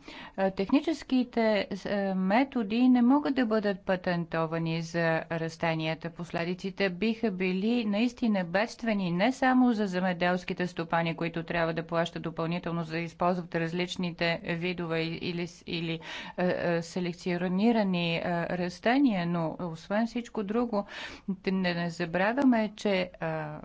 техническите методи не могат да бъдат патентовани за растенията. Последиците биха били наистина бедствени не само за земеделските стопани, които трябва да плащат допълнително за да използват различните видове или, или е, е, селекционирани е, растения, но но освен всичко друго, не, не забравяме, че а,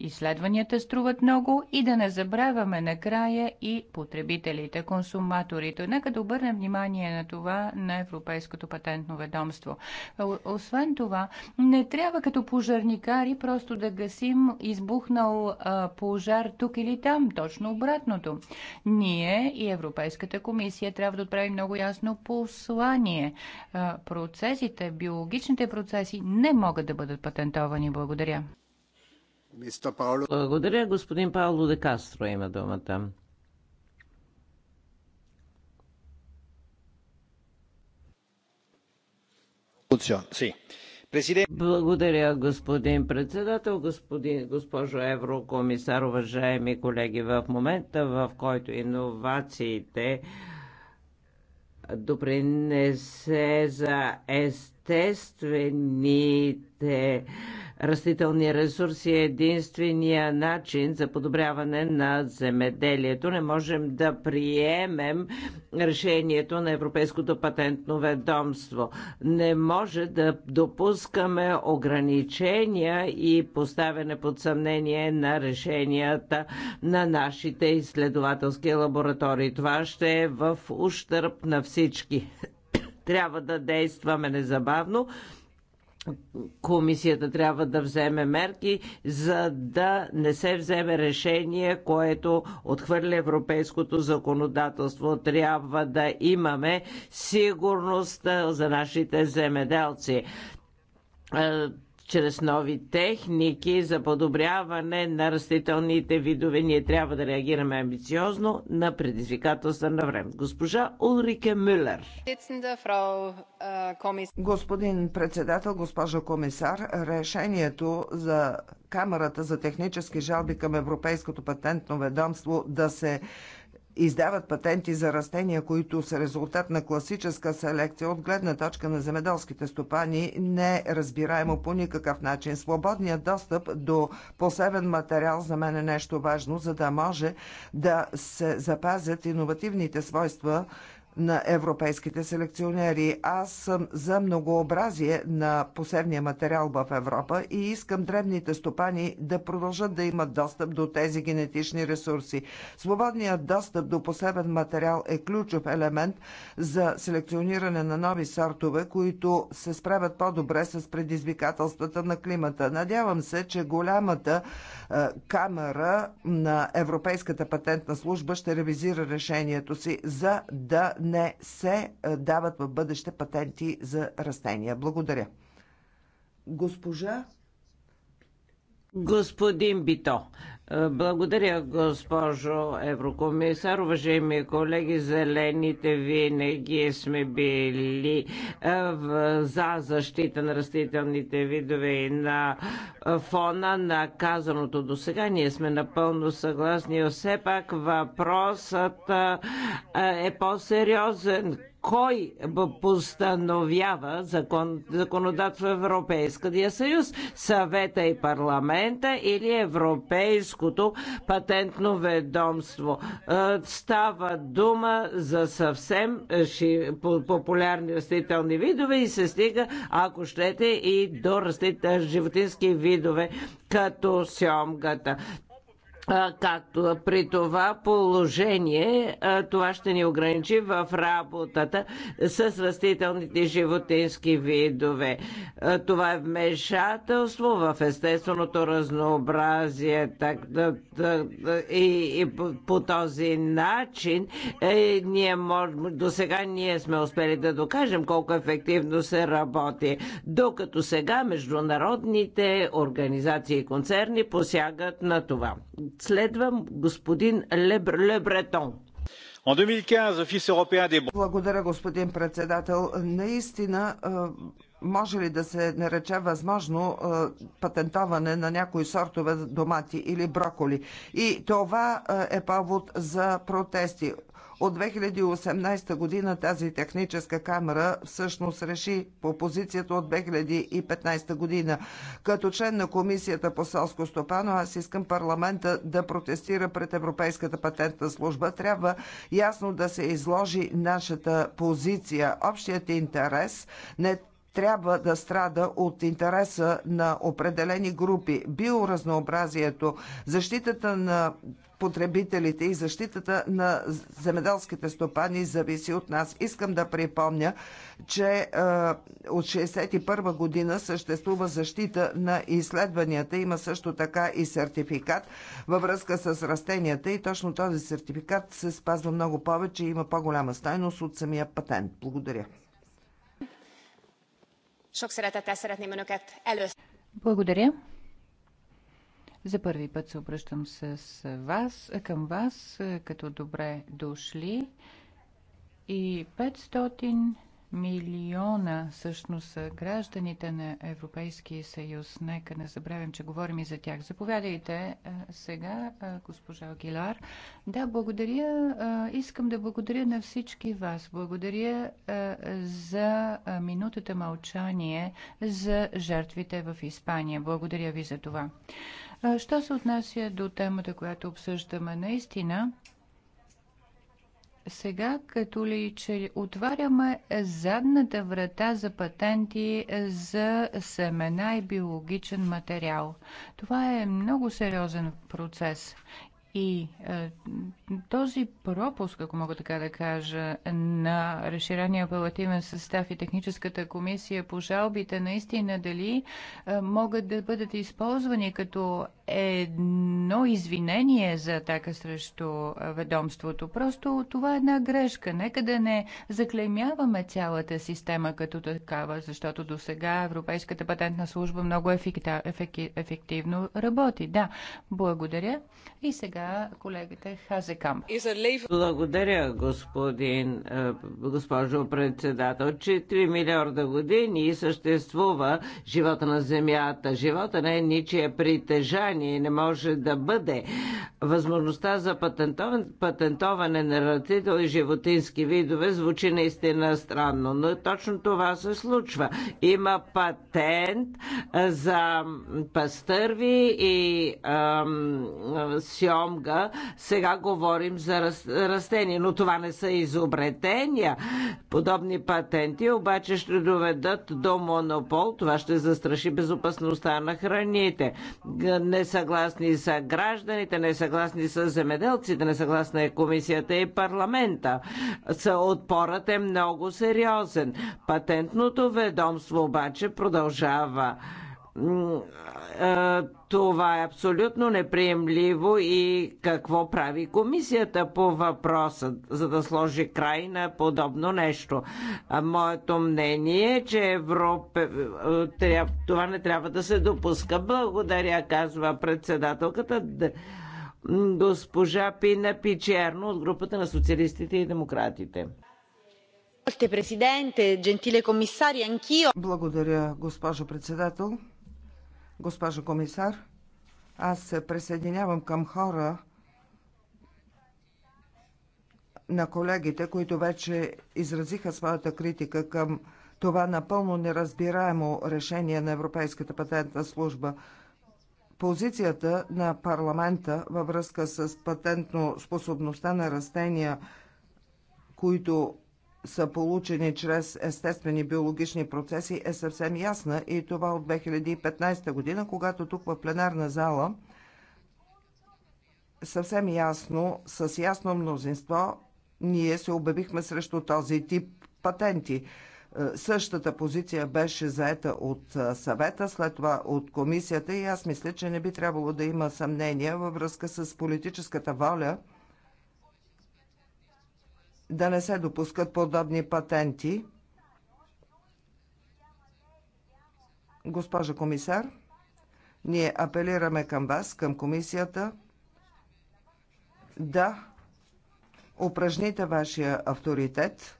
изследванията струват много и да не забравяме накрая и потребителите, консуматорите. Нека да обърнем внимание на това на Европейското патентно ведомство. Освен това, не трябва като пожарникари просто да гасим избухнал а, пожар тук или там, точно обратното. Ние и Европейската комисия трябва да отправим много ясно послание. А, процесите, биологичните процеси не могат да бъдат патентовани. Благодаря.
Благодаря, господин Пауло де Кастро има думата. Благодаря, господин председател, господин, госпожо еврокомисар, уважаеми колеги. В момента, в който иновациите допринесе за естествените растителни ресурси е единствения начин за подобряване на земеделието. Не можем да приемем решението на Европейското патентно ведомство. Не може да допускаме ограничения и поставяне под съмнение на решенията на нашите изследователски лаборатории. Това ще е в ущърп на всички. Трябва да действаме незабавно комисията трябва да вземе мерки, за да не се вземе решение, което отхвърля европейското законодателство. Трябва да имаме сигурност за нашите земеделци чрез нови техники за подобряване на растителните видове. Ние трябва да реагираме амбициозно на предизвикателства на време. Госпожа
Улрике Мюллер. Господин председател, госпожа комисар, решението за Камерата за технически жалби към Европейското патентно ведомство да се издават патенти за растения, които са резултат на класическа селекция от гледна точка на земеделските стопани, не е разбираемо по никакъв начин. Свободният достъп до посебен материал за мен е нещо важно, за да може да се запазят иновативните свойства на европейските селекционери. Аз съм за многообразие на посевния материал в Европа и искам древните стопани да продължат да имат достъп до тези генетични ресурси. Свободният достъп до посебен материал е ключов елемент за селекциониране на нови сортове, които се справят по-добре с предизвикателствата на климата. Надявам се, че голямата е, камера на Европейската патентна служба ще ревизира решението си за да не се е, дават в бъдеще патенти за растения. Благодаря. Госпожа
Господин Бито, е, благодаря, госпожо Еврокомисар. Уважаеми колеги, зелените винаги сме били е, за защита на растителните видове и на е, фона на казаното до сега. Ние сме напълно съгласни. Все пак въпросът е по-сериозен кой постановява закон, законодателство в Европейския съюз? Съвета и парламента или Европейското патентно ведомство? Е, става дума за съвсем е, популярни растителни видове и се стига, ако щете, и до растителни животински видове, като сьомгата както при това положение това ще ни ограничи в работата с растителните животински видове. Това е вмешателство в естественото разнообразие так, да, да, и, и по, по този начин е, ние може, до сега ние сме успели да докажем колко ефективно се работи, докато сега международните организации и концерни посягат на това следвам господин Лебретон.
Благодаря, господин председател. Наистина, може ли да се нарече възможно патентоване на някои сортове домати или броколи? И това е повод за протести. От 2018 година тази техническа камера всъщност реши по позицията от 2015 година. Като член на Комисията по селско стопано, аз искам парламента да протестира пред Европейската патентна служба. Трябва ясно да се изложи нашата позиция. Общият интерес не трябва да страда от интереса на определени групи. Биоразнообразието, защитата на потребителите и защитата на земеделските стопани зависи от нас. Искам да припомня, че е, от 1961 година съществува защита на изследванията. Има също така и сертификат във връзка с растенията и точно този сертификат се спазва много повече и има по-голяма стойност от самия патент. Благодаря. Благодаря. За първи
път се обръщам с вас, към вас като добре дошли. И 500 милиона всъщност са гражданите на Европейския съюз. Нека не забравим, че говорим и за тях. Заповядайте сега, госпожа Агилар. Да, благодаря. Искам да благодаря на всички вас. Благодаря за минутата мълчание за жертвите в Испания. Благодаря ви за това. Що се отнася до темата, която обсъждаме, наистина сега като ли, че отваряме задната врата за патенти за семена и биологичен материал. Това е много сериозен процес и е, този пропуск, ако мога така да кажа, на разширения апелативен състав и техническата комисия по жалбите, наистина дали е, могат да бъдат използвани като едно извинение за атака срещу ведомството. Просто това е една грешка. Нека да не заклемяваме цялата система като такава, защото до сега Европейската патентна служба много ефективно работи. Да, благодаря. И сега сега колегата Хазекам.
Благодаря, господин, е, госпожо председател. 4 милиарда години съществува живота на Земята. Живота не е ничия притежание и не може да бъде. Възможността за патентоване, патентоване на и животински видове звучи наистина странно, но точно това се случва. Има патент е, за пастърви и ам, сьом Томга, сега говорим за растения, но това не са изобретения. Подобни патенти обаче ще доведат до монопол. Това ще застраши безопасността на храните. Несъгласни са гражданите, несъгласни са земеделците, несъгласна е комисията и парламента. Отпорът е много сериозен. Патентното ведомство обаче продължава е, това е абсолютно неприемливо и какво прави комисията по въпроса, за да сложи край на подобно нещо. Е, моето мнение е, че Европе... Е, това не трябва да се допуска. Благодаря, казва председателката. Госпожа Пина Пичерно от групата на социалистите и демократите.
Благодаря, госпожо председател. Госпожо комисар, аз се присъединявам към хора на колегите, които вече изразиха своята критика към това напълно неразбираемо решение на Европейската патентна служба. Позицията на парламента във връзка с патентно способността на растения, които са получени чрез естествени биологични процеси е съвсем ясна и това от 2015 година, когато тук в пленарна зала съвсем ясно, с ясно мнозинство, ние се обявихме срещу този тип патенти. Е, същата позиция беше заета от е, съвета, след това от комисията и аз мисля, че не би трябвало да има съмнения във връзка с политическата воля – да не се допускат подобни патенти. Госпожа комисар, ние апелираме към вас, към комисията, да упражните вашия авторитет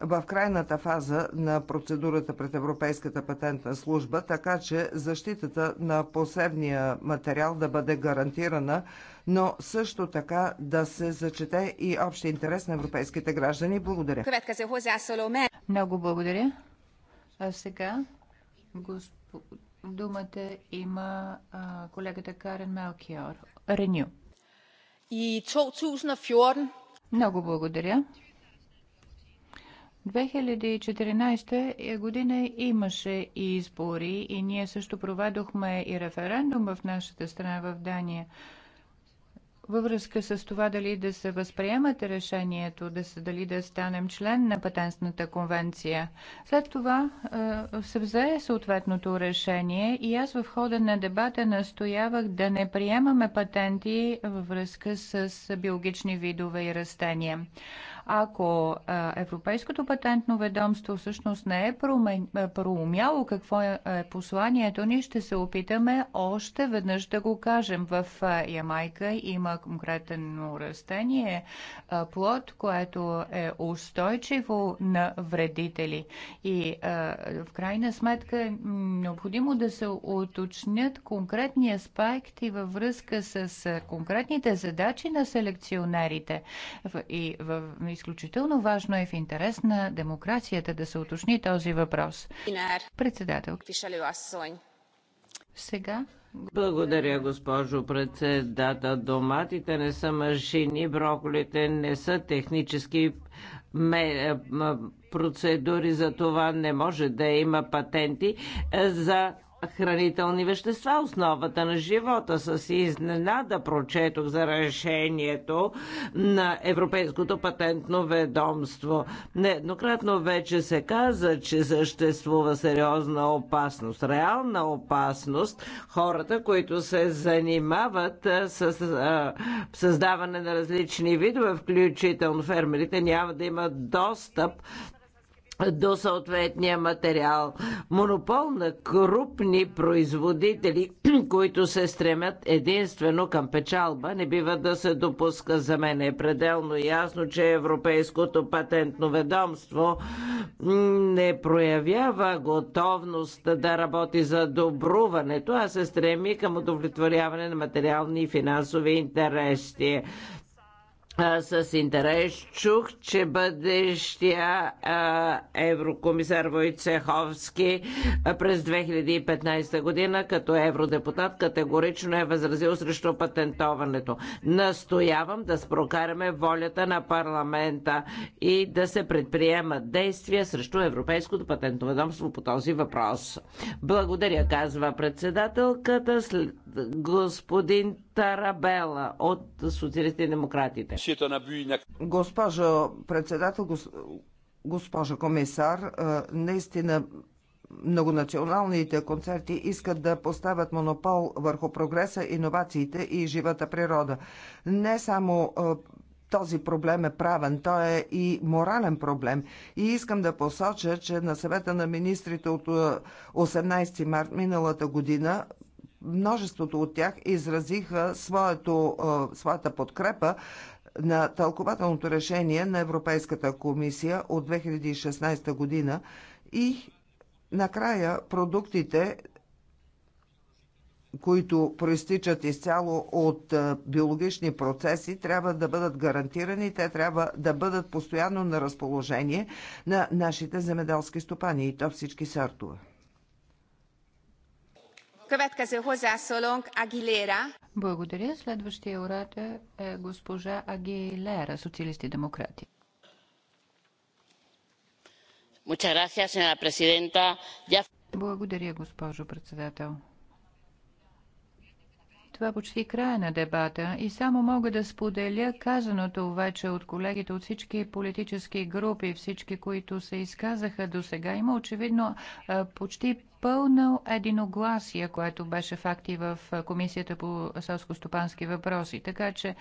в крайната фаза на процедурата пред Европейската патентна служба, така че защитата на посевния материал да бъде гарантирана, но също така да се зачете и общи интерес на европейските граждани. Благодаря. Много благодаря.
А сега думата има а, колегата Карен Мелкиор. Реню. И 2014. Много благодаря. 2014 година имаше и избори и ние също проведохме и референдум в нашата страна в Дания във връзка с това дали да се възприемат решението, да се, дали да станем член на Патентната конвенция. След това е, се взе съответното решение и аз в хода на дебата настоявах да не приемаме патенти във връзка с биологични видове и растения. Ако Европейското патентно ведомство всъщност не е проумяло какво е, е посланието ни, ще се опитаме още веднъж да го кажем. В Ямайка има конкретно растение, плод, което е устойчиво на вредители. И в крайна сметка е необходимо да се уточнят конкретни аспекти във връзка с конкретните задачи на селекционерите. И в Изключително важно е в интерес на демокрацията да се уточни този въпрос. Председател. Сега
благодаря,
госпожо председател. Доматите не са машини, броколите не са технически е, процедури, за това не може да има патенти е, за хранителни вещества, основата на живота. С изненада прочетох за решението на Европейското патентно ведомство. Нееднократно вече се каза, че съществува сериозна опасност, реална опасност. Хората, които се занимават с създаване на различни видове, включително фермерите, няма да имат достъп до съответния материал. Монопол на крупни производители, които се стремят единствено към печалба, не бива да се допуска. За мен е пределно ясно, че Европейското патентно ведомство не проявява готовност да работи за добруването, а се стреми към удовлетворяване на материални и финансови интереси с интерес чух, че бъдещия еврокомисар Войцеховски през 2015 година като евродепутат категорично е възразил срещу патентоването. Настоявам да спрокараме волята на парламента и да се предприемат действия срещу Европейското патентоведомство по този въпрос. Благодаря, казва председателката, господин Тарабела от Социалистите и демократите.
Госпожо председател, госпожо комисар, е, наистина многонационалните концерти искат да поставят монопол върху прогреса, иновациите и живата природа. Не само е, този проблем е правен, той е и морален проблем. И искам да посоча, че на съвета на министрите от 18 е, март миналата година множеството от тях изразиха своето, своята подкрепа на тълкователното решение на Европейската комисия от 2016 година и накрая продуктите, които проистичат изцяло от биологични процеси, трябва да бъдат гарантирани. Те трябва да бъдат постоянно на разположение на нашите земеделски стопани и то всички сортове.
Благодаря. Следващия оратор е госпожа Агилера, социалисти и демократи. Благодаря, госпожо председател. Това почти края на дебата и само мога да споделя казаното вече от колегите от всички политически групи, всички, които се изказаха до сега. Има очевидно почти пълно единогласие, което беше факт и в Комисията по селско-стопански въпроси. Така че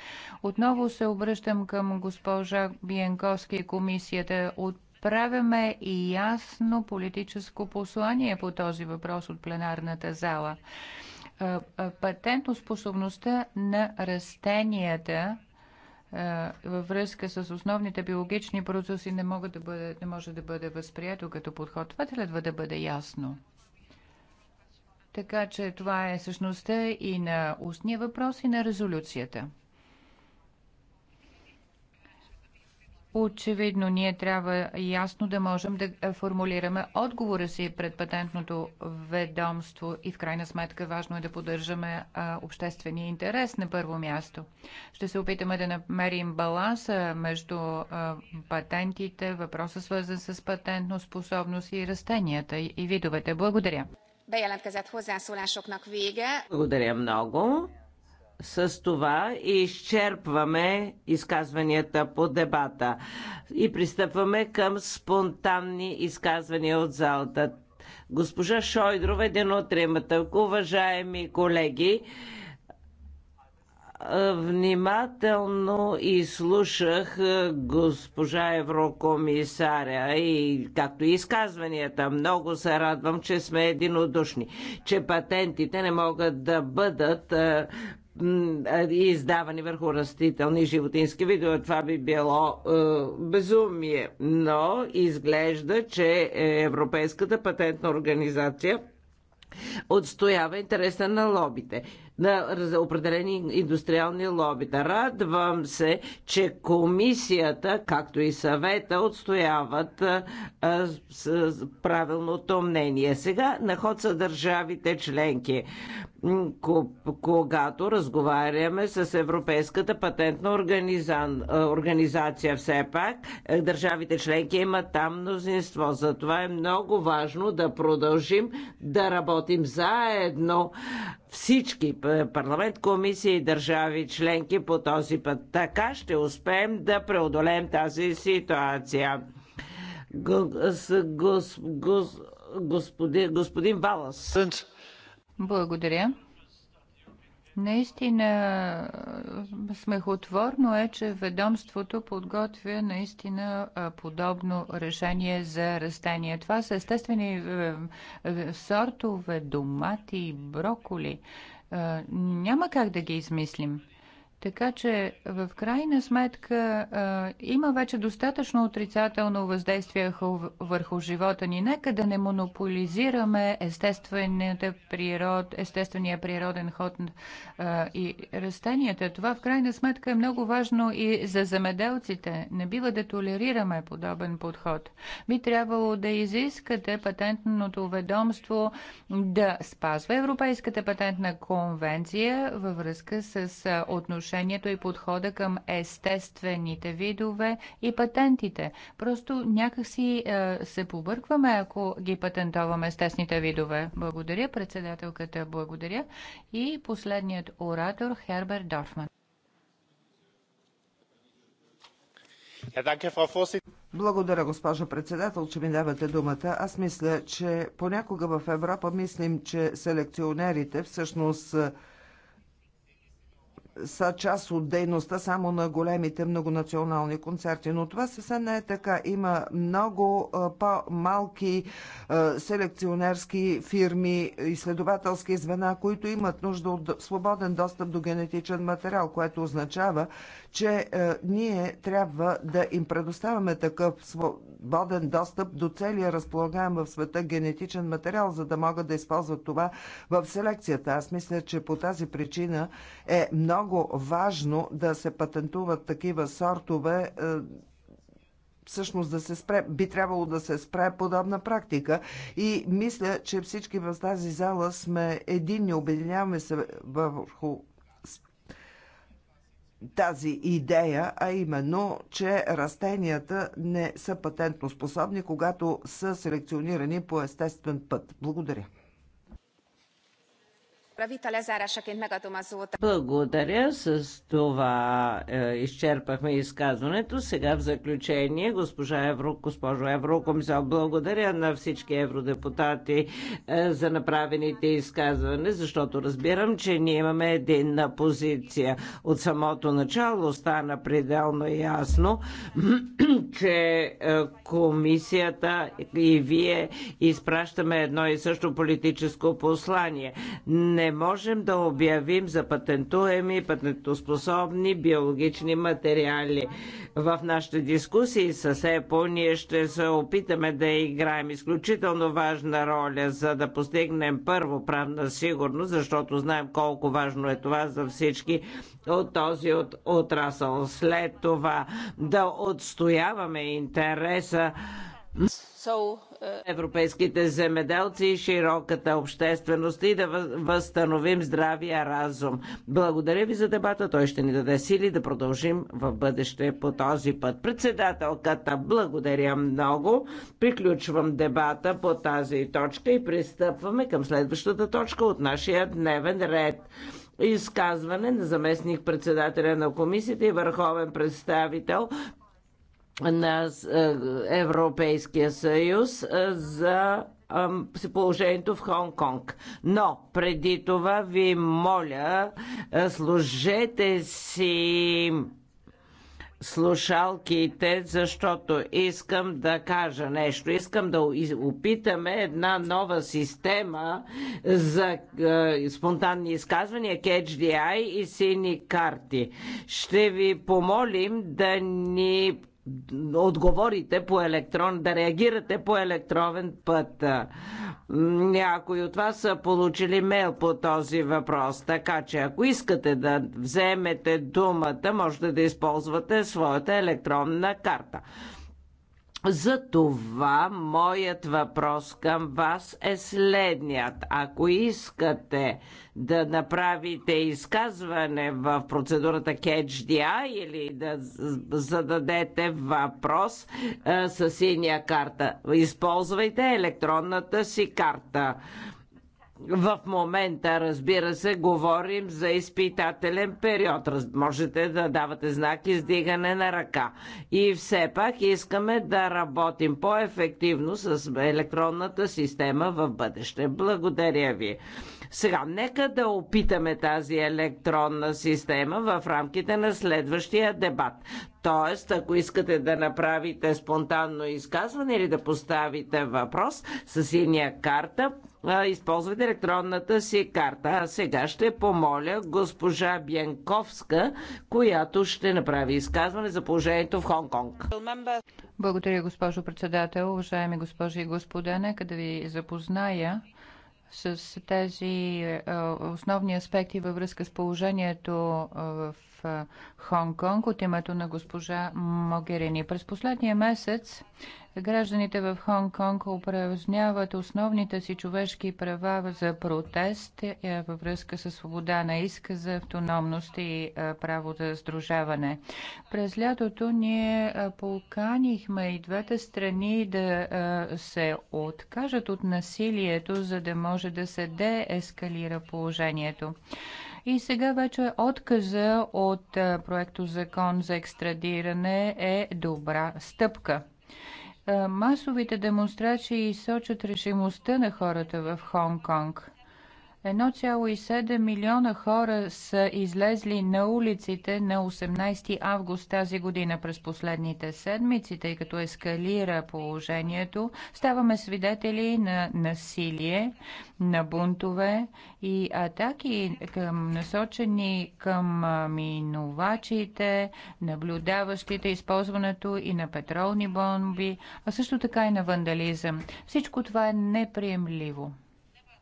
отново се обръщам към госпожа Биенковски и комисията Отправяме и ясно политическо послание по този въпрос от пленарната зала. Патентоспособността на растенията във връзка с основните биологични процеси не, могат да бъде, не може да бъде възприето като подход. Това трябва да бъде ясно. Така че това е същността и на устния въпрос и на резолюцията. Очевидно, ние трябва ясно да можем да формулираме отговора си пред патентното ведомство и в крайна сметка важно е да поддържаме обществения интерес на първо място. Ще се опитаме да намерим баланса между патентите, въпроса свързан с патентно способност и растенията и видовете. Благодаря
bejelentkezett hozzászólásoknak vége.
Благодаря много. С това изчерпваме изказванията по дебата и пристъпваме към спонтанни изказвания от залата. Госпожа Шойдрова, един от тримата. Уважаеми колеги, Внимателно изслушах е, госпожа Еврокомисаря и както и изказванията. Много се радвам, че сме единодушни, че патентите не могат да бъдат е, е, издавани върху растителни животински видове. Това би било е, безумие. Но изглежда, че Европейската патентна организация отстоява интереса на лобите. На определени индустриални лобита. Радвам се, че комисията, както и съвета, отстояват правилното мнение. Сега на ход са държавите членки когато разговаряме с Европейската патентна организация все пак, е, държавите членки имат там мнозинство. Затова е много важно да продължим да работим заедно всички е, парламент, комисии и държави членки по този път. Така ще успеем да преодолеем тази ситуация. господин, господин Балас.
Благодаря. Наистина смехотворно е, че ведомството подготвя наистина подобно решение за растения. Това са естествени е, е, сортове, домати, броколи. Няма как да ги измислим. Така че в крайна сметка а, има вече достатъчно отрицателно въздействие върху живота ни. Нека да не монополизираме природ, естествения природен ход а, и растенията. Това в крайна сметка е много важно и за замеделците. Не бива да толерираме подобен подход. Би трябвало да изискате патентното ведомство да спазва Европейската патентна конвенция във връзка с отношението отношението и подхода към естествените видове и патентите. Просто някакси е, се побъркваме, ако ги патентоваме естествените видове. Благодаря, председателката, благодаря. И последният оратор Херберт Дорфман.
Благодаря, госпожо председател, че ми давате думата. Аз мисля, че понякога в Европа мислим, че селекционерите всъщност са част от дейността само на големите многонационални концерти. Но това съвсем не е така. Има много по-малки селекционерски фирми, изследователски звена, които имат нужда от свободен достъп до генетичен материал, което означава, че е, ние трябва да им предоставяме такъв свободен достъп до целия разполагаем в света генетичен материал, за да могат да използват това в селекцията. Аз мисля, че по тази причина е много важно да се патентуват такива сортове. Е, всъщност да се спре, би трябвало да се спре подобна практика. И мисля, че всички в тази зала сме единни, обединяваме се върху тази идея, а именно, че растенията не са патентно способни, когато са селекционирани по естествен път. Благодаря.
Благодаря. С това е, изчерпахме изказването. Сега в заключение, госпожа Евро, госпожо Еврокомисар, благодаря на всички евродепутати е, за направените изказване, защото разбирам, че ние имаме единна позиция. От самото начало стана пределно ясно, че е, комисията и вие изпращаме едно и също политическо послание. Не не можем да обявим за патентуеми и патентоспособни биологични материали. В нашите дискусии с ЕПО ние ще се опитаме да играем изключително важна роля, за да постигнем първо правна сигурност, защото знаем колко важно е това за всички от този от, отрасъл. След това да отстояваме интереса. So европейските земеделци и широката общественост и да възстановим здравия разум. Благодаря ви за дебата. Той ще ни даде сили да продължим в бъдеще по този път. Председателката, благодаря много. Приключвам дебата по тази точка и пристъпваме към следващата точка от нашия дневен ред изказване на заместник председателя на комисията и върховен представител на е, Европейския съюз е, за положението в Хонг-Конг. Но преди това ви моля, е, служете си слушалките, защото искам да кажа нещо. Искам да опитаме една нова система за е, спонтанни изказвания, KDI и сини карти. Ще ви помолим да ни отговорите по електрон, да реагирате по електронен път. Някои от вас са получили мейл по този въпрос, така че ако искате да вземете думата, можете да използвате своята електронна карта. За това моят въпрос към вас е следният. Ако искате да направите изказване в процедурата CatchDI или да зададете въпрос а, с синя карта, използвайте електронната си карта. В момента, разбира се, говорим за изпитателен период. Можете да давате знаки издигане на ръка. И все пак искаме да работим по-ефективно с електронната система в бъдеще. Благодаря ви. Сега, нека да опитаме тази електронна система в рамките на следващия дебат. Тоест, ако искате да направите спонтанно изказване или да поставите въпрос с синия карта, използвайте електронната си карта. А сега ще помоля госпожа Бянковска, която ще направи изказване за положението в Хонг-Конг.
Благодаря, госпожо председател. Уважаеми госпожи и господа, нека да ви запозная с тези е, основни аспекти във връзка с положението е, в е, Хонг-Конг от името на госпожа Могерини. През последния месец Гражданите в Хонг-Конг упражняват основните си човешки права за протест е, във връзка с свобода на иска за автономност и е, право за сдружаване. През лятото ние е, поканихме и двете страни да се откажат от насилието, за да може да се деескалира положението. И сега вече отказа от проекто закон за екстрадиране е добра стъпка. Масовите демонстрации сочат решимостта на хората в Хонг-Конг. 1,7 милиона хора са излезли на улиците на 18 август тази година през последните седмици, тъй като ескалира положението. Ставаме свидетели на насилие, на бунтове и атаки към, насочени към минувачите, наблюдаващите използването и на петролни бомби, а също така и на вандализъм. Всичко това е неприемливо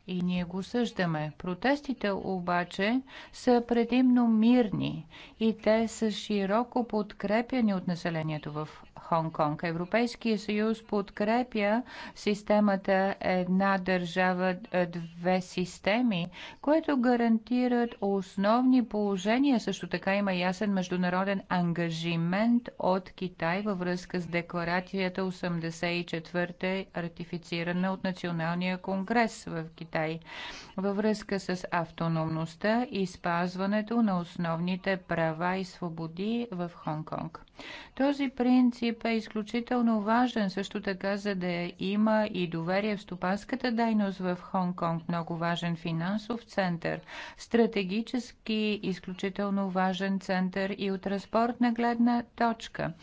и ние го съждаме. Протестите обаче са предимно мирни и те са широко подкрепяни от населението в Хонг-Конг. Европейския съюз подкрепя системата една държава, е, две системи, което гарантират основни положения. Също така има ясен международен ангажимент от Китай във връзка с декларацията 84-та, ратифицирана от Националния конгрес в Китай, във връзка с автономността и спазването на основните права и свободи в Хонг-Конг. Този принцип принцип е изключително важен също така, за да има и доверие в стопанската дейност в Хонг-Конг, много важен финансов център, стратегически изключително важен център и от транспортна гледна точка.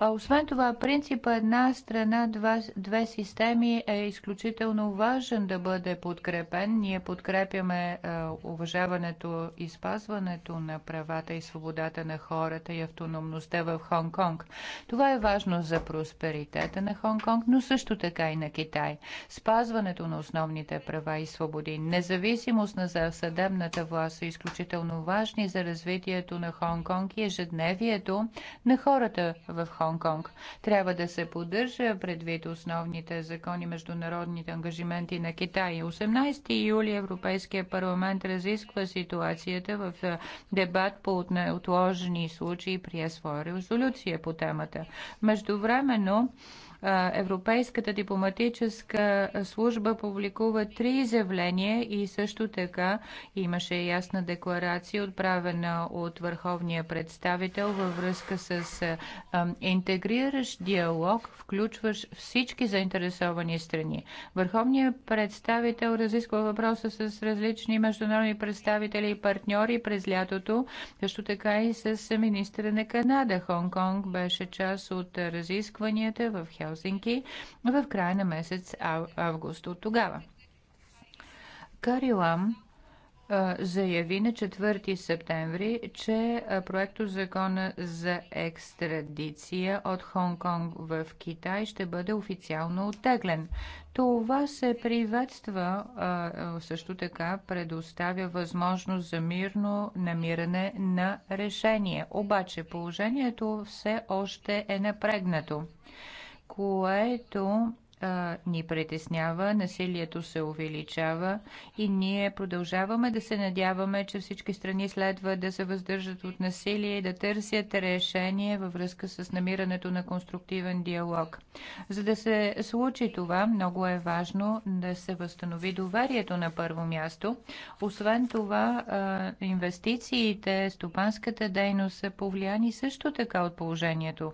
А освен това, принципа една страна, два, две системи е изключително важен да бъде подкрепен. Ние подкрепяме е, уважаването и спазването на правата и свободата на хората и автономността в Хонг-Конг. Това е важно важно за просперитета на Хонг-Конг, но също така и на Китай. Спазването на основните права и свободи, независимост на съдебната власт са изключително важни за развитието на Хонг-Конг и ежедневието на хората в Хонг-Конг. Трябва да се поддържа предвид основните закони, международните ангажименти на Китай. 18 юли Европейския парламент разисква ситуацията в дебат по неотложни случаи при прие своя резолюция по темата. Междувременно, Европейската дипломатическа служба публикува три изявления и също така имаше ясна декларация, отправена от върховния представител във връзка с интегриращ диалог, включващ всички заинтересовани страни. Върховният представител разисква въпроса с различни международни представители и партньори през лятото, също така и с министра на Канада. Хонг-Конг беше част от разискванията в Хелсинки Хелсинки в края на месец август от тогава. Карилам заяви на 4 септември, че проекто закона за екстрадиция от Хонг-Конг в Китай ще бъде официално оттеглен. Това се приветства, също така предоставя възможност за мирно намиране на решение. Обаче положението все още е напрегнато което а, ни притеснява, насилието се увеличава и ние продължаваме да се надяваме, че всички страни следва да се въздържат от насилие и да търсят решение във връзка с намирането на конструктивен диалог. За да се случи това, много е важно да се възстанови доверието на първо място. Освен това, а, инвестициите, стопанската дейност са повлияни също така от положението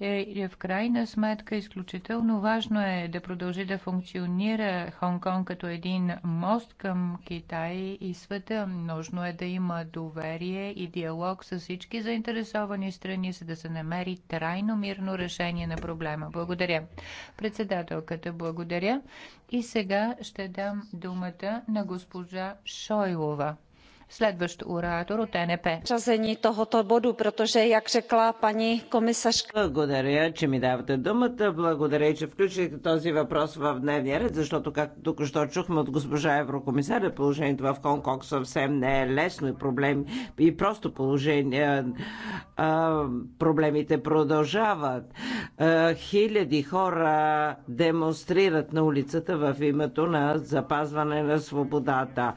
е в крайна сметка изключително важно е да продължи да функционира Хонконг като един мост към Китай и света. Нужно е да има доверие и диалог с всички заинтересовани страни, за да се намери трайно мирно решение на проблема. Благодаря. Председателката, благодаря. И сега ще дам думата на госпожа Шойлова. Следващ оратор от НП. Řazení tohoto bodu, протоже, jak řekla пани комисашка. Благодаря,
че ми давате думата. Благодаря, че включихте този въпрос в дневния ред, защото, както тук що чухме от госпожа Еврокомисаря, положението в Конкок съвсем не е лесно и проблем и просто положение проблемите продължават. хиляди хора демонстрират на улицата в името на запазване на свободата.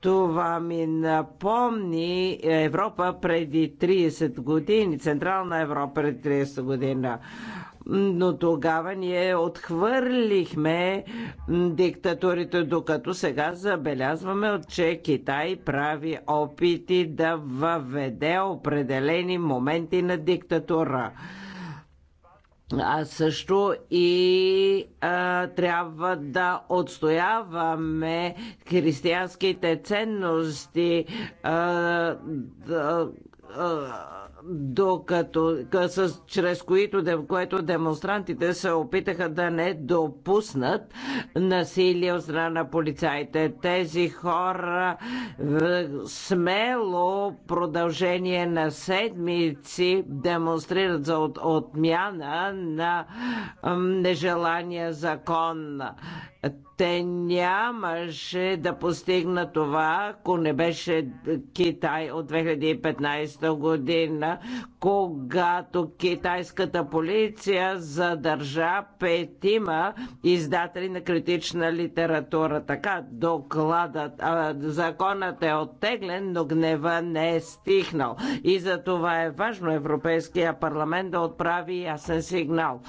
Това ми напомни Европа преди 30 години, Централна Европа преди 30 година. Но тогава ние отхвърлихме диктатурите, докато сега забелязваме, че Китай прави опити да въведе определени моменти на диктатура а също и а, трябва да отстояваме християнските ценности. А, да, а, докато, с, чрез които, което демонстрантите се опитаха да не допуснат насилие от страна на полицаите. Тези хора смело продължение на седмици демонстрират за от, отмяна на нежелания закон те нямаше да постигна това, ако не беше Китай от 2015 година, когато китайската полиция задържа петима издатели на критична литература. Така, докладът, а, законът е оттеглен, но гнева не е стихнал. И за това е важно Европейския парламент да отправи ясен сигнал.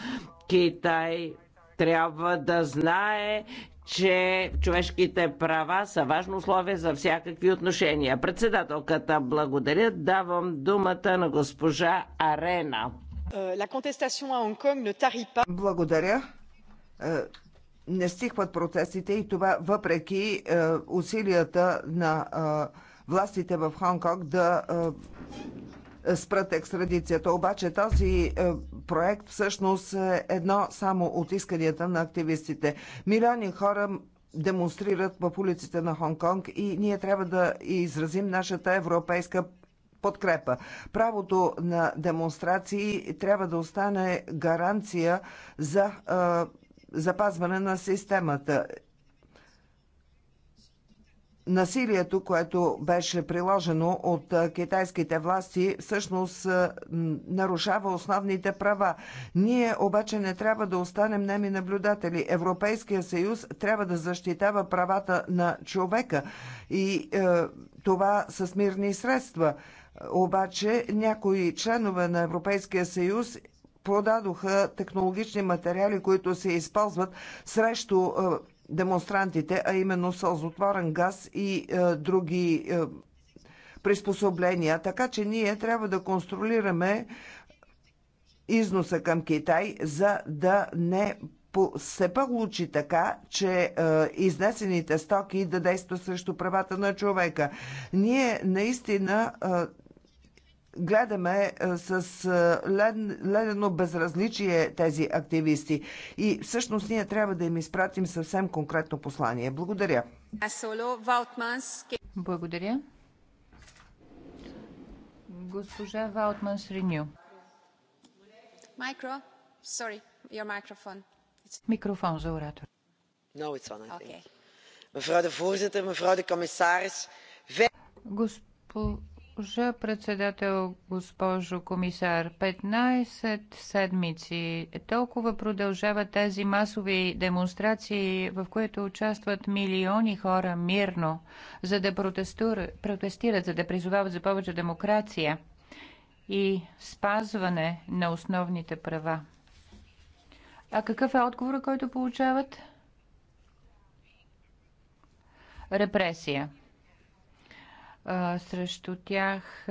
Китай трябва да знае, че човешките права са важно условие за всякакви отношения. Председателката благодаря. Давам думата на госпожа Арена.
Е,
благодаря е, не стихват протестите и това въпреки е, усилията на властите в Хонг-Конг да спрат екстрадицията. Обаче този е, проект всъщност е едно само от исканията на активистите. Милиони хора демонстрират в улиците на Хонг-Конг и ние трябва да изразим нашата европейска подкрепа. Правото на демонстрации трябва да остане гаранция за е, запазване на системата насилието, което беше приложено от китайските власти, всъщност нарушава основните права. Ние обаче не трябва да останем неми наблюдатели. Европейския съюз трябва да защитава правата на човека и е, това с мирни средства. Обаче някои членове на Европейския съюз продадоха технологични материали, които се използват срещу е, демонстрантите, а именно сълзотворен газ и е, други е, приспособления. Така че ние трябва да контролираме износа към Китай, за да не се получи така, че е, изнесените стоки да действат срещу правата на човека. Ние наистина е, гледаме с ледено безразличие тези активисти. И всъщност ние трябва да им изпратим съвсем конкретно послание. Благодаря.
Благодаря. Госпожа Ваутман Сриню.
Micro? Sorry, your microphone.
Микрофон за оратор.
No, it's on, I think. Okay. voorzitter, commissaris.
Госпо... Госпожа председател, госпожо комисар, 15 седмици толкова продължават тези масови демонстрации, в които участват милиони хора мирно, за да протестират, за да призовават за повече демокрация и спазване на основните права. А какъв е отговор, който получават? Репресия срещу тях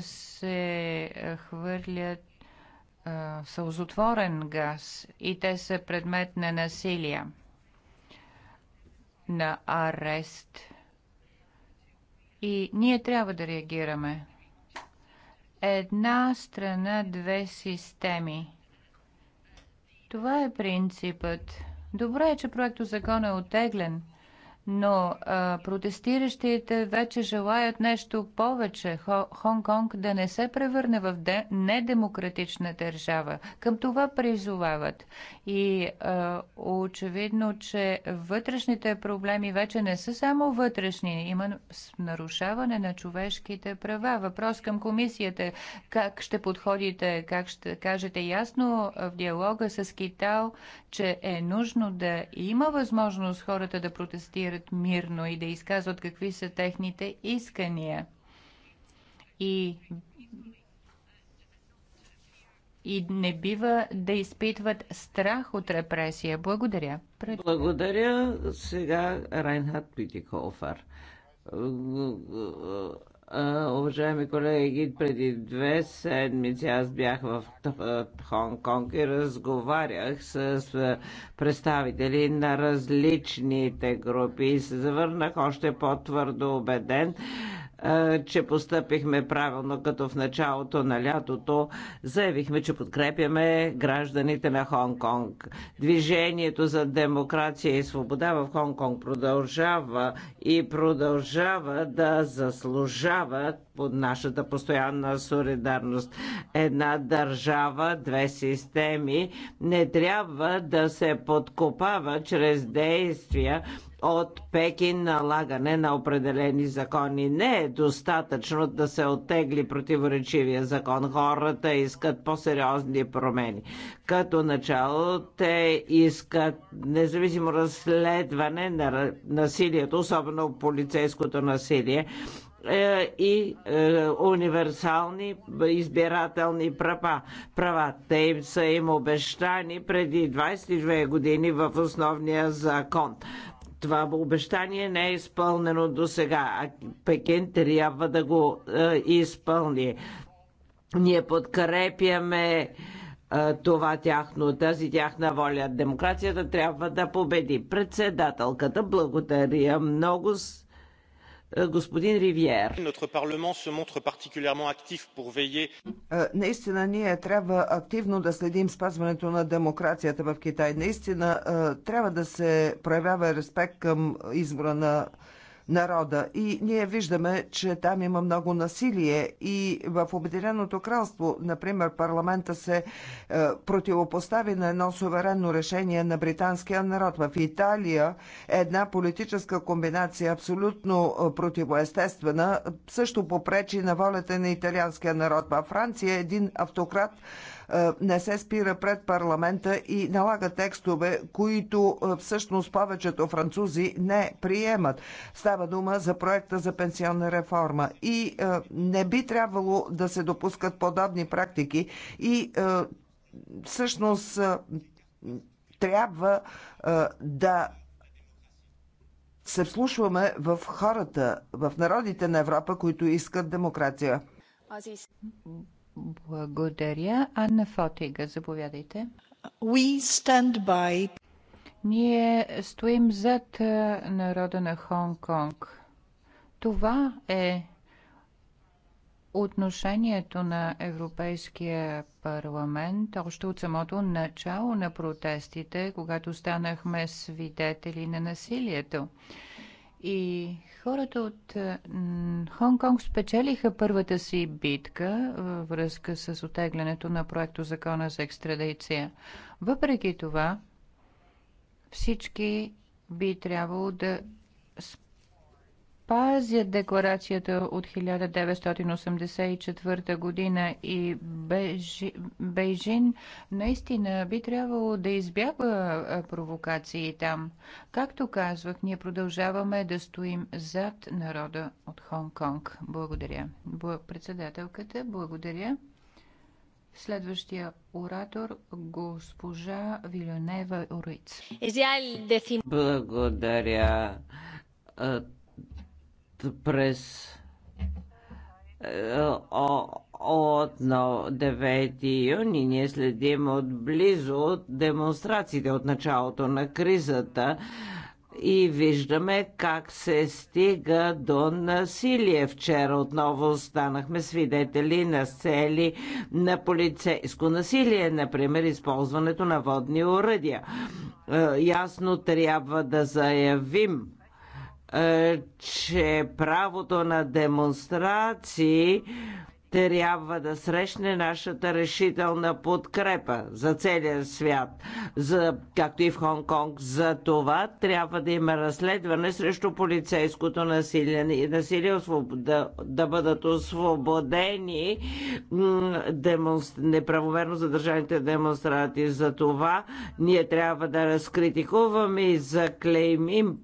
се хвърлят сълзотворен газ и те са предмет на насилие, на арест. И ние трябва да реагираме. Една страна, две системи. Това е принципът. Добре е, че проекто закон е отеглен – но а, протестиращите вече желаят нещо повече. Хонг-Конг да не се превърне в де, недемократична държава. Към това призовават. И а, очевидно, че вътрешните проблеми вече не са само вътрешни. Има нарушаване на човешките права. Въпрос към комисията. Как ще подходите, как ще кажете ясно в диалога с Китал, че е нужно да има възможност хората да протестират говорят мирно и да изказват какви са техните искания. И и не бива да изпитват страх от репресия. Благодаря.
Пред... Благодаря. Сега Райнхард Питикофър уважаеми колеги, преди две седмици аз бях в Хонг-Конг и разговарях с представители на различните групи и се завърнах още по-твърдо убеден, че постъпихме правилно, като в началото на лятото заявихме, че подкрепяме гражданите на Хонг-Конг. Движението за демокрация и свобода в Хонг-Конг продължава и продължава да заслужава под нашата постоянна солидарност. Една държава, две системи не трябва да се подкопава чрез действия, от Пекин налагане на определени закони. Не е достатъчно да се оттегли противоречивия закон. Хората искат по-сериозни промени. Като начало те искат независимо разследване на насилието, особено полицейското насилие, е, и е, универсални избирателни права. права. Те им са им обещани преди 22 години в основния закон това обещание не е изпълнено до сега, а Пекин трябва да го е, изпълни. Ние подкрепяме е, това тяхно, тази тяхна воля. Демокрацията трябва да победи. Председателката,
благодаря
много. Е, господин Ривиер. Е, наистина ние трябва активно да следим спазването на демокрацията в Китай. Наистина е, трябва да се проявява респект към избора на народа. И ние виждаме, че там има много насилие и в Обединеното кралство, например, парламента се е, противопостави на едно суверенно решение на британския народ. В Италия една политическа комбинация, абсолютно е, противоестествена, също попречи на волята на италианския народ. Във Франция един автократ е, не се спира пред парламента и налага текстове, които е, всъщност повечето французи не приемат. Става дума за проекта за пенсионна реформа. И е, не би трябвало да се допускат подобни практики и всъщност трябва да се вслушваме в хората, в народите на Европа, които искат демокрация.
Благодаря. Анна Фотига, заповядайте. We stand by. Ние стоим зад народа на Хонг-Конг. Това е отношението на Европейския парламент още от самото начало на протестите, когато станахме свидетели на насилието. И хората от е, Хонг-Конг спечелиха първата си битка във е, връзка с отеглянето на проекто Закона за екстрадиция. Въпреки това, всички би трябвало да спечелят пазят декларацията от 1984 година и Бейжин наистина би трябвало да избягва провокации там. Както казвах, ние продължаваме да стоим зад народа от Хонг-Конг. Благодаря. Председателката, благодаря. Следващия оратор госпожа Вилюнева Руиц.
Благодаря през е, от 9 юни ние следим отблизо от демонстрациите от началото на кризата и виждаме как се стига до насилие. Вчера отново станахме свидетели на цели на полицейско насилие, например използването на водни оръдия. Е, ясно трябва да заявим е, че правото на демонстрации трябва да срещне нашата решителна подкрепа за целия свят, за, както и в Хонг-Конг. За това трябва да има разследване срещу полицейското насилие и насилие да, да бъдат освободени демонстр... неправомерно задържаните демонстрати. За това ние трябва да разкритикуваме и заклеймим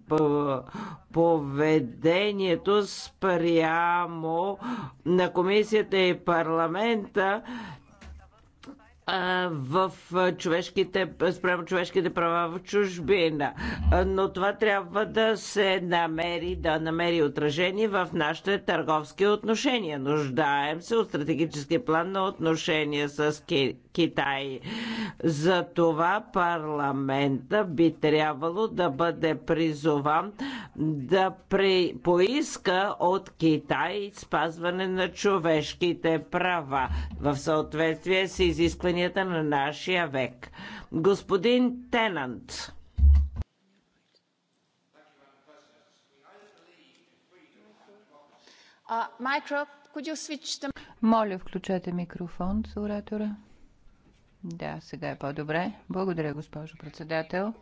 поведението спрямо на комисията парламента в човешките, спрямо човешките права в чужбина. Но това трябва да се намери, да намери отражение в нашите търговски отношения. Нуждаем се от стратегически план на отношения с Китай. За това парламента би трябвало да бъде призован да при... поиска от Китай спазване на човешките права в съответствие с изисквания изискванията на нашия век. Господин Тенант.
Моля, включете микрофон с оратора. Да, сега е по-добре. Благодаря, госпожо председател.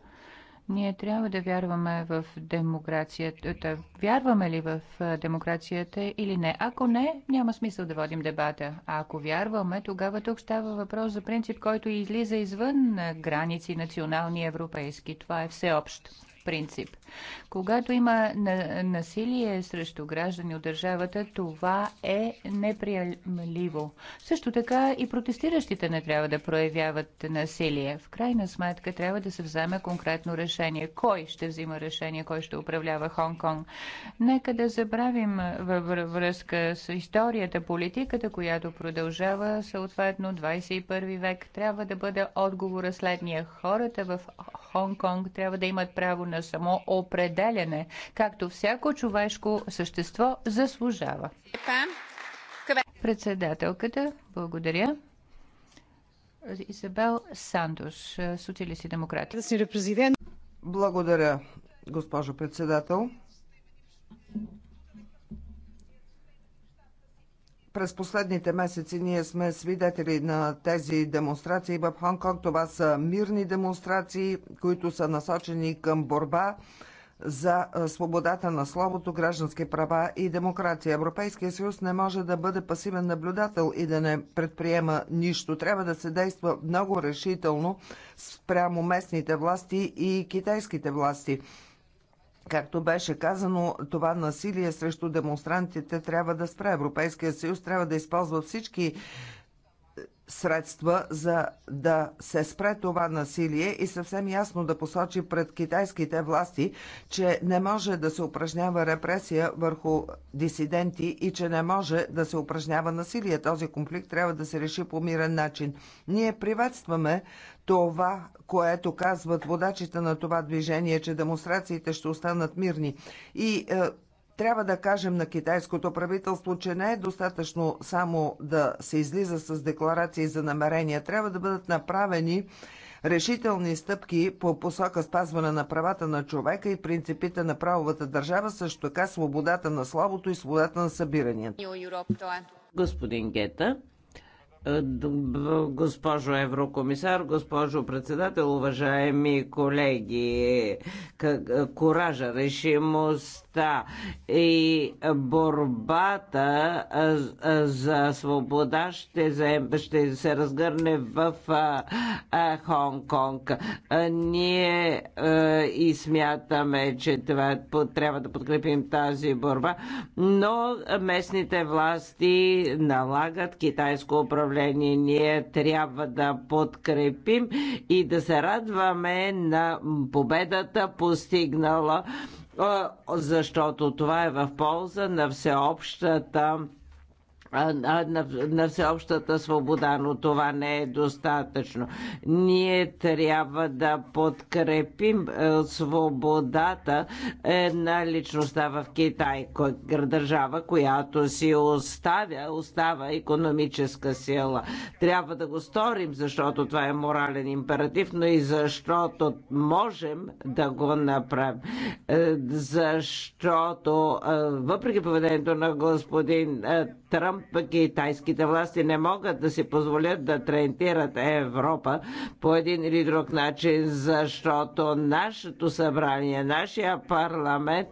Ние трябва да вярваме в демокрацията. Вярваме ли в демокрацията или не? Ако не, няма смисъл да водим дебата. А ако вярваме, тогава тук става въпрос за принцип, който излиза извън граници национални и европейски. Това е всеобщо принцип. Когато има насилие срещу граждани от държавата, това е неприемливо. Също така и протестиращите не трябва да проявяват насилие. В крайна сметка трябва да се вземе конкретно решение. Кой ще взима решение, кой ще управлява Хонг-Конг? Нека да забравим във връзка с историята, политиката, която продължава съответно 21 век. Трябва да бъде отговора следния. Хората в Хонг-Конг трябва да имат право на самоопределяне, както всяко човешко същество заслужава. Председателката, благодаря. Изабел Сандош, социалисти демократи. Благодаря, госпожо председател.
През последните месеци ние сме свидетели на тези демонстрации в Хонконг. Това са мирни демонстрации, които са насочени към борба за свободата на словото, граждански права и демокрация. Европейския съюз не може да бъде пасивен наблюдател и да не предприема нищо. Трябва да се действа много решително спрямо местните власти и китайските власти. Както беше казано, това насилие срещу демонстрантите трябва да спре. Европейския съюз трябва да използва всички е, средства, за да се спре това насилие и съвсем ясно да посочи пред китайските власти, че не може да се упражнява репресия върху дисиденти и че не може да се упражнява насилие. Този конфликт трябва да се реши по мирен начин. Ние приветстваме това, което казват водачите на това движение, че демонстрациите ще останат мирни. И е, трябва да кажем на китайското правителство, че не е достатъчно само да се излиза с декларации за намерения. Трябва да бъдат направени решителни стъпки по посока спазване на правата на човека и принципите на правовата държава, също така свободата на словото и свободата на събиранията. Господин Гета. Госпожо еврокомисар, госпожо
председател, уважаеми колеги, коража, решимостта и борбата за свобода ще, заем, ще се разгърне в Хонг-Конг. Ние и смятаме, че това трябва да подкрепим тази борба, но местните власти налагат китайско управление управление. Ние трябва да подкрепим и да се радваме на победата постигнала защото това е в полза на всеобщата на, на всеобщата свобода, но това не е достатъчно. Ние трябва да подкрепим е, свободата е, на личността в Китай, държава, която си оставя, остава економическа сила. Трябва да го сторим, защото това е морален императив, но и защото можем да го направим. Е, защото въпреки поведението на господин Тръмп, китайските власти не могат да си позволят да трентират Европа по един или друг начин, защото нашето събрание, нашия парламент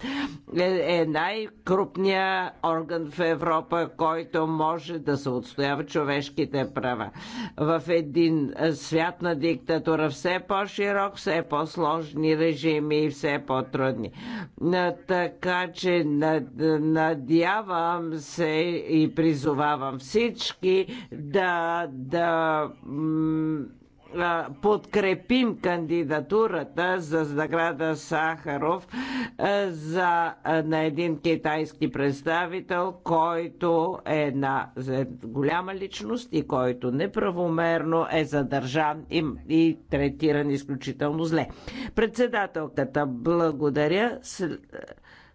е, е най-крупният орган в Европа, който може да се отстоява човешките права. В един свят на диктатура все по-широк, все по-сложни режими и все по-трудни. Така че надявам се и призвам призовавам всички да, да подкрепим кандидатурата за награда Сахаров за, на един китайски представител, който е на голяма личност и който неправомерно е задържан и, и третиран изключително зле. Председателката, благодаря.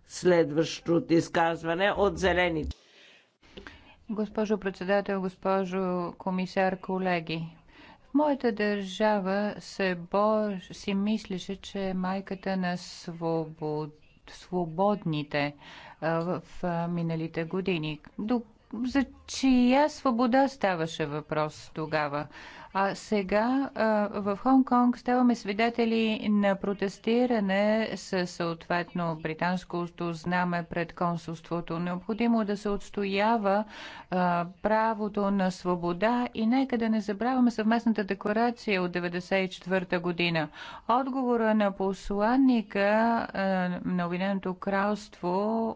Следващото изказване от Зелените.
Госпожо председател, госпожо комисар, колеги. В моята държава се бо... си мислеше, че е майката на свобод... свободните в миналите години. До... За чия свобода ставаше въпрос тогава? А сега в Хонг-Конг ставаме свидетели на протестиране с съответно британското знаме пред консулството. Необходимо е да се отстоява правото на свобода и нека да не забравяме съвместната декларация от 1994 година. Отговора на посланника на Обединеното кралство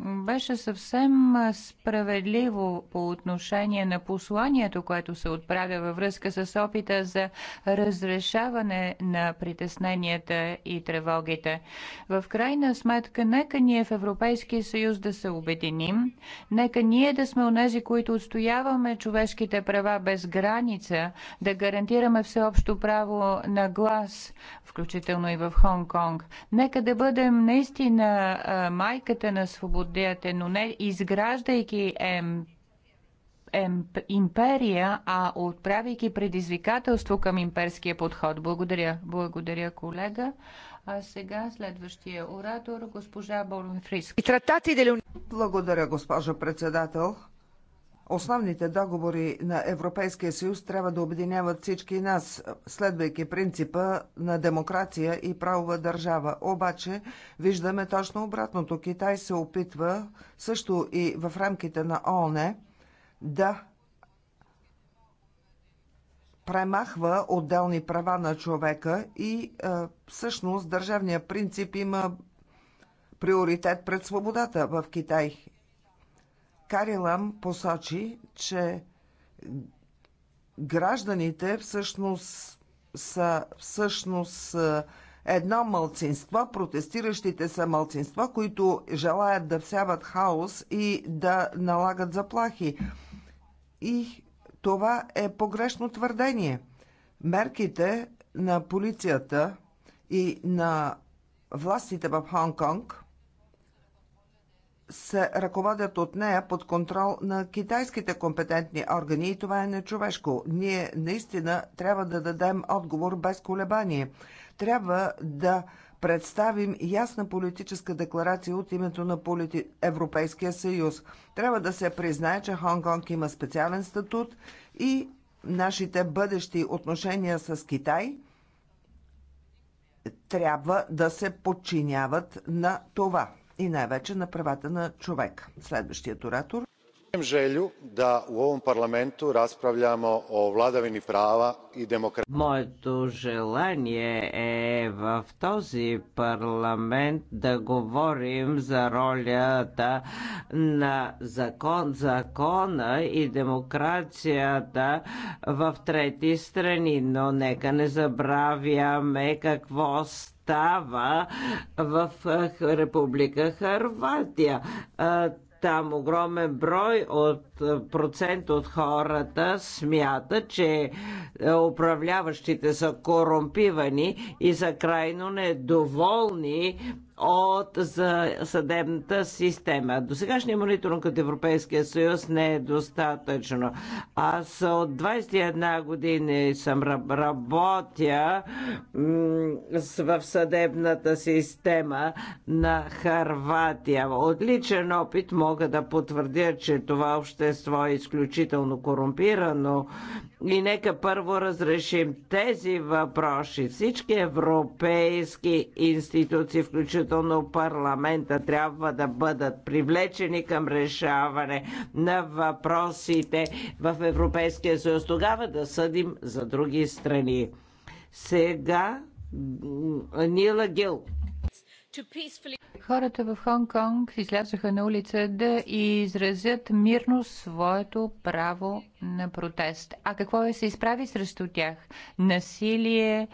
беше съвсем справедливо по отношение на посланието, което се отправя във връзка връзка с опита за разрешаване на притесненията и тревогите. В крайна сметка, нека ние в Европейския съюз да се обединим, нека ние да сме онези, които отстояваме човешките права без граница, да гарантираме всеобщо право на глас, включително и в Хонг-Конг. Нека да бъдем наистина майката на свободите, но не изграждайки МП империя, а отправяйки предизвикателство към имперския подход. Благодаря. Благодаря, колега. А сега следващия оратор, госпожа Болон
Фриск. Благодаря, госпожо председател. Основните договори на Европейския съюз трябва да обединяват всички нас, следвайки принципа на демокрация и правова държава. Обаче виждаме точно обратното. Китай се опитва също и в рамките на ООН да премахва отделни права на човека и а, е, всъщност държавния принцип има приоритет пред свободата в Китай. Карилам посочи, че гражданите всъщност са всъщност е, едно мълцинство, протестиращите са мълцинства, които желаят да всяват хаос и да налагат заплахи. И това е погрешно твърдение. Мерките на полицията и на властите в Хонг-Конг се ръководят от нея под контрол на китайските компетентни органи и това е нечовешко. Ние наистина трябва да дадем отговор без колебание. Трябва да представим ясна политическа декларация от името на полити... Европейския съюз. Трябва да се признае, че Хонг-Конг има специален статут и нашите бъдещи отношения с Китай трябва да се подчиняват на това и най-вече на правата на човек. Следващият оратор
poštujem želju da
u ovom parlamentu raspravljamo o vladavini prava i demokraciji. Моето
желание е в този парламент да говорим за ролята на закон, закона и демокрацията в трети страни, но нека не забравяме какво става в Република Харватия там огромен брой от е, процент от хората смята, че е, управляващите са корумпивани и са крайно недоволни от, за съдебната система. До сегашния мониторинг от Европейския съюз не е достатъчно. Аз от 21 години съм работя в съдебната система на Харватия. От личен опит мога да потвърдя, че това общество е изключително корумпирано. И нека първо разрешим тези въпроси. Всички европейски институции, включително на парламента, трябва да бъдат привлечени към решаване на въпросите в Европейския съюз. Тогава да съдим за други страни. Сега Нила Гил.
Хората в Хонг-Конг излязоха на улица да изразят мирно своето право на протест. А какво е се изправи срещу тях? Насилие,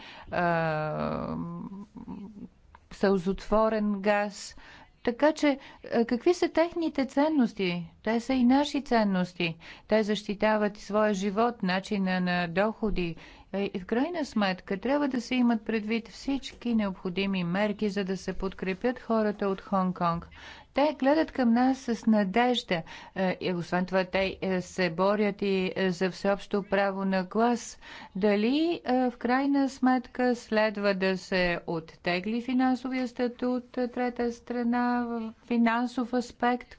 сълзотворен газ. Така че, е, какви са техните ценности? Те са и наши ценности. Те защитават своя живот, начина на доходи е, и в крайна сметка трябва да се имат предвид всички необходими мерки, за да се подкрепят хората от Хонг-Конг. Те гледат към нас с надежда. Е, и освен това, те е, се борят и за всеобщо право на глас. Дали в крайна сметка следва да се оттегли финансовия статут трета страна в финансов аспект,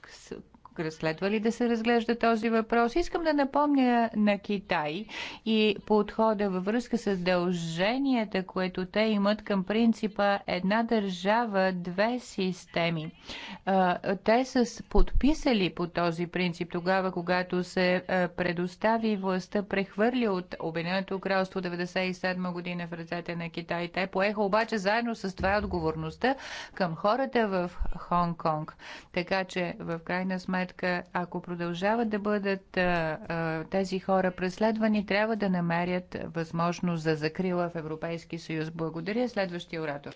разследва ли да се разглежда този въпрос? Искам да напомня на Китай и подхода във връзка с дълженията, което те имат към принципа една държава, две системи. Те са подписали по този принцип тогава, когато се предостави властта, прехвърли от Обединеното кралство 1997 година в ръцете на Китай. Те поеха обаче заедно с това отговорността към хората в Хонг-Конг. Така че в крайна сметка сметка, ако продължават да бъдат а, а, тези хора преследвани, трябва да намерят възможност за закрила в Европейски съюз. Благодаря. Следващия
оратор.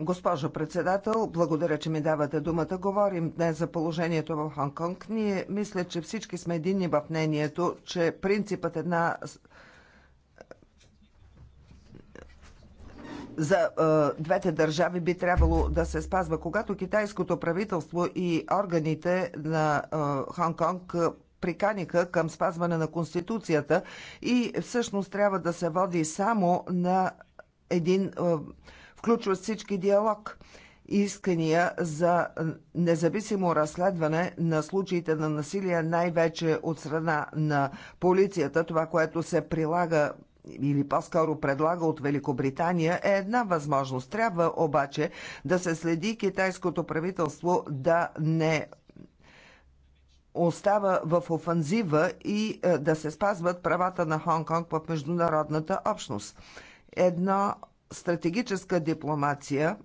Госпожо председател, благодаря, че ми давате думата. Говорим днес за положението в Хонконг. Ние мисля, че всички сме единни в мнението, че принципът е една за е, двете държави би трябвало да се спазва. Когато китайското правителство и органите на е, Хонг-Конг приканиха към спазване на Конституцията и всъщност трябва да се води само на един е, включва всички диалог искания за независимо разследване на случаите на насилие, най-вече от страна на полицията, това, което се прилага или по-скоро предлага от Великобритания, е една възможност. Трябва обаче да се следи китайското правителство да не остава в офанзива и е, да се спазват правата на Хонг-Конг в международната общност. Една стратегическа дипломация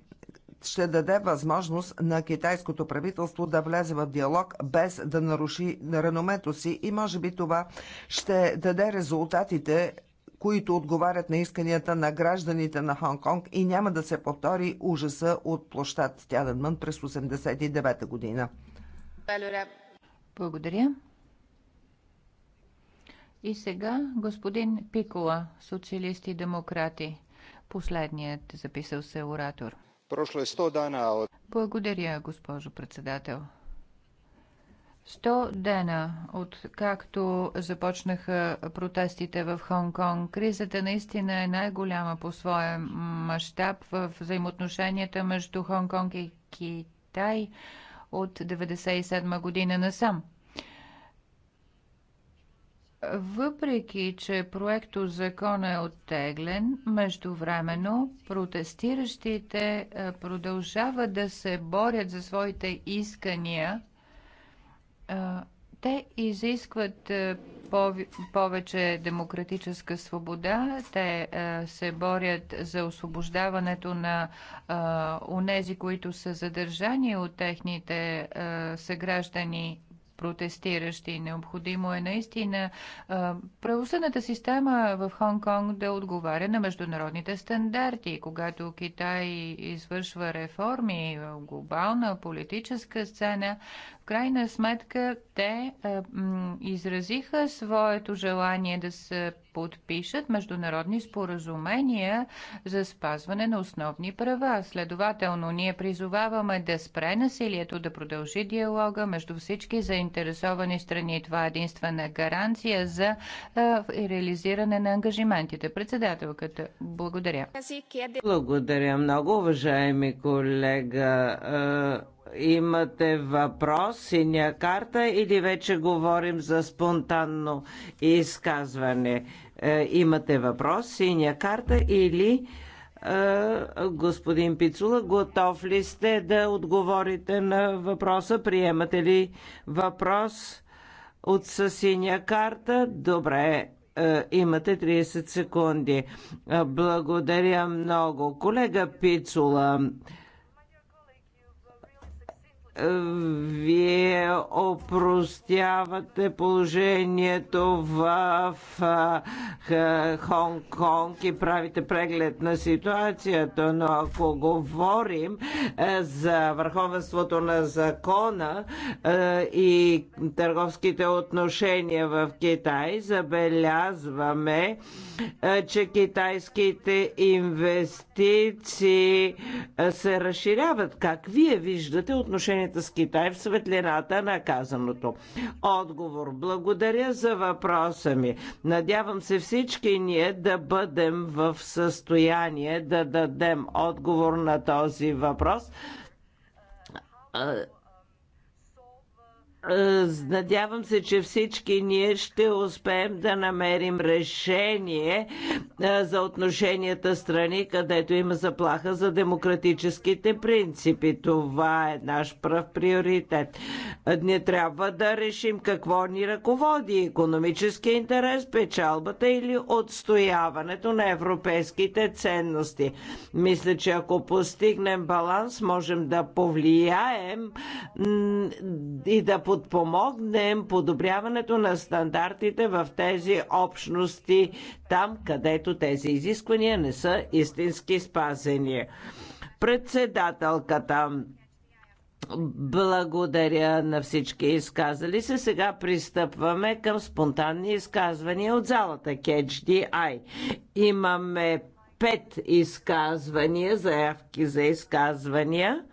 ще даде възможност на китайското правителство да влезе в диалог без да наруши реномето си и може би това ще даде резултатите които отговарят на исканията на гражданите на Хонг-Конг и няма да се повтори ужаса от площад Тяденмън през 89-та година.
Благодаря. И сега господин Пикола, социалисти и демократи, последният записал се оратор.
Прошло е 100 дана от...
Благодаря, госпожо председател. Сто дена, от както започнаха протестите в Хонг-Конг, кризата наистина е най-голяма по своя мащаб в взаимоотношенията между Хонг-Конг и Китай от 1997 година насам. Въпреки, че проекто закона е оттеглен, междувременно протестиращите е, продължават да се борят за своите искания те изискват е, повече демократическа свобода. Те е, се борят за освобождаването на е, онези, които са задържани от техните съграждани протестиращи. Необходимо е наистина правосъдната система в Хонг-Конг да отговаря на международните стандарти. Когато Китай извършва реформи в глобална политическа сцена, крайна сметка те е, м, изразиха своето желание да се подпишат международни споразумения за спазване на основни права. Следователно, ние призоваваме да спре насилието, да продължи диалога между всички заинтересовани страни. Това е единствена гаранция за а, е, реализиране на ангажиментите. Председателката, благодаря.
Благодаря много, уважаеми колега е, имате въпрос, синя карта или вече говорим за спонтанно изказване? Е, имате въпрос, синя карта или е, господин Пицула, готов ли сте да отговорите на въпроса? Приемате ли въпрос от синя карта? Добре, е, имате 30 секунди. Благодаря много. Колега Пицула, вие опростявате положението в Хонг-Конг и правите преглед на ситуацията, но ако говорим е, за върховенството на закона е, и търговските отношения в Китай, забелязваме, е, че китайските инвестиции се разширяват. Как вие виждате отношението отношенията с Китай в светлината на казаното. Отговор. Благодаря за въпроса ми. Надявам се всички ние да бъдем в състояние да дадем отговор на този въпрос е, надявам се, че всички ние ще успеем да намерим решение е, за отношенията страни, където има заплаха за демократическите принципи. Това е наш прав приоритет. Не трябва да решим какво ни ръководи економическия интерес, печалбата или отстояването на европейските ценности. Мисля, че ако постигнем баланс, можем да повлияем и да подобрим подпомогнем подобряването на стандартите в тези общности, там където тези изисквания не са истински спазени. Председателката благодаря на всички изказали се. Сега пристъпваме към спонтанни изказвания от залата KHDI. Имаме пет изказвания, заявки за изказвания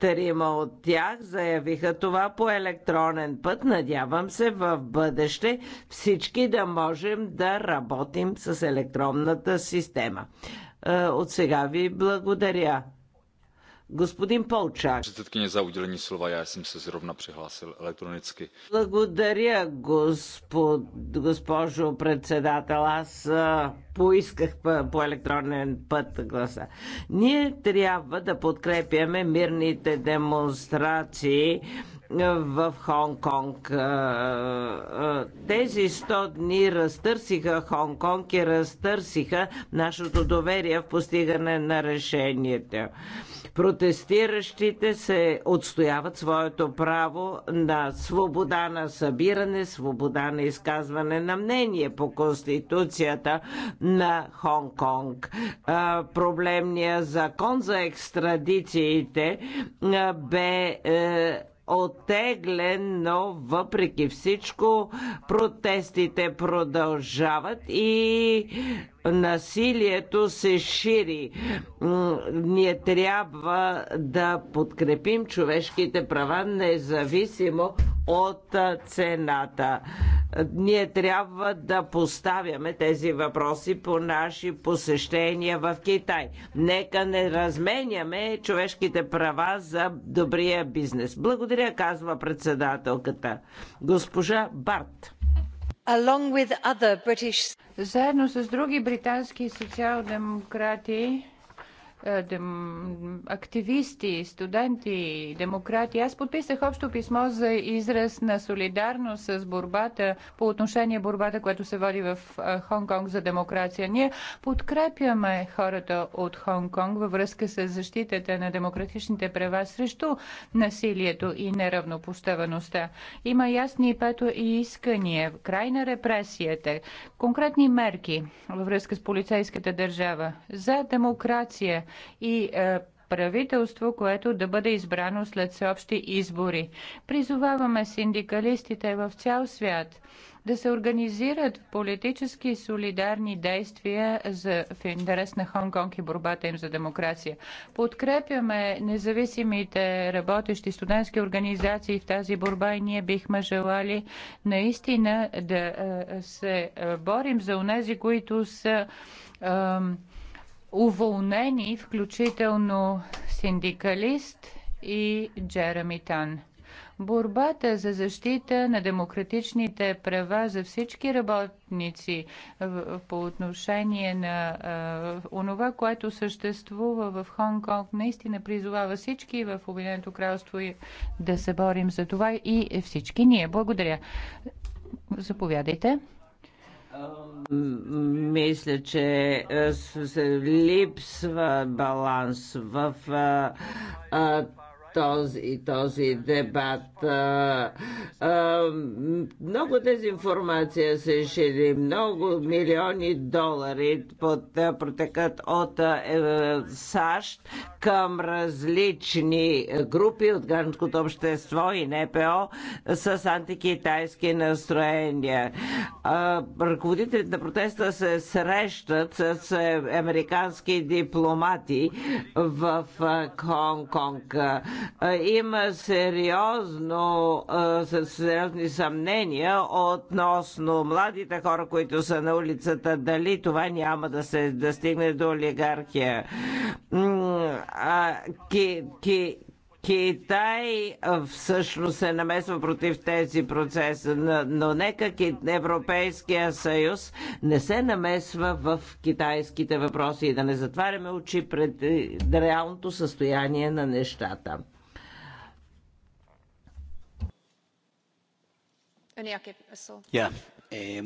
трима от тях заявиха това по електронен път. Надявам се в бъдеще всички да можем да работим с електронната система. Е, от сега ви благодаря.
Господин Полчак. Председкиня за уделени слова, я съм се зровна прихласил електронически.
Благодаря, господ, госпожо председател. Аз поисках по, по електронен път гласа. Ние трябва да подкрепяме мирните демонстрации в Хонг-Конг. Тези 100 дни разтърсиха Хонг-Конг и разтърсиха нашето доверие в постигане на решенията. Протестиращите се отстояват своето право на свобода на събиране, свобода на изказване на мнение по Конституцията на Хонг-Конг. Проблемният закон за екстрадициите бе е, отеглен, но въпреки всичко протестите продължават и насилието се шири. Ние трябва да подкрепим човешките права независимо от цената. Ние трябва да поставяме тези въпроси по наши посещения в Китай. Нека не разменяме човешките права за добрия бизнес. Благодаря, казва председателката. Госпожа Барт.
Along with other British... Заедно с други британски социал-демократи е, активисти, студенти, демократи. Аз подписах общо писмо за израз на солидарност с борбата по отношение борбата, която се води в е, Хонг-Конг за демокрация. Ние подкрепяме хората от Хонг-Конг във връзка с защитата на демократичните права срещу насилието и неравнопоставеността. Има ясни пето и искания, край на репресията, конкретни мерки във връзка с полицейската държава, за демокрация, и е, правителство, което да бъде избрано след всеобщи избори. Призоваваме синдикалистите в цял свят да се организират политически солидарни действия за, в интерес на Хонг-Конг и борбата им за демокрация. Подкрепяме независимите работещи студентски организации в тази борба и ние бихме желали наистина да е, се е, борим за унези, които са уволнени, включително синдикалист и Джереми Тан. Борбата за защита на демократичните права за всички работници по отношение на онова, което съществува в Хонг-Конг, наистина призовава всички в Обединеното кралство да се борим за това и всички ние. Благодаря. Заповядайте
мисля, че е, липсва баланс в е, този, този дебат. А, а, много дезинформация се шири, много милиони долари под, протекат от е, САЩ към различни групи от гражданското общество и НПО с антикитайски настроения. А, ръководителите на протеста се срещат с американски дипломати в Хонг-Конг. Има сериозно, с сериозни съмнения относно младите хора, които са на улицата, дали това няма да се да стигне до олигархия. А, ки, ки, Китай всъщност се намесва против тези процеси, но нека Европейския съюз не се намесва в китайските въпроси и да не затваряме очи пред реалното състояние на нещата. Eh,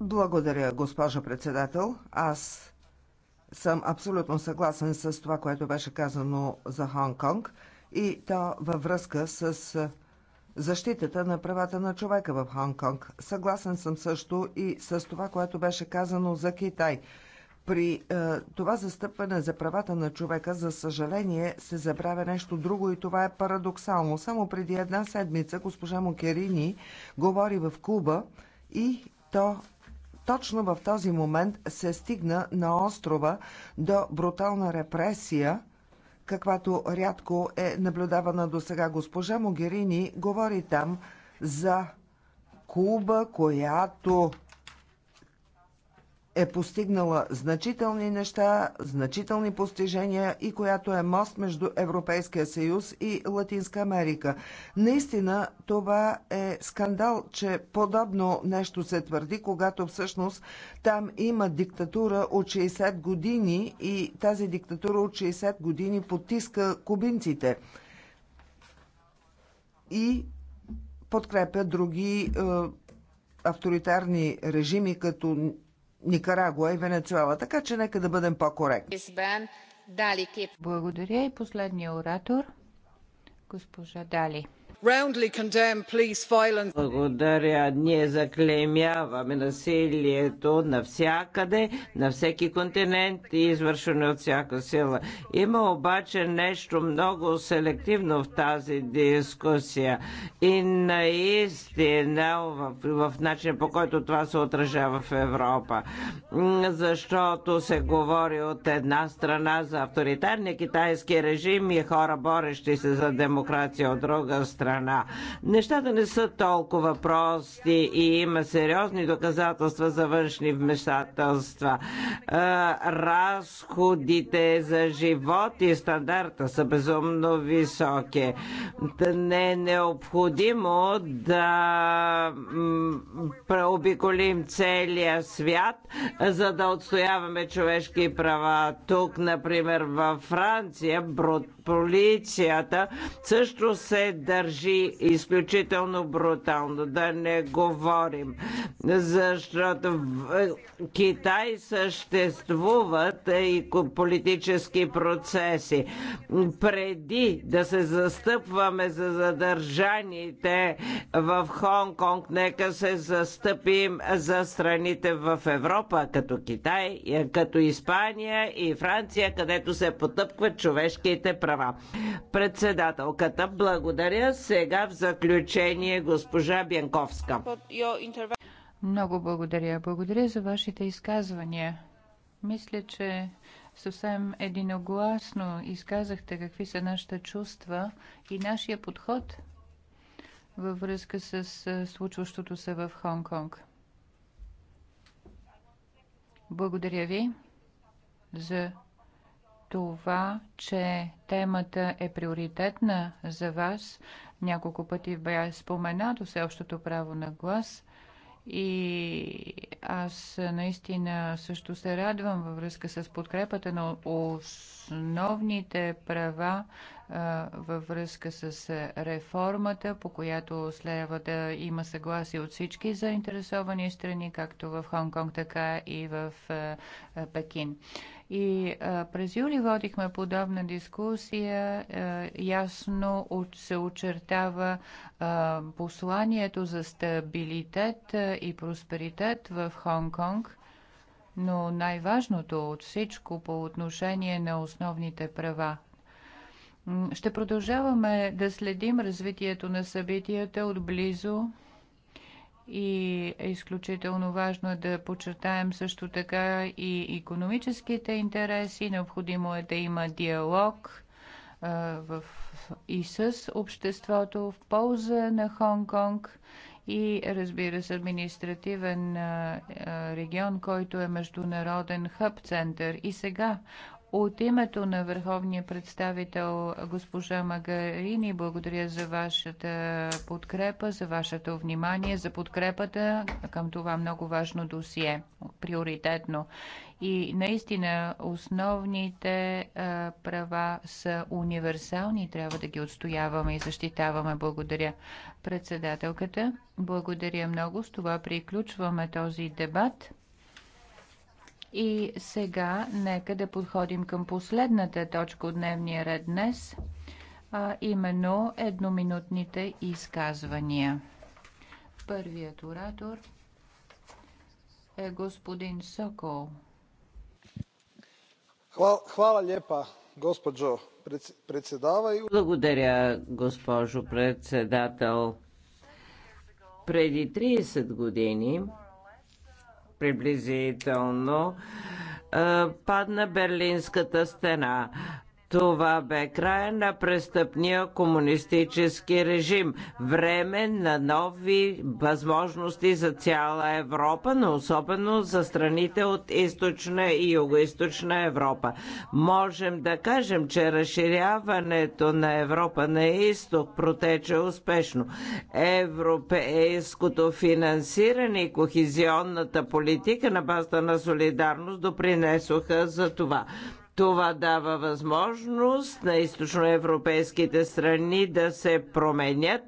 Благодаря, госпожо председател. Аз съм абсолютно съгласен с това, което беше казано за Хонг-Конг и то във връзка с защитата на правата на човека в Хонг-Конг. Съгласен съм също и с това, което беше казано за Китай – при е, това застъпване за правата на човека, за съжаление, се забравя нещо друго и това е парадоксално. Само преди една седмица госпожа Мокерини говори в Куба и то точно в този момент се стигна на острова до брутална репресия каквато рядко е наблюдавана до сега. Госпожа Могерини говори там за Куба, която е постигнала значителни неща, значителни постижения и която е мост между Европейския съюз и Латинска Америка. Наистина това е скандал, че подобно нещо се твърди, когато всъщност там има диктатура от 60 години и тази диктатура от 60 години потиска кубинците и подкрепя други е, авторитарни режими, като Никарагуа и Венецуела. Така че нека да бъдем по-коректни.
Благодаря и последния оратор, госпожа Дали.
Благодаря.
Ние заклеймяваме насилието навсякъде, на всеки континент и извършено от всяка сила. Има обаче нещо много селективно в тази дискусия и наистина в, в начина по който това се отражава в Европа. Защото се говори от една страна за авторитарния китайски режим и хора борещи се за демокрация от друга страна страна. Нещата не са толкова прости и има сериозни доказателства за външни вмешателства. Е, разходите за живот и стандарта са безумно високи. Не е необходимо да преобиколим целия свят, за да отстояваме човешки права. Тук, например, във Франция, брутално полицията също се държи изключително брутално. Да не говорим, защото в е, Китай съществуват е, и политически процеси. Преди да се застъпваме за задържаните в Хонг-Конг, нека се застъпим за страните в Европа, като Китай, е, като Испания и Франция, където се потъпкват човешките права права. Председателката, благодаря. Сега в заключение госпожа Бенковска.
Много благодаря. Благодаря за вашите изказвания. Мисля, че съвсем единогласно изказахте какви са нашите чувства и нашия подход във връзка с случващото се в Хонг-Конг. Благодаря ви за това, че темата е приоритетна за вас. Няколко пъти бе споменато общото право на глас. И аз наистина също се радвам във връзка с подкрепата на основните права във връзка с реформата, по която следва да има съгласие от всички заинтересовани страни, както в Хонг-Конг, така и в Пекин. И а, през юли водихме подобна дискусия. А, ясно от, се очертава а, посланието за стабилитет и просперитет в Хонг-Конг. Но най-важното от всичко по отношение на основните права ще продължаваме да следим развитието на събитията отблизо и е изключително важно е да подчертаем също така и економическите интереси. Необходимо е да има диалог в и с обществото в полза на Хонг-Конг и разбира се административен регион, който е международен хъб център. И сега от името на върховния представител госпожа Магарини, благодаря за вашата подкрепа, за вашето внимание, за подкрепата към това много важно досие, приоритетно. И наистина основните а, права са универсални трябва да ги отстояваме и защитаваме. Благодаря председателката. Благодаря много. С това приключваме този дебат. И сега нека да подходим към последната точка от дневния ред днес, а именно едноминутните изказвания. Първият оратор е господин Сокол.
Хвала, хвала лепа, госпожо председава.
Благодаря, госпожо председател. Преди 30 години приблизително падна Берлинската стена. Това бе края на престъпния комунистически режим. Време на нови възможности за цяла Европа, но особено за страните от източна и югоисточна Европа. Можем да кажем, че разширяването на Европа на изток протече успешно. Европейското финансиране и кохезионната политика на базата на солидарност допринесоха за това. Това дава възможност на източноевропейските страни да се променят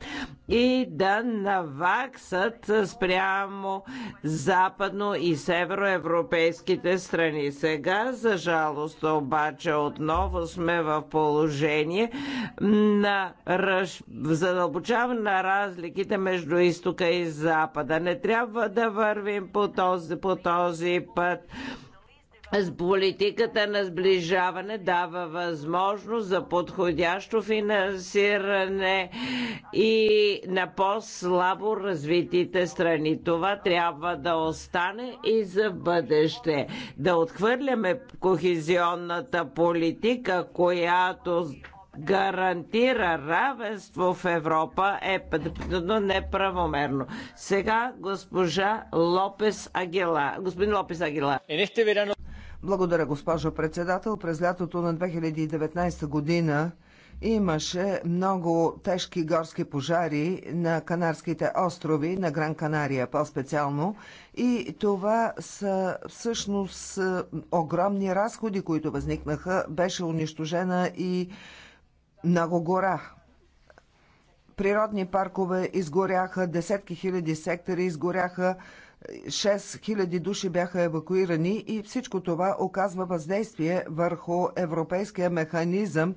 и да наваксат спрямо западно и североевропейските страни. Сега, за жалост, обаче отново сме в положение на раз... задълбочаване на разликите между изтока и запада. Не трябва да вървим по този, по този път с политиката на сближаване дава възможност за подходящо финансиране и на по-слабо развитите страни. Това трябва да остане и за бъдеще. Да отхвърляме кохезионната политика, която гарантира равенство в Европа е неправомерно. Сега госпожа Лопес Агила. Господин Лопес Агила.
Благодаря, госпожо председател. През лятото на 2019 година имаше много тежки горски пожари на Канарските острови, на Гран Канария по-специално. И това са всъщност е, огромни разходи, които възникнаха. Беше унищожена и много гора. Природни паркове изгоряха, десетки хиляди сектори изгоряха. 6000 души бяха евакуирани и всичко това оказва въздействие върху европейския механизъм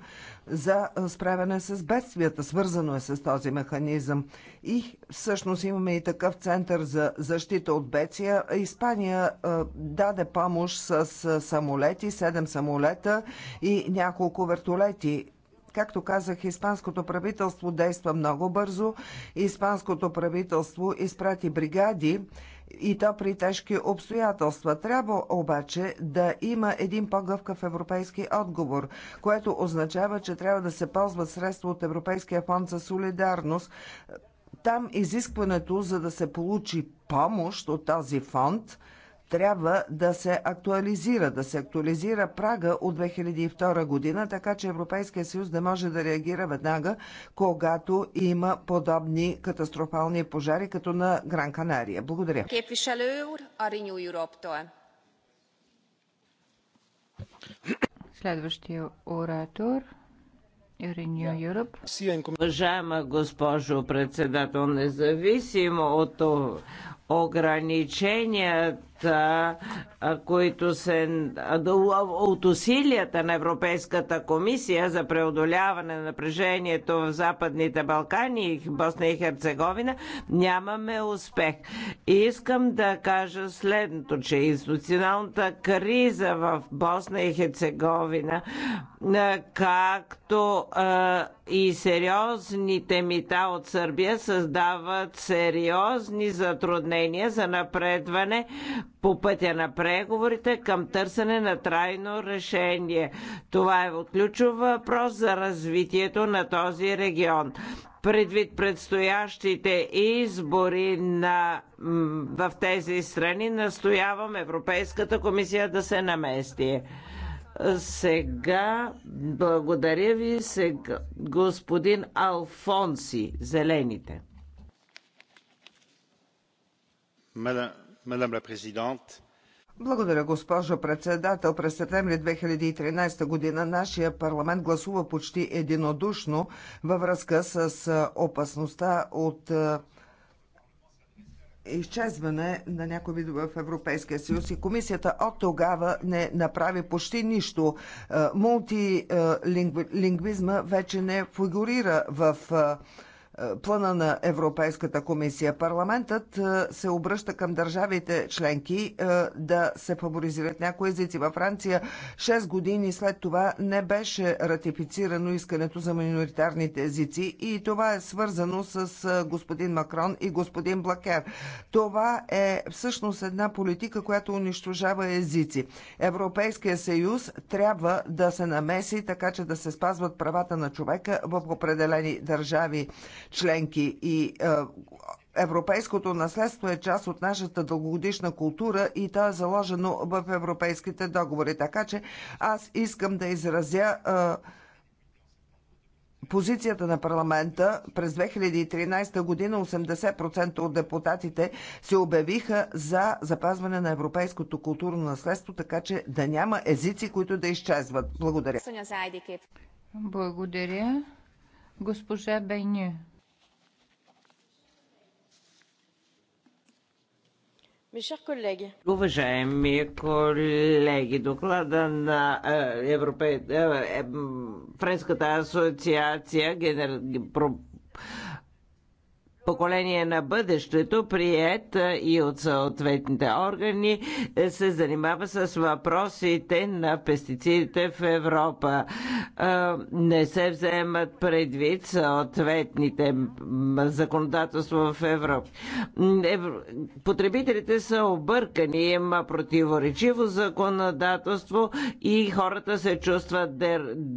за справяне с бедствията. Свързано е с този механизъм. И всъщност имаме и такъв център за защита от бедствия. Испания даде помощ с самолети, 7 самолета и няколко вертолети. Както казах, испанското правителство действа много бързо. Испанското правителство изпрати бригади и то при тежки обстоятелства. Трябва обаче да има един по-гъвкав европейски отговор, което означава, че трябва да се ползват средства от Европейския фонд за солидарност. Там изискването за да се получи помощ от този фонд – трябва да се актуализира, да се актуализира прага от 2002 година, така че Европейския съюз да може да реагира веднага, когато има подобни катастрофални пожари, като на Гран Канария. Благодаря.
Следващия оратор
Уважаема госпожо председател, независимо от ограниченията, които се от усилията на Европейската комисия за преодоляване на напрежението в Западните Балкани и Босна и Херцеговина, нямаме успех. И искам да кажа следното, че институционалната криза в Босна и Херцеговина, както и сериозните мита от Сърбия създават сериозни затруднения за напредване по пътя на преговорите към търсене на трайно решение. Това е ключов въпрос за развитието на този регион предвид предстоящите избори на, в тези страни, настоявам Европейската комисия да се намести. Сега, благодаря ви, сега, господин Алфонси, Зелените.
Мадам, Madame la Présidente.
Благодаря, госпожо председател. През септември 2013 година нашия парламент гласува почти единодушно във връзка с опасността от изчезване на някои видове в Европейския съюз и комисията от тогава не направи почти нищо. Мултилингвизма вече не фигурира в е, плана на Европейската комисия. Парламентът е, се обръща към държавите членки е, да се фаворизират някои езици. Във Франция 6 години след това не беше ратифицирано искането за миноритарните езици и това е свързано с господин Макрон и господин Блакер. Това е всъщност една политика, която унищожава езици. Европейския съюз трябва да се намеси така, че да се спазват правата на човека в определени държави членки и е, Европейското наследство е част от нашата дългогодишна култура и то е заложено в европейските договори. Така че аз искам да изразя е, позицията на парламента през 2013 година 80% от депутатите се обявиха за запазване на европейското културно наследство, така че да няма езици, които да изчезват. Благодаря.
Благодаря. Госпожа Бейни,
Уважаеми колеги, доклада на е, Европе... Е, е, Френската асоциация генер поколение на бъдещето, прият и от съответните органи, е, се занимава с въпросите на пестицидите в Европа. Не се вземат предвид съответните законодателства в Европа. Потребителите са объркани, има противоречиво законодателство и хората се чувстват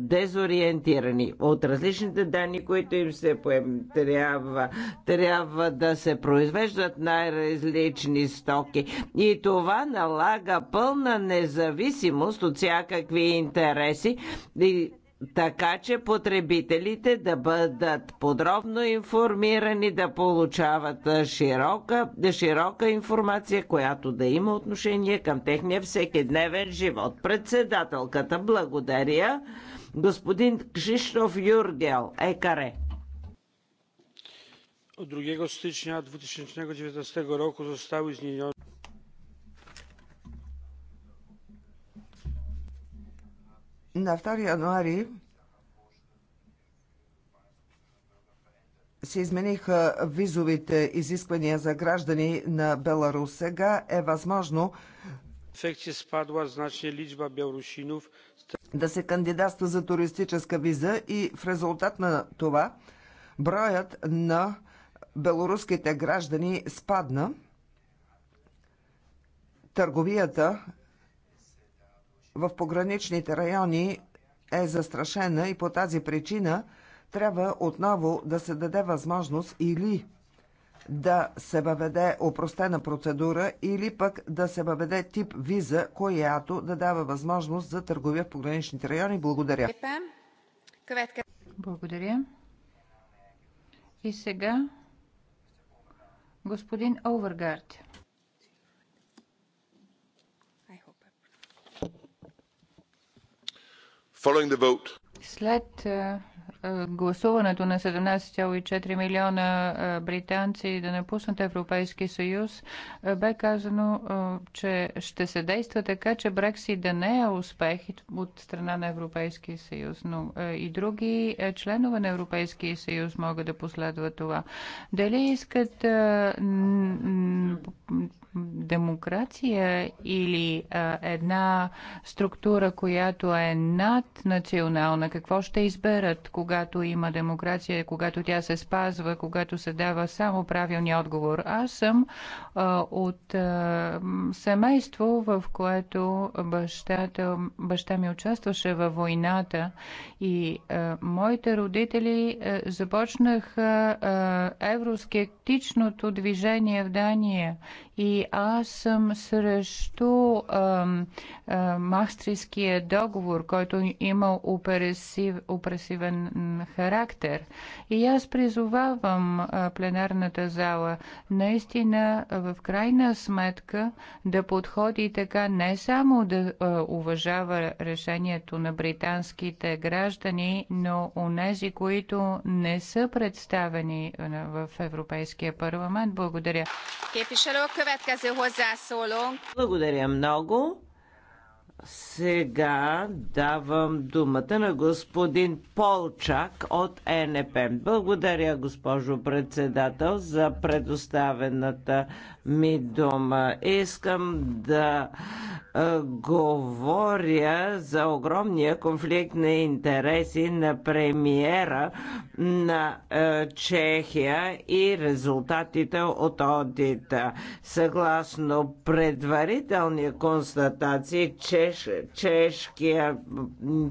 дезориентирани. От различните данни, които им се поем, трябва трябва да се произвеждат най-различни стоки. И това налага пълна независимост от всякакви интереси така че потребителите да бъдат подробно информирани, да получават широка, широка информация, която да има отношение към техния всекидневен живот. Председателката благодаря господин Кшиштоф Юргел Екаре.
Od 2 stycznia 2019 roku zostały zmienione
на 2 януари се измениха визовите изисквания за граждани на Беларус. Сега е възможно да се кандидатства за туристическа виза и в резултат на това броят на белоруските граждани спадна. Търговията в пограничните райони е застрашена и по тази причина трябва отново да се даде възможност или да се въведе опростена процедура или пък да се въведе тип виза, която да дава възможност за търговия в пограничните райони. Благодаря.
Благодаря. И сега Господин Овергард. След е, е, гласуването на 17,4 милиона е, британци да напуснат Европейски съюз, е, бе казано, че ще се действа така, че Брексит да не е успех от страна на Европейския съюз, но и други членове на Европейския съюз могат да последват това. Дали искат демокрация или една структура, която е наднационална, какво ще изберат, кога когато има демокрация, когато тя се спазва, когато се дава само правилния отговор. Аз съм а, от а, семейство, в което бащата, баща ми участваше във войната и а, моите родители а, започнаха евроскептичното движение в Дания и аз съм срещу ам, Махстрийския договор, който има опресив, опресивен характер. И аз призовавам пленарната зала наистина в крайна сметка да подходи така не само да а, уважава решението на британските граждани, но онези, които не са представени в Европейския парламент. Благодаря. Благодаря
много.
Сега давам думата на господин Полчак от НП. Благодаря, госпожо председател, за предоставената ми дома, Искам да говоря за огромния конфликт на интереси на премиера на Чехия и резултатите от одита. Съгласно предварителни констатации, чеш, чешкия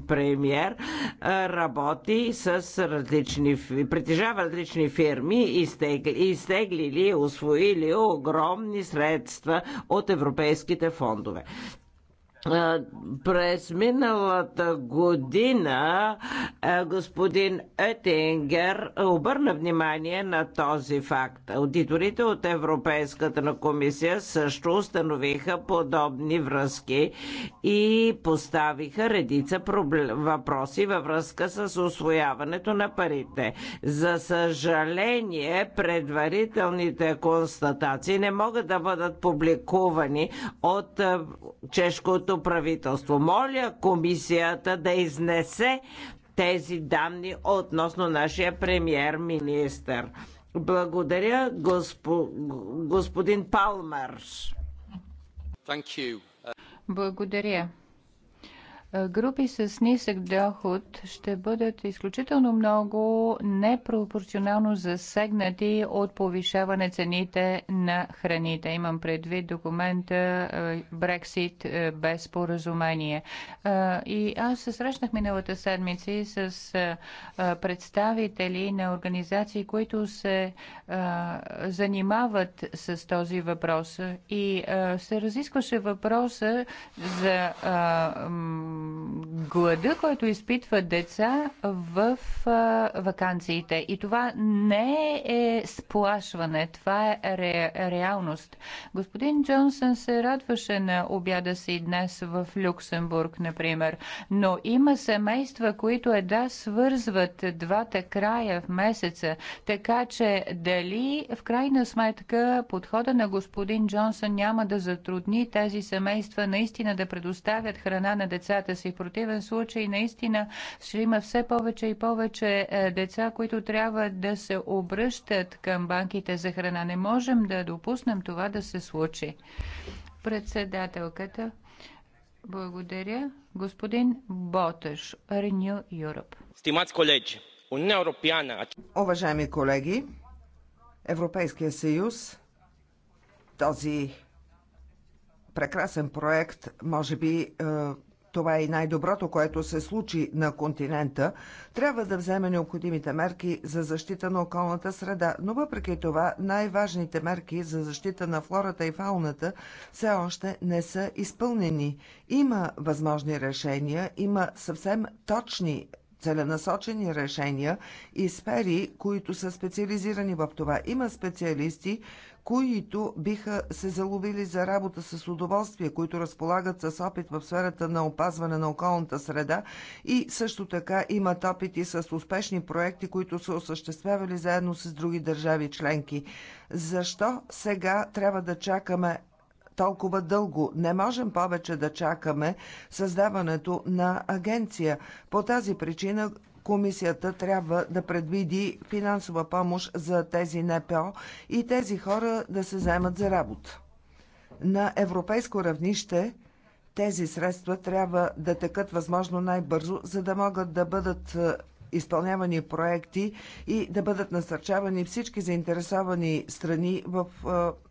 премиер работи с различни, притежава различни фирми, изтегли, изтеглили, освоили огромни огромни средства от европейските фондове. През миналата година господин Етингер обърна внимание на този факт. Аудиторите от Европейската комисия също установиха подобни връзки и поставиха редица въпроси във връзка с освояването на парите. За съжаление, предварителните констатации не могат да бъдат публикувани от чешкото българското правителство. Моля комисията да изнесе тези данни относно нашия премьер-министр. Благодаря, госпо... господин Палмарш.
Благодаря. Е, групи с нисък доход ще бъдат изключително много непропорционално засегнати от повишаване цените на храните. Имам предвид документа е, Брексит е, без споразумение. И аз се срещнах миналата седмица с представители на организации, които се занимават с този въпрос. И се разискваше въпроса за глада, който изпитват деца в а, вакансиите. И това не е сплашване, това е ре, реалност. Господин Джонсън се радваше на обяда си днес в Люксембург, например, но има семейства, които е да свързват двата края в месеца, така че дали в крайна сметка подхода на господин Джонсън няма да затрудни тези семейства наистина да предоставят храна на децата децата си. В противен случай наистина ще има все повече и повече е, деца, които трябва да се обръщат към банките за храна. Не можем да допуснем това да се случи. Председателката. Благодаря.
Господин Ботеш, Renew Europe.
Стимат колеги, Уния Europeană...
Уважаеми колеги, Европейския съюз, този прекрасен проект, може би е, това е и най-доброто, което се случи на континента, трябва да вземе необходимите мерки за защита на околната среда. Но въпреки това, най-важните мерки за защита на флората и фауната все още не са изпълнени. Има възможни решения, има съвсем точни целенасочени решения и сфери, които са специализирани в това. Има специалисти, които биха се заловили за работа с удоволствие, които разполагат с опит в сферата на опазване на околната среда и също така имат опити с успешни проекти, които са осъществявали заедно с други държави членки. Защо сега трябва да чакаме толкова дълго. Не можем повече да чакаме създаването на агенция. По тази причина комисията трябва да предвиди финансова помощ за тези НПО и тези хора да се заемат за работа. На европейско равнище тези средства трябва да текат възможно най-бързо, за да могат да бъдат е, изпълнявани проекти и да бъдат насърчавани всички заинтересовани страни в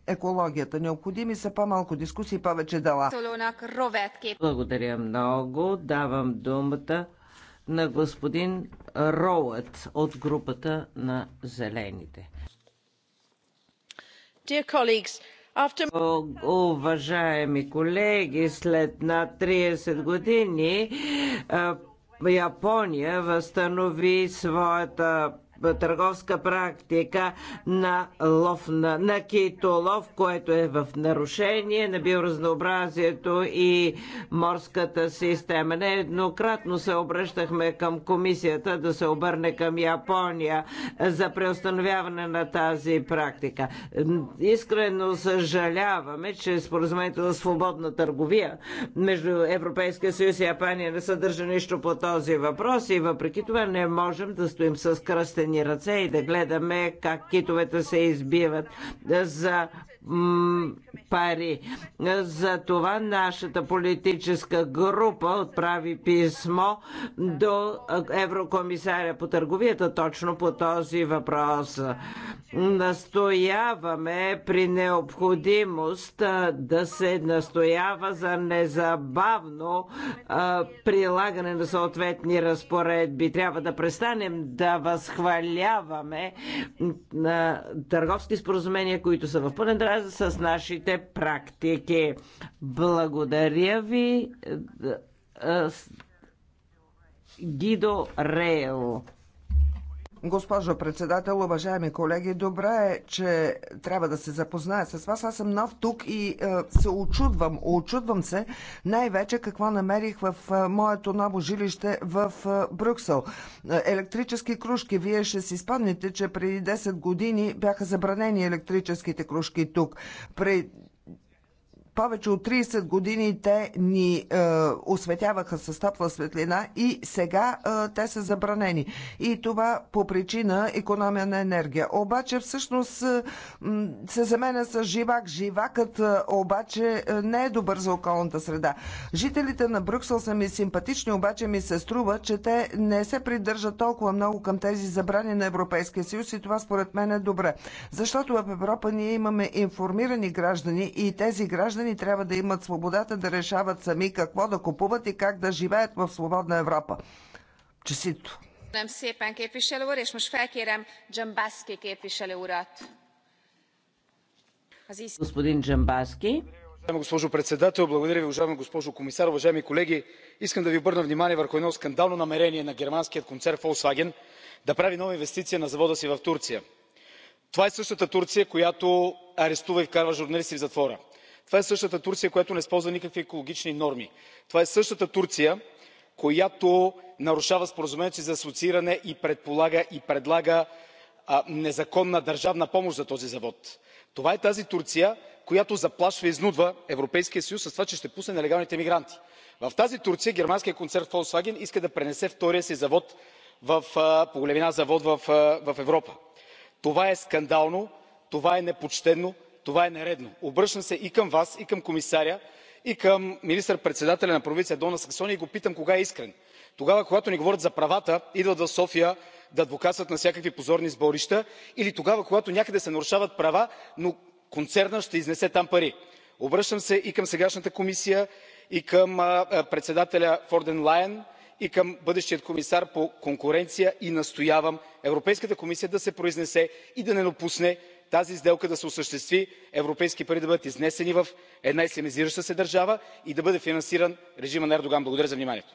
е, екологията. Необходими са по-малко дискусии, повече дела.
Благодаря много. Давам думата на господин Роуът от групата на Зелените.
Dear colleagues,
Уважаеми колеги, след над 30 години Япония възстанови своята търговска практика на лов на, на китолов, което е в нарушение на биоразнообразието и морската система. Нееднократно се обръщахме към комисията да се обърне към Япония за преустановяване на тази практика. Искрено съжаляваме, че споразумението за свободна търговия между Европейския съюз и Япония не съдържа нищо по този въпрос и въпреки това не можем да стоим с кръстени собствени ръце и да гледаме как китовете се избиват за пари. За това нашата политическа група отправи писмо до еврокомисаря по търговията точно по този въпрос. Настояваме при необходимост да се настоява за незабавно прилагане на съответни разпоредби. Трябва да престанем да възхваляваме на търговски споразумения, които са в пълен с нашите практики. Благодаря ви, е, е,
Гидо Рейл. Госпожо председател, уважаеми колеги, добре е, че трябва да се запознае с вас. Аз съм нов тук и е, се очудвам. Очудвам се най-вече какво намерих в е, моето ново жилище в е, Брюксел. Е, електрически кружки. Вие ще си спомните, че преди 10 години бяха забранени електрическите кружки тук. При повече от 30 години те ни е, осветяваха с топла светлина и сега е, те са забранени. И това по причина економия на енергия. Обаче всъщност е, се заменя с живак. Живакът е, обаче е, не е добър за околната среда. Жителите на Брюксел са ми симпатични, обаче ми се струва, че те не се придържат толкова много към тези забрани на Европейския съюз и това според мен е добре. Защото в Европа ние имаме информирани граждани и тези граждани граждани трябва да имат свободата да решават сами какво да купуват и как да живеят в свободна Европа. Честито!
Господин Джамбаски. Уважаема госпожо председател, благодаря ви, уважаема госпожо комисар, уважаеми колеги. Искам да ви обърна внимание върху едно скандално намерение на германския концерт Volkswagen да прави нова инвестиция на завода си в Турция. Това е същата Турция, която арестува и вкарва журналисти в затвора това е същата турция която не спазва никакви екологични норми. това е същата турция която нарушава споразумението си за асоцииране и предлага незаконна държавна помощ за този завод. това е тази турция която заплашва и изнудва европейския съюз с това че ще пусне нелегалните мигранти. в тази турция германският концерн фолксваген иска да пренесе втория си по големина завод в европа. това е скандално това е непочтено това е нередно. обръщам се и към вас и към комисаря и към министър председателя на провинция долна саксония и го питам кога е искрен? тогава когато ни говорят за правата идват в софия да адвокатстват на всякакви позорни сборища или тогава когато някъде се нарушават права но концернът ще изнесе там пари? обръщам се и към сегашната комисия и към председателя фон дер лайен и към бъдещия комисар по конкуренция и настоявам европейската комисия да се произнесе и да не допусне тази сделка да се осъществи европейски пари да бъдат изнесени в една ислямизираща се държава и да бъде финансиран режимът на ердоган. благодаря за вниманието.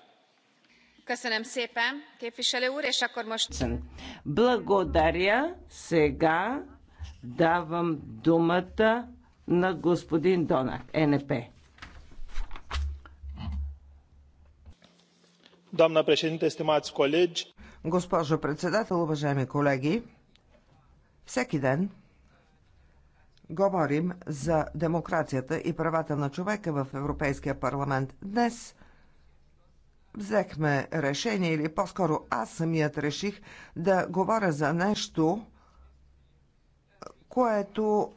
Благодаря.
Сега давам думата на господин
Донак, НП. Doamnă președinte, stimați colegi, Госпожо председател, уважаеми колеги, всеки ден говорим за демокрацията и правата на човека в Европейския парламент. Днес взехме решение, или по-скоро аз самият реших да говоря за нещо, което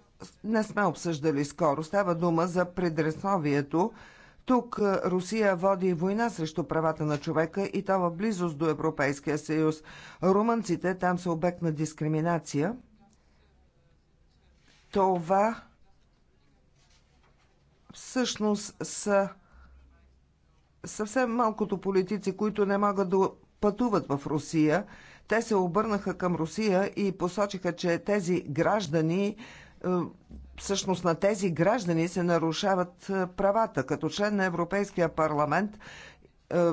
не сме обсъждали скоро. Става дума за предресновието. Тук Русия води война срещу правата на човека и то в близост до Европейския съюз. Румънците там са обект на дискриминация – това всъщност са съвсем малкото политици, които не могат да пътуват в Русия. Те се обърнаха към Русия и посочиха, че тези граждани е, всъщност на тези граждани се нарушават е, правата. Като член на Европейския парламент е,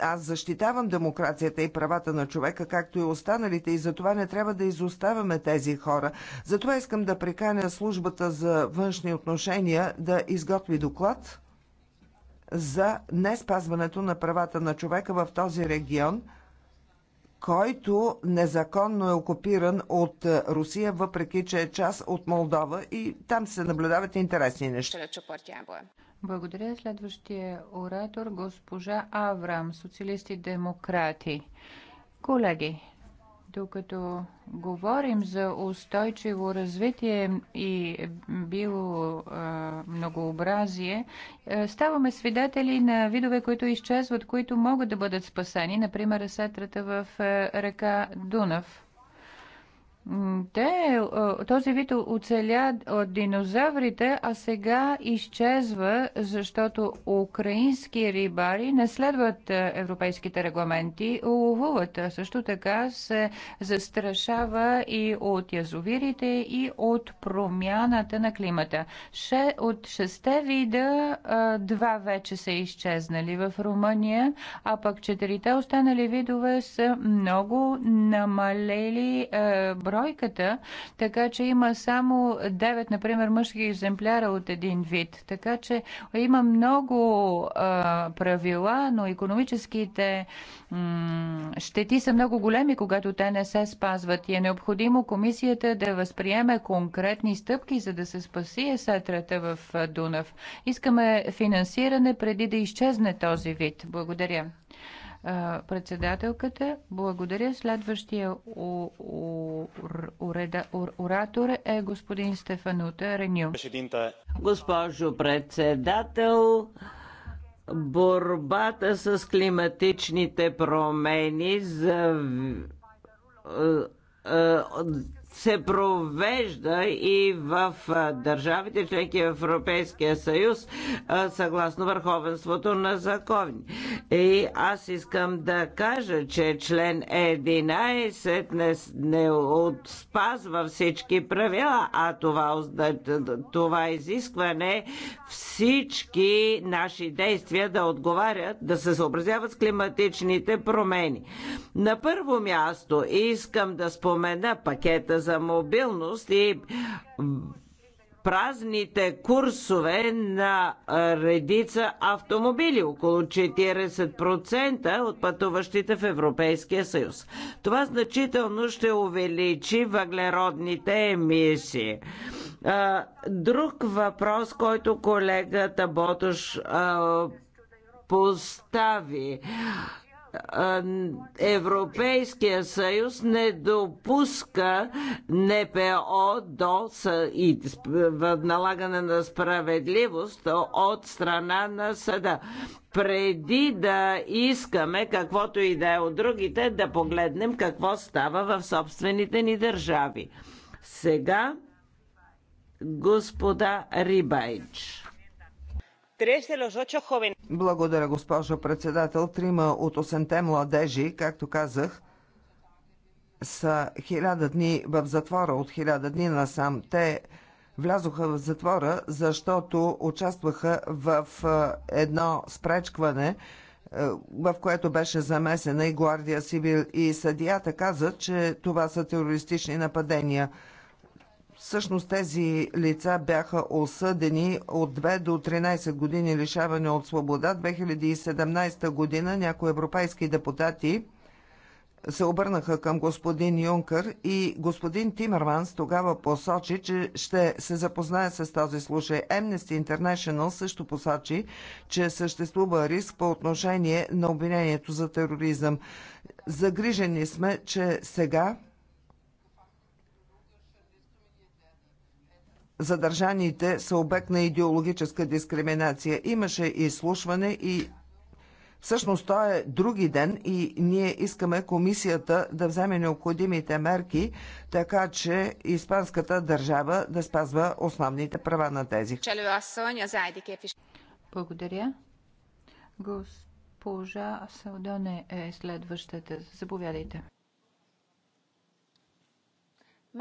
аз защитавам демокрацията и правата на човека, както и останалите, и затова не трябва да изоставяме тези хора. Затова искам да приканя службата за външни отношения да изготви доклад за не спазването на правата на човека в този регион, който незаконно е окупиран от Русия, въпреки че е част от Молдова и там се наблюдават интересни неща.
Благодаря. Следващия оратор госпожа Аврам, социалисти демократи. Колеги, докато говорим за устойчиво развитие и било многообразие, ставаме свидетели на видове, които изчезват, които могат да бъдат спасени, например сетрата в река Дунав. Те, е, този вид оцеля от е, динозаврите, а сега изчезва, защото украински рибари не следват е, европейските регламенти, ловуват. Също така се застрашава и от язовирите, и от промяната на климата. Ше, от шесте вида два вече са изчезнали в Румъния, а пък четирите останали видове са много намалели бройката, така че има само 9, например, мъжки екземпляра от един вид. Така че има много а, правила, но економическите щети са много големи, когато те не се спазват и е необходимо комисията да възприеме конкретни стъпки, за да се спаси есетрата в Дунав. Искаме финансиране преди да изчезне този вид. Благодаря председателката. Благодаря. Следващия оратор е господин Стефанута Реню.
Госпожо председател, борбата с климатичните промени за е, е, се провежда и в държавите членки в Европейския съюз съгласно върховенството на закон. И аз искам да кажа, че член 11 не, не спазва всички правила, а това, това изискване всички наши действия да отговарят, да се съобразяват с климатичните промени. На първо място искам да спомена пакета за мобилност и празните курсове на редица автомобили, около 40% от пътуващите в Европейския съюз. Това значително ще увеличи въглеродните емисии. Друг въпрос, който колегата Ботош постави Европейския съюз не допуска НПО до налагане на справедливост от страна на съда. Преди да искаме каквото и да е от другите, да погледнем какво става в собствените ни държави. Сега господа Рибайч.
Благодаря, госпожо председател. Трима от осемте младежи, както казах, са хиляда дни в затвора, от хиляда дни насам. Те влязоха в затвора, защото участваха в едно спречкване, в което беше замесена и Гвардия Сивил и съдията каза, че това са терористични нападения. Всъщност тези лица бяха осъдени от 2 до 13 години лишаване от свобода. 2017 година някои европейски депутати се обърнаха към господин Юнкър и господин Тимерманс тогава посочи, че ще се запознае с този случай. Amnesty International също посочи, че съществува риск по отношение на обвинението за тероризъм. Загрижени сме, че сега задържаните са обект на идеологическа дискриминация. Имаше и изслушване и всъщност то е други ден и ние искаме комисията да вземе необходимите мерки, така че испанската държава да спазва основните права на тези.
Благодаря. Госпожа Салдоне е следващата. Заповядайте.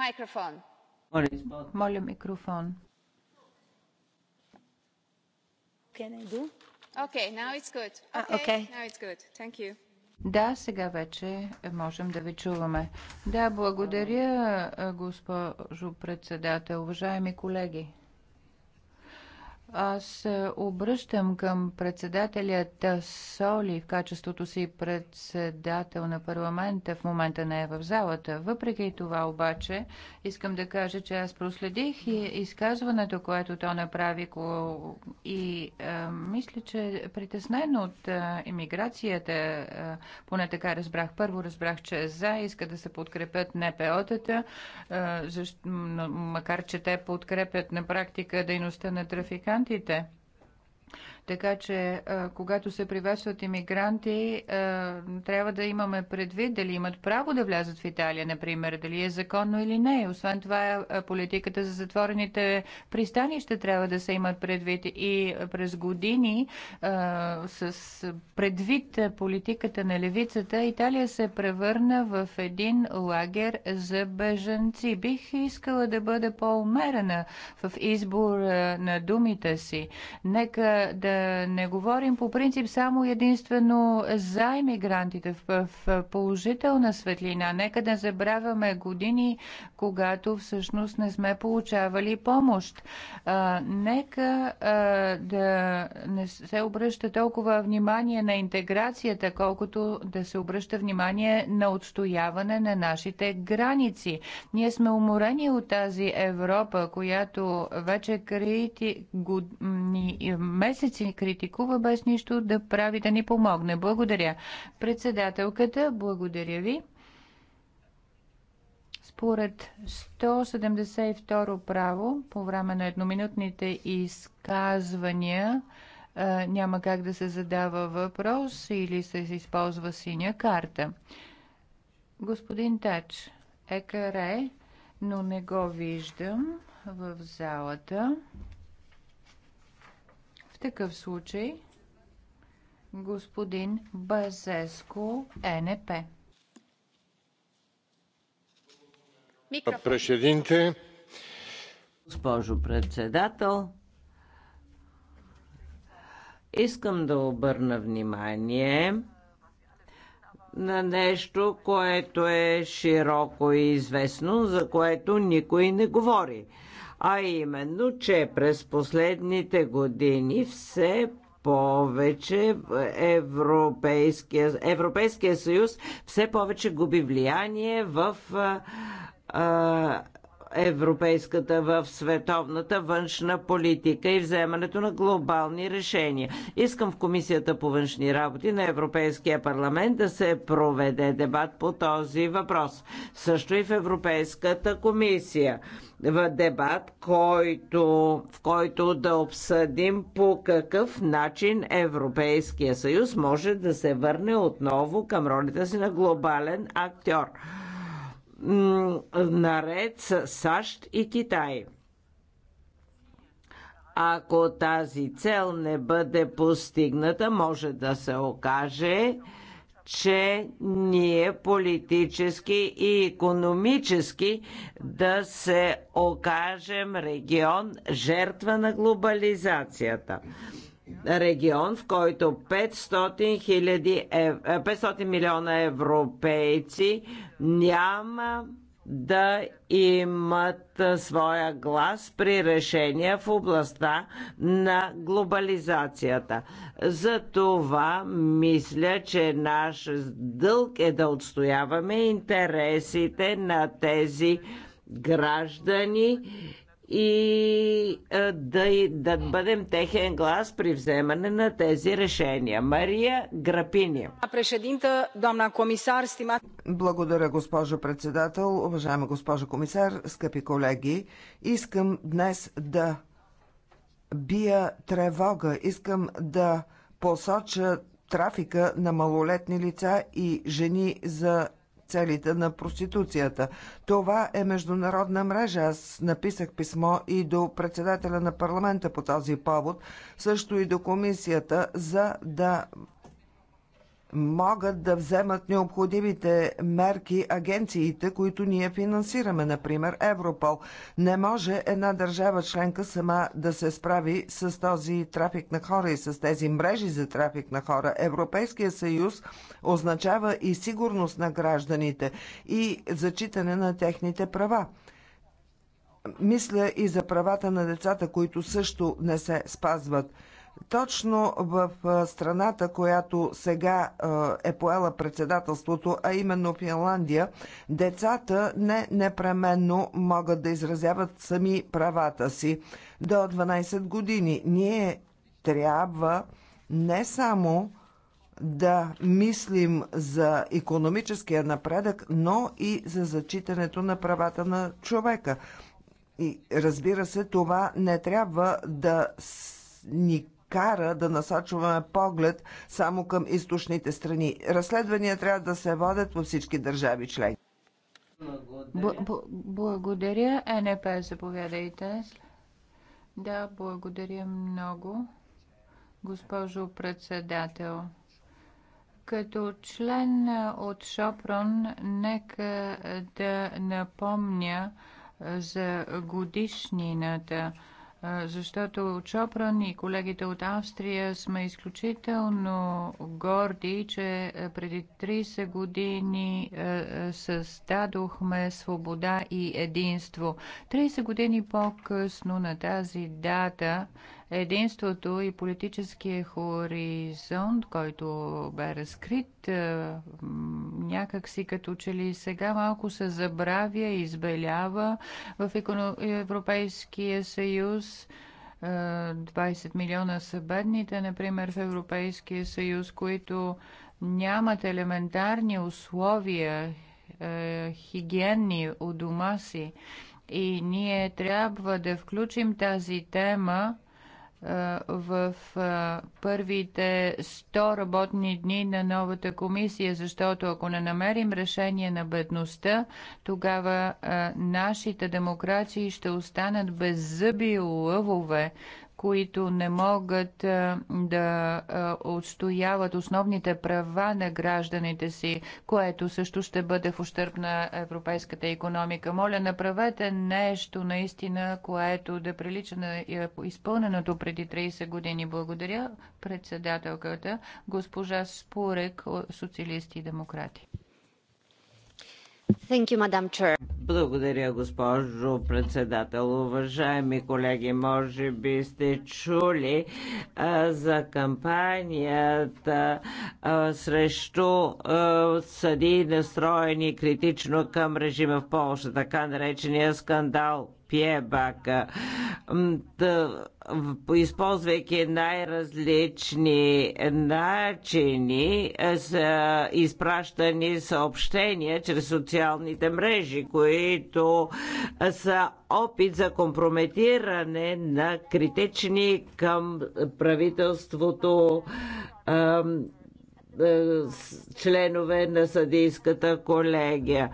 Микрофон. Моля микрофон. Да, сега вече можем да ви чуваме. Да, благодаря, госпожо председател. Уважаеми колеги, аз се обръщам към председателя Тасоли в качеството си председател на парламента. В момента не е в залата. Въпреки това обаче искам да кажа, че аз проследих и изказването, което то направи и а, е, мисля, че е притеснено от а, е, иммиграцията, а, е, поне така разбрах. Първо разбрах, че е за, иска да се подкрепят НПО-тата, макар че те подкрепят на практика дейността на трафикант мигрантите така че, когато се приветстват иммигранти, трябва да имаме предвид дали имат право да влязат в Италия, например, дали е законно или не. Освен това, политиката за затворените пристанища трябва да се имат предвид и през години с предвид политиката на левицата, Италия се превърна в един лагер за беженци. Бих искала да бъда по-умерена в избор на думите си. Нека да не говорим по принцип само единствено за иммигрантите в, в положителна светлина. Нека да забравяме години, когато всъщност не сме получавали помощ. А, нека а, да не се обръща толкова внимание на интеграцията, колкото да се обръща внимание на отстояване на нашите граници. Ние сме уморени от тази Европа, която вече крити години месеци ни критикува без нищо да прави да ни помогне. Благодаря. Председателката, благодаря ви. Според 172 право, по време на едноминутните изказвания, няма как да се задава въпрос или се използва синя карта. Господин Тач, екаре, но не го виждам в залата такъв случай господин Базеско, НП.
Președinte. Госпожо председател, искам да обърна внимание на нещо, което е широко и известно, за което никой не говори а именно, че през последните години все повече Европейския, Европейския съюз все повече губи влияние в а, а, европейската в световната външна политика и вземането на глобални решения. Искам в Комисията по външни работи на Европейския парламент да се проведе дебат по този въпрос. Също и в Европейската комисия. В дебат, който, в който да обсъдим по какъв начин Европейския съюз може да се върне отново към ролята си на глобален актьор наред с САЩ и Китай. Ако тази цел не бъде постигната, може да се окаже, че ние политически и економически да се окажем регион жертва на глобализацията регион, в който 500, ев... 500 милиона европейци няма да имат своя глас при решения в областта на глобализацията. За това мисля, че наш дълг е да отстояваме интересите на тези граждани и а, да, да бъдем техен глас при вземане на тези решения. Мария Грапини.
Прешединта, домна комисар, стима... Благодаря, госпожо председател, уважаема госпожо комисар, скъпи колеги. Искам днес да бия тревога, искам да посоча трафика на малолетни лица и жени за целите на проституцията. Това е международна мрежа. Аз написах писмо и до председателя на парламента по този повод, също и до комисията, за да могат да вземат необходимите мерки агенциите, които ние финансираме, например Европол. Не може една държава членка сама да се справи с този трафик на хора и с тези мрежи за трафик на хора. Европейския съюз означава и сигурност на гражданите и зачитане на техните права. Мисля и за правата на децата, които също не се спазват точно в страната, която сега е поела председателството, а именно Финландия, децата не непременно могат да изразяват сами правата си до 12 години. Ние трябва не само да мислим за економическия напредък, но и за зачитането на правата на човека. И разбира се, това не трябва да ни кара да насочваме поглед само към източните страни. Разследвания трябва да се водят във всички държави члени.
Благодаря. благодаря. Е НП, заповядайте. Да, благодаря много, госпожо председател. Като член от Шопрон, нека да напомня за годишнината – защото Чопран и колегите от Австрия сме изключително горди, че преди 30 години създадохме свобода и единство. 30 години по-късно на тази дата единството и политическия хоризонт, който бе разкрит, е, някакси като че ли сега малко се забравя и избелява в Европейския съюз. 20 е, милиона са бедните, например, в Европейския съюз, които нямат елементарни условия, е, хигиенни у дома си. И ние трябва да включим тази тема в първите 100 работни дни на новата комисия, защото ако не намерим решение на бедността, тогава нашите демокрации ще останат без зъби лъвове които не могат да отстояват основните права на гражданите си, което също ще бъде в ущърп на европейската економика. Моля, направете нещо наистина, което да прилича на изпълненото преди 30 години. Благодаря председателката, госпожа Спурек, социалисти и демократи.
Thank you, Madam Chair. Благодаря, госпожо председател. Уважаеми колеги, може би сте чули а, за кампанията а, срещу а, съди настроени критично към режима в Польша, така наречения скандал Пиебак, използвайки най-различни начини, е, са изпращани съобщения чрез социалните мрежи, които са опит за компрометиране на критични към правителството е, членове на съдийската колегия.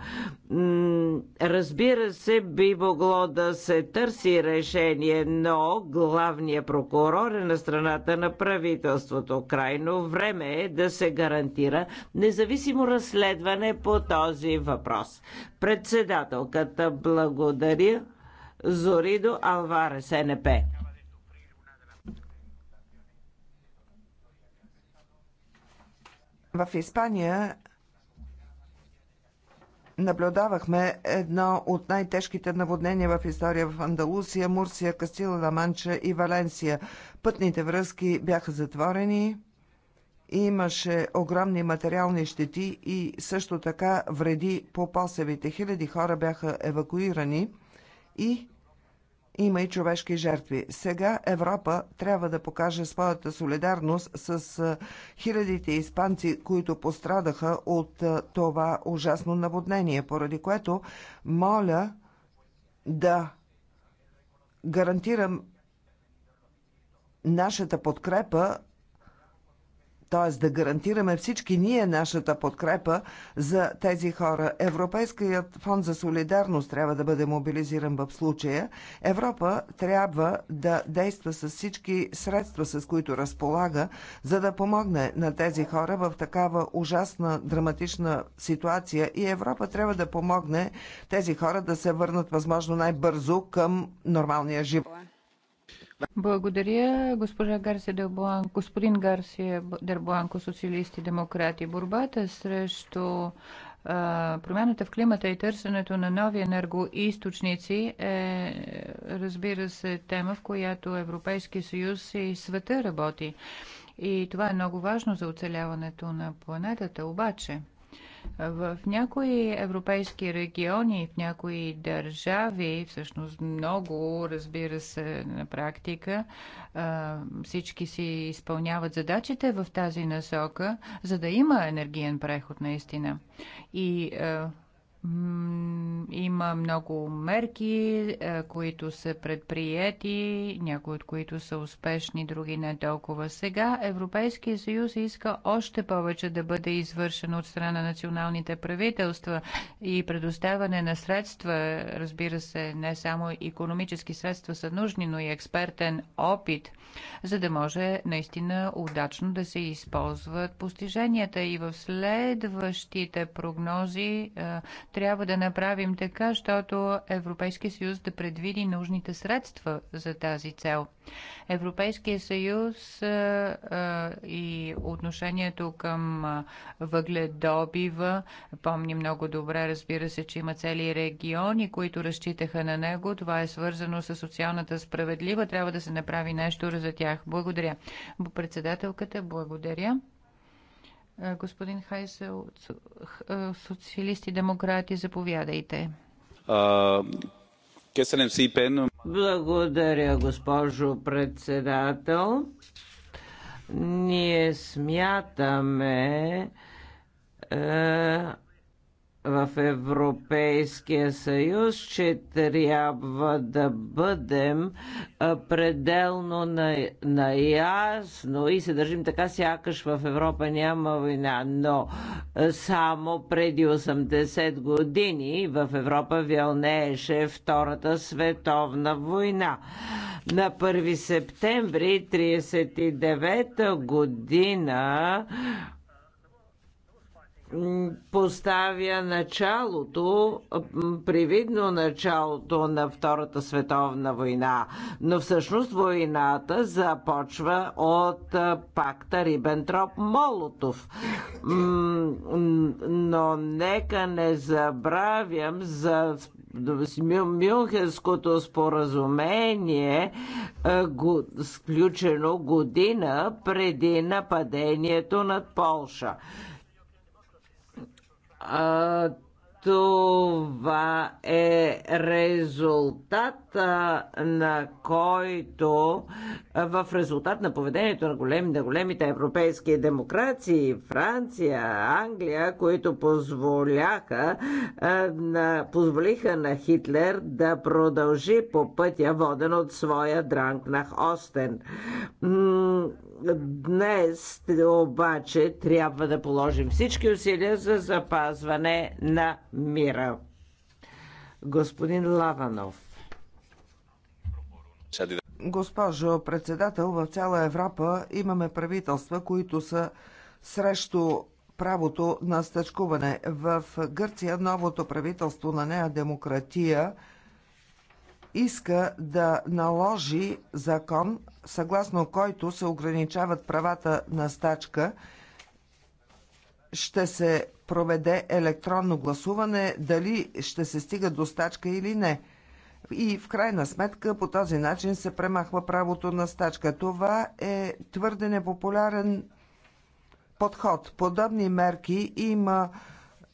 Разбира се, би могло да се търси решение, но главният прокурор е на страната на правителството. Крайно време е да се гарантира независимо разследване по този въпрос. Председателката благодаря Зоридо Алварес, НП.
В Испания наблюдавахме едно от най-тежките наводнения в история в Андалусия, Мурсия, Кастила, Ламанча и Валенсия. Пътните връзки бяха затворени, имаше огромни материални щети и също така вреди по посевите. Хиляди хора бяха евакуирани и има и човешки жертви. Сега Европа трябва да покаже своята солидарност с хилядите испанци, които пострадаха от това ужасно наводнение, поради което моля да гарантирам нашата подкрепа т.е. да гарантираме всички ние нашата подкрепа за тези хора. Европейският фонд за солидарност трябва да бъде мобилизиран в случая. Европа трябва да действа с всички средства, с които разполага, за да помогне на тези хора в такава ужасна, драматична ситуация и Европа трябва да помогне тези хора да се върнат възможно най-бързо към нормалния живот. Благодаря,
госпожа Гарсия Дербуан, господин Гарсия Дербуанко, социалисти, демократи. Борбата срещу промяната в климата и търсенето на нови енергоисточници е, разбира се, тема, в която Европейския съюз и света работи. И това е много важно за оцеляването на планетата. Обаче, в някои европейски региони, в някои държави, всъщност много, разбира се, на практика, всички си изпълняват задачите в тази насока, за да има енергиен преход наистина. И има много мерки, е, които са предприяти, някои от които са успешни, други не толкова. Сега Европейския съюз иска още повече да бъде извършен от страна на националните правителства и предоставяне на средства, разбира се, не само економически средства са нужни, но и експертен опит, за да може наистина удачно да се използват постиженията и в следващите прогнози е, трябва да направим така, защото Европейския съюз да предвиди нужните средства за тази цел. Европейския съюз а, а, и отношението към въгледобива, помни много добре, разбира се, че има цели региони, които разчитаха на него. Това е свързано с социалната справедлива. Трябва да се направи нещо за тях. Благодаря. Председателката, благодаря. Е, господин Хайсел, е, социалисти демократи, заповядайте.
Благодаря, госпожо председател. Ние смятаме, е, в Европейския съюз, че трябва да бъдем пределно наясно и се държим така, сякаш в Европа няма война, но само преди 80 години в Европа вилнееше Втората световна война. На 1 септември 1939 година поставя началото, привидно началото на Втората световна война. Но всъщност войната започва от пакта Рибентроп-Молотов. Но нека не забравям за Мюнхенското споразумение, сключено година преди нападението над Полша. А, това е резултат на който в резултат на поведението на, големи, на големите европейски демокрации, Франция, Англия, които позволяха, на, позволиха на Хитлер да продължи по пътя, воден от своя дранг на Хостен. Днес обаче трябва да положим всички усилия за запазване на мира. Господин
Лаванов. Госпожо председател, в цяла Европа имаме правителства, които са срещу правото на стъчкуване. В Гърция новото правителство на нея демократия иска да наложи закон, съгласно който се ограничават правата на стачка. Ще се проведе електронно гласуване, дали ще се стига до стачка или не и в крайна сметка по този начин се премахва правото на стачка. Това е твърде непопулярен подход. Подобни мерки има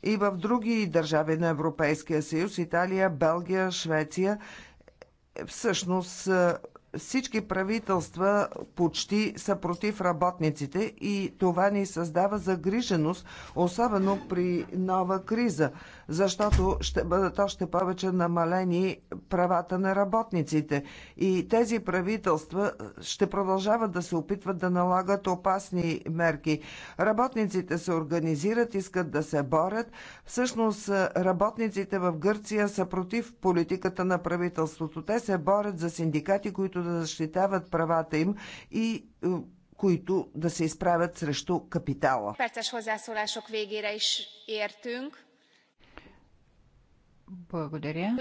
и в други държави на Европейския съюз Италия, Белгия, Швеция. Всъщност всички правителства почти са против работниците и това ни създава загриженост, особено при нова криза защото ще бъдат още повече намалени правата на работниците. И тези правителства ще продължават да се опитват да налагат опасни мерки. Работниците се организират, искат да се борят. Всъщност работниците в Гърция са против политиката на правителството. Те се борят за синдикати, които да защитават правата им и е, които да се изправят срещу капитала.
Благодаря.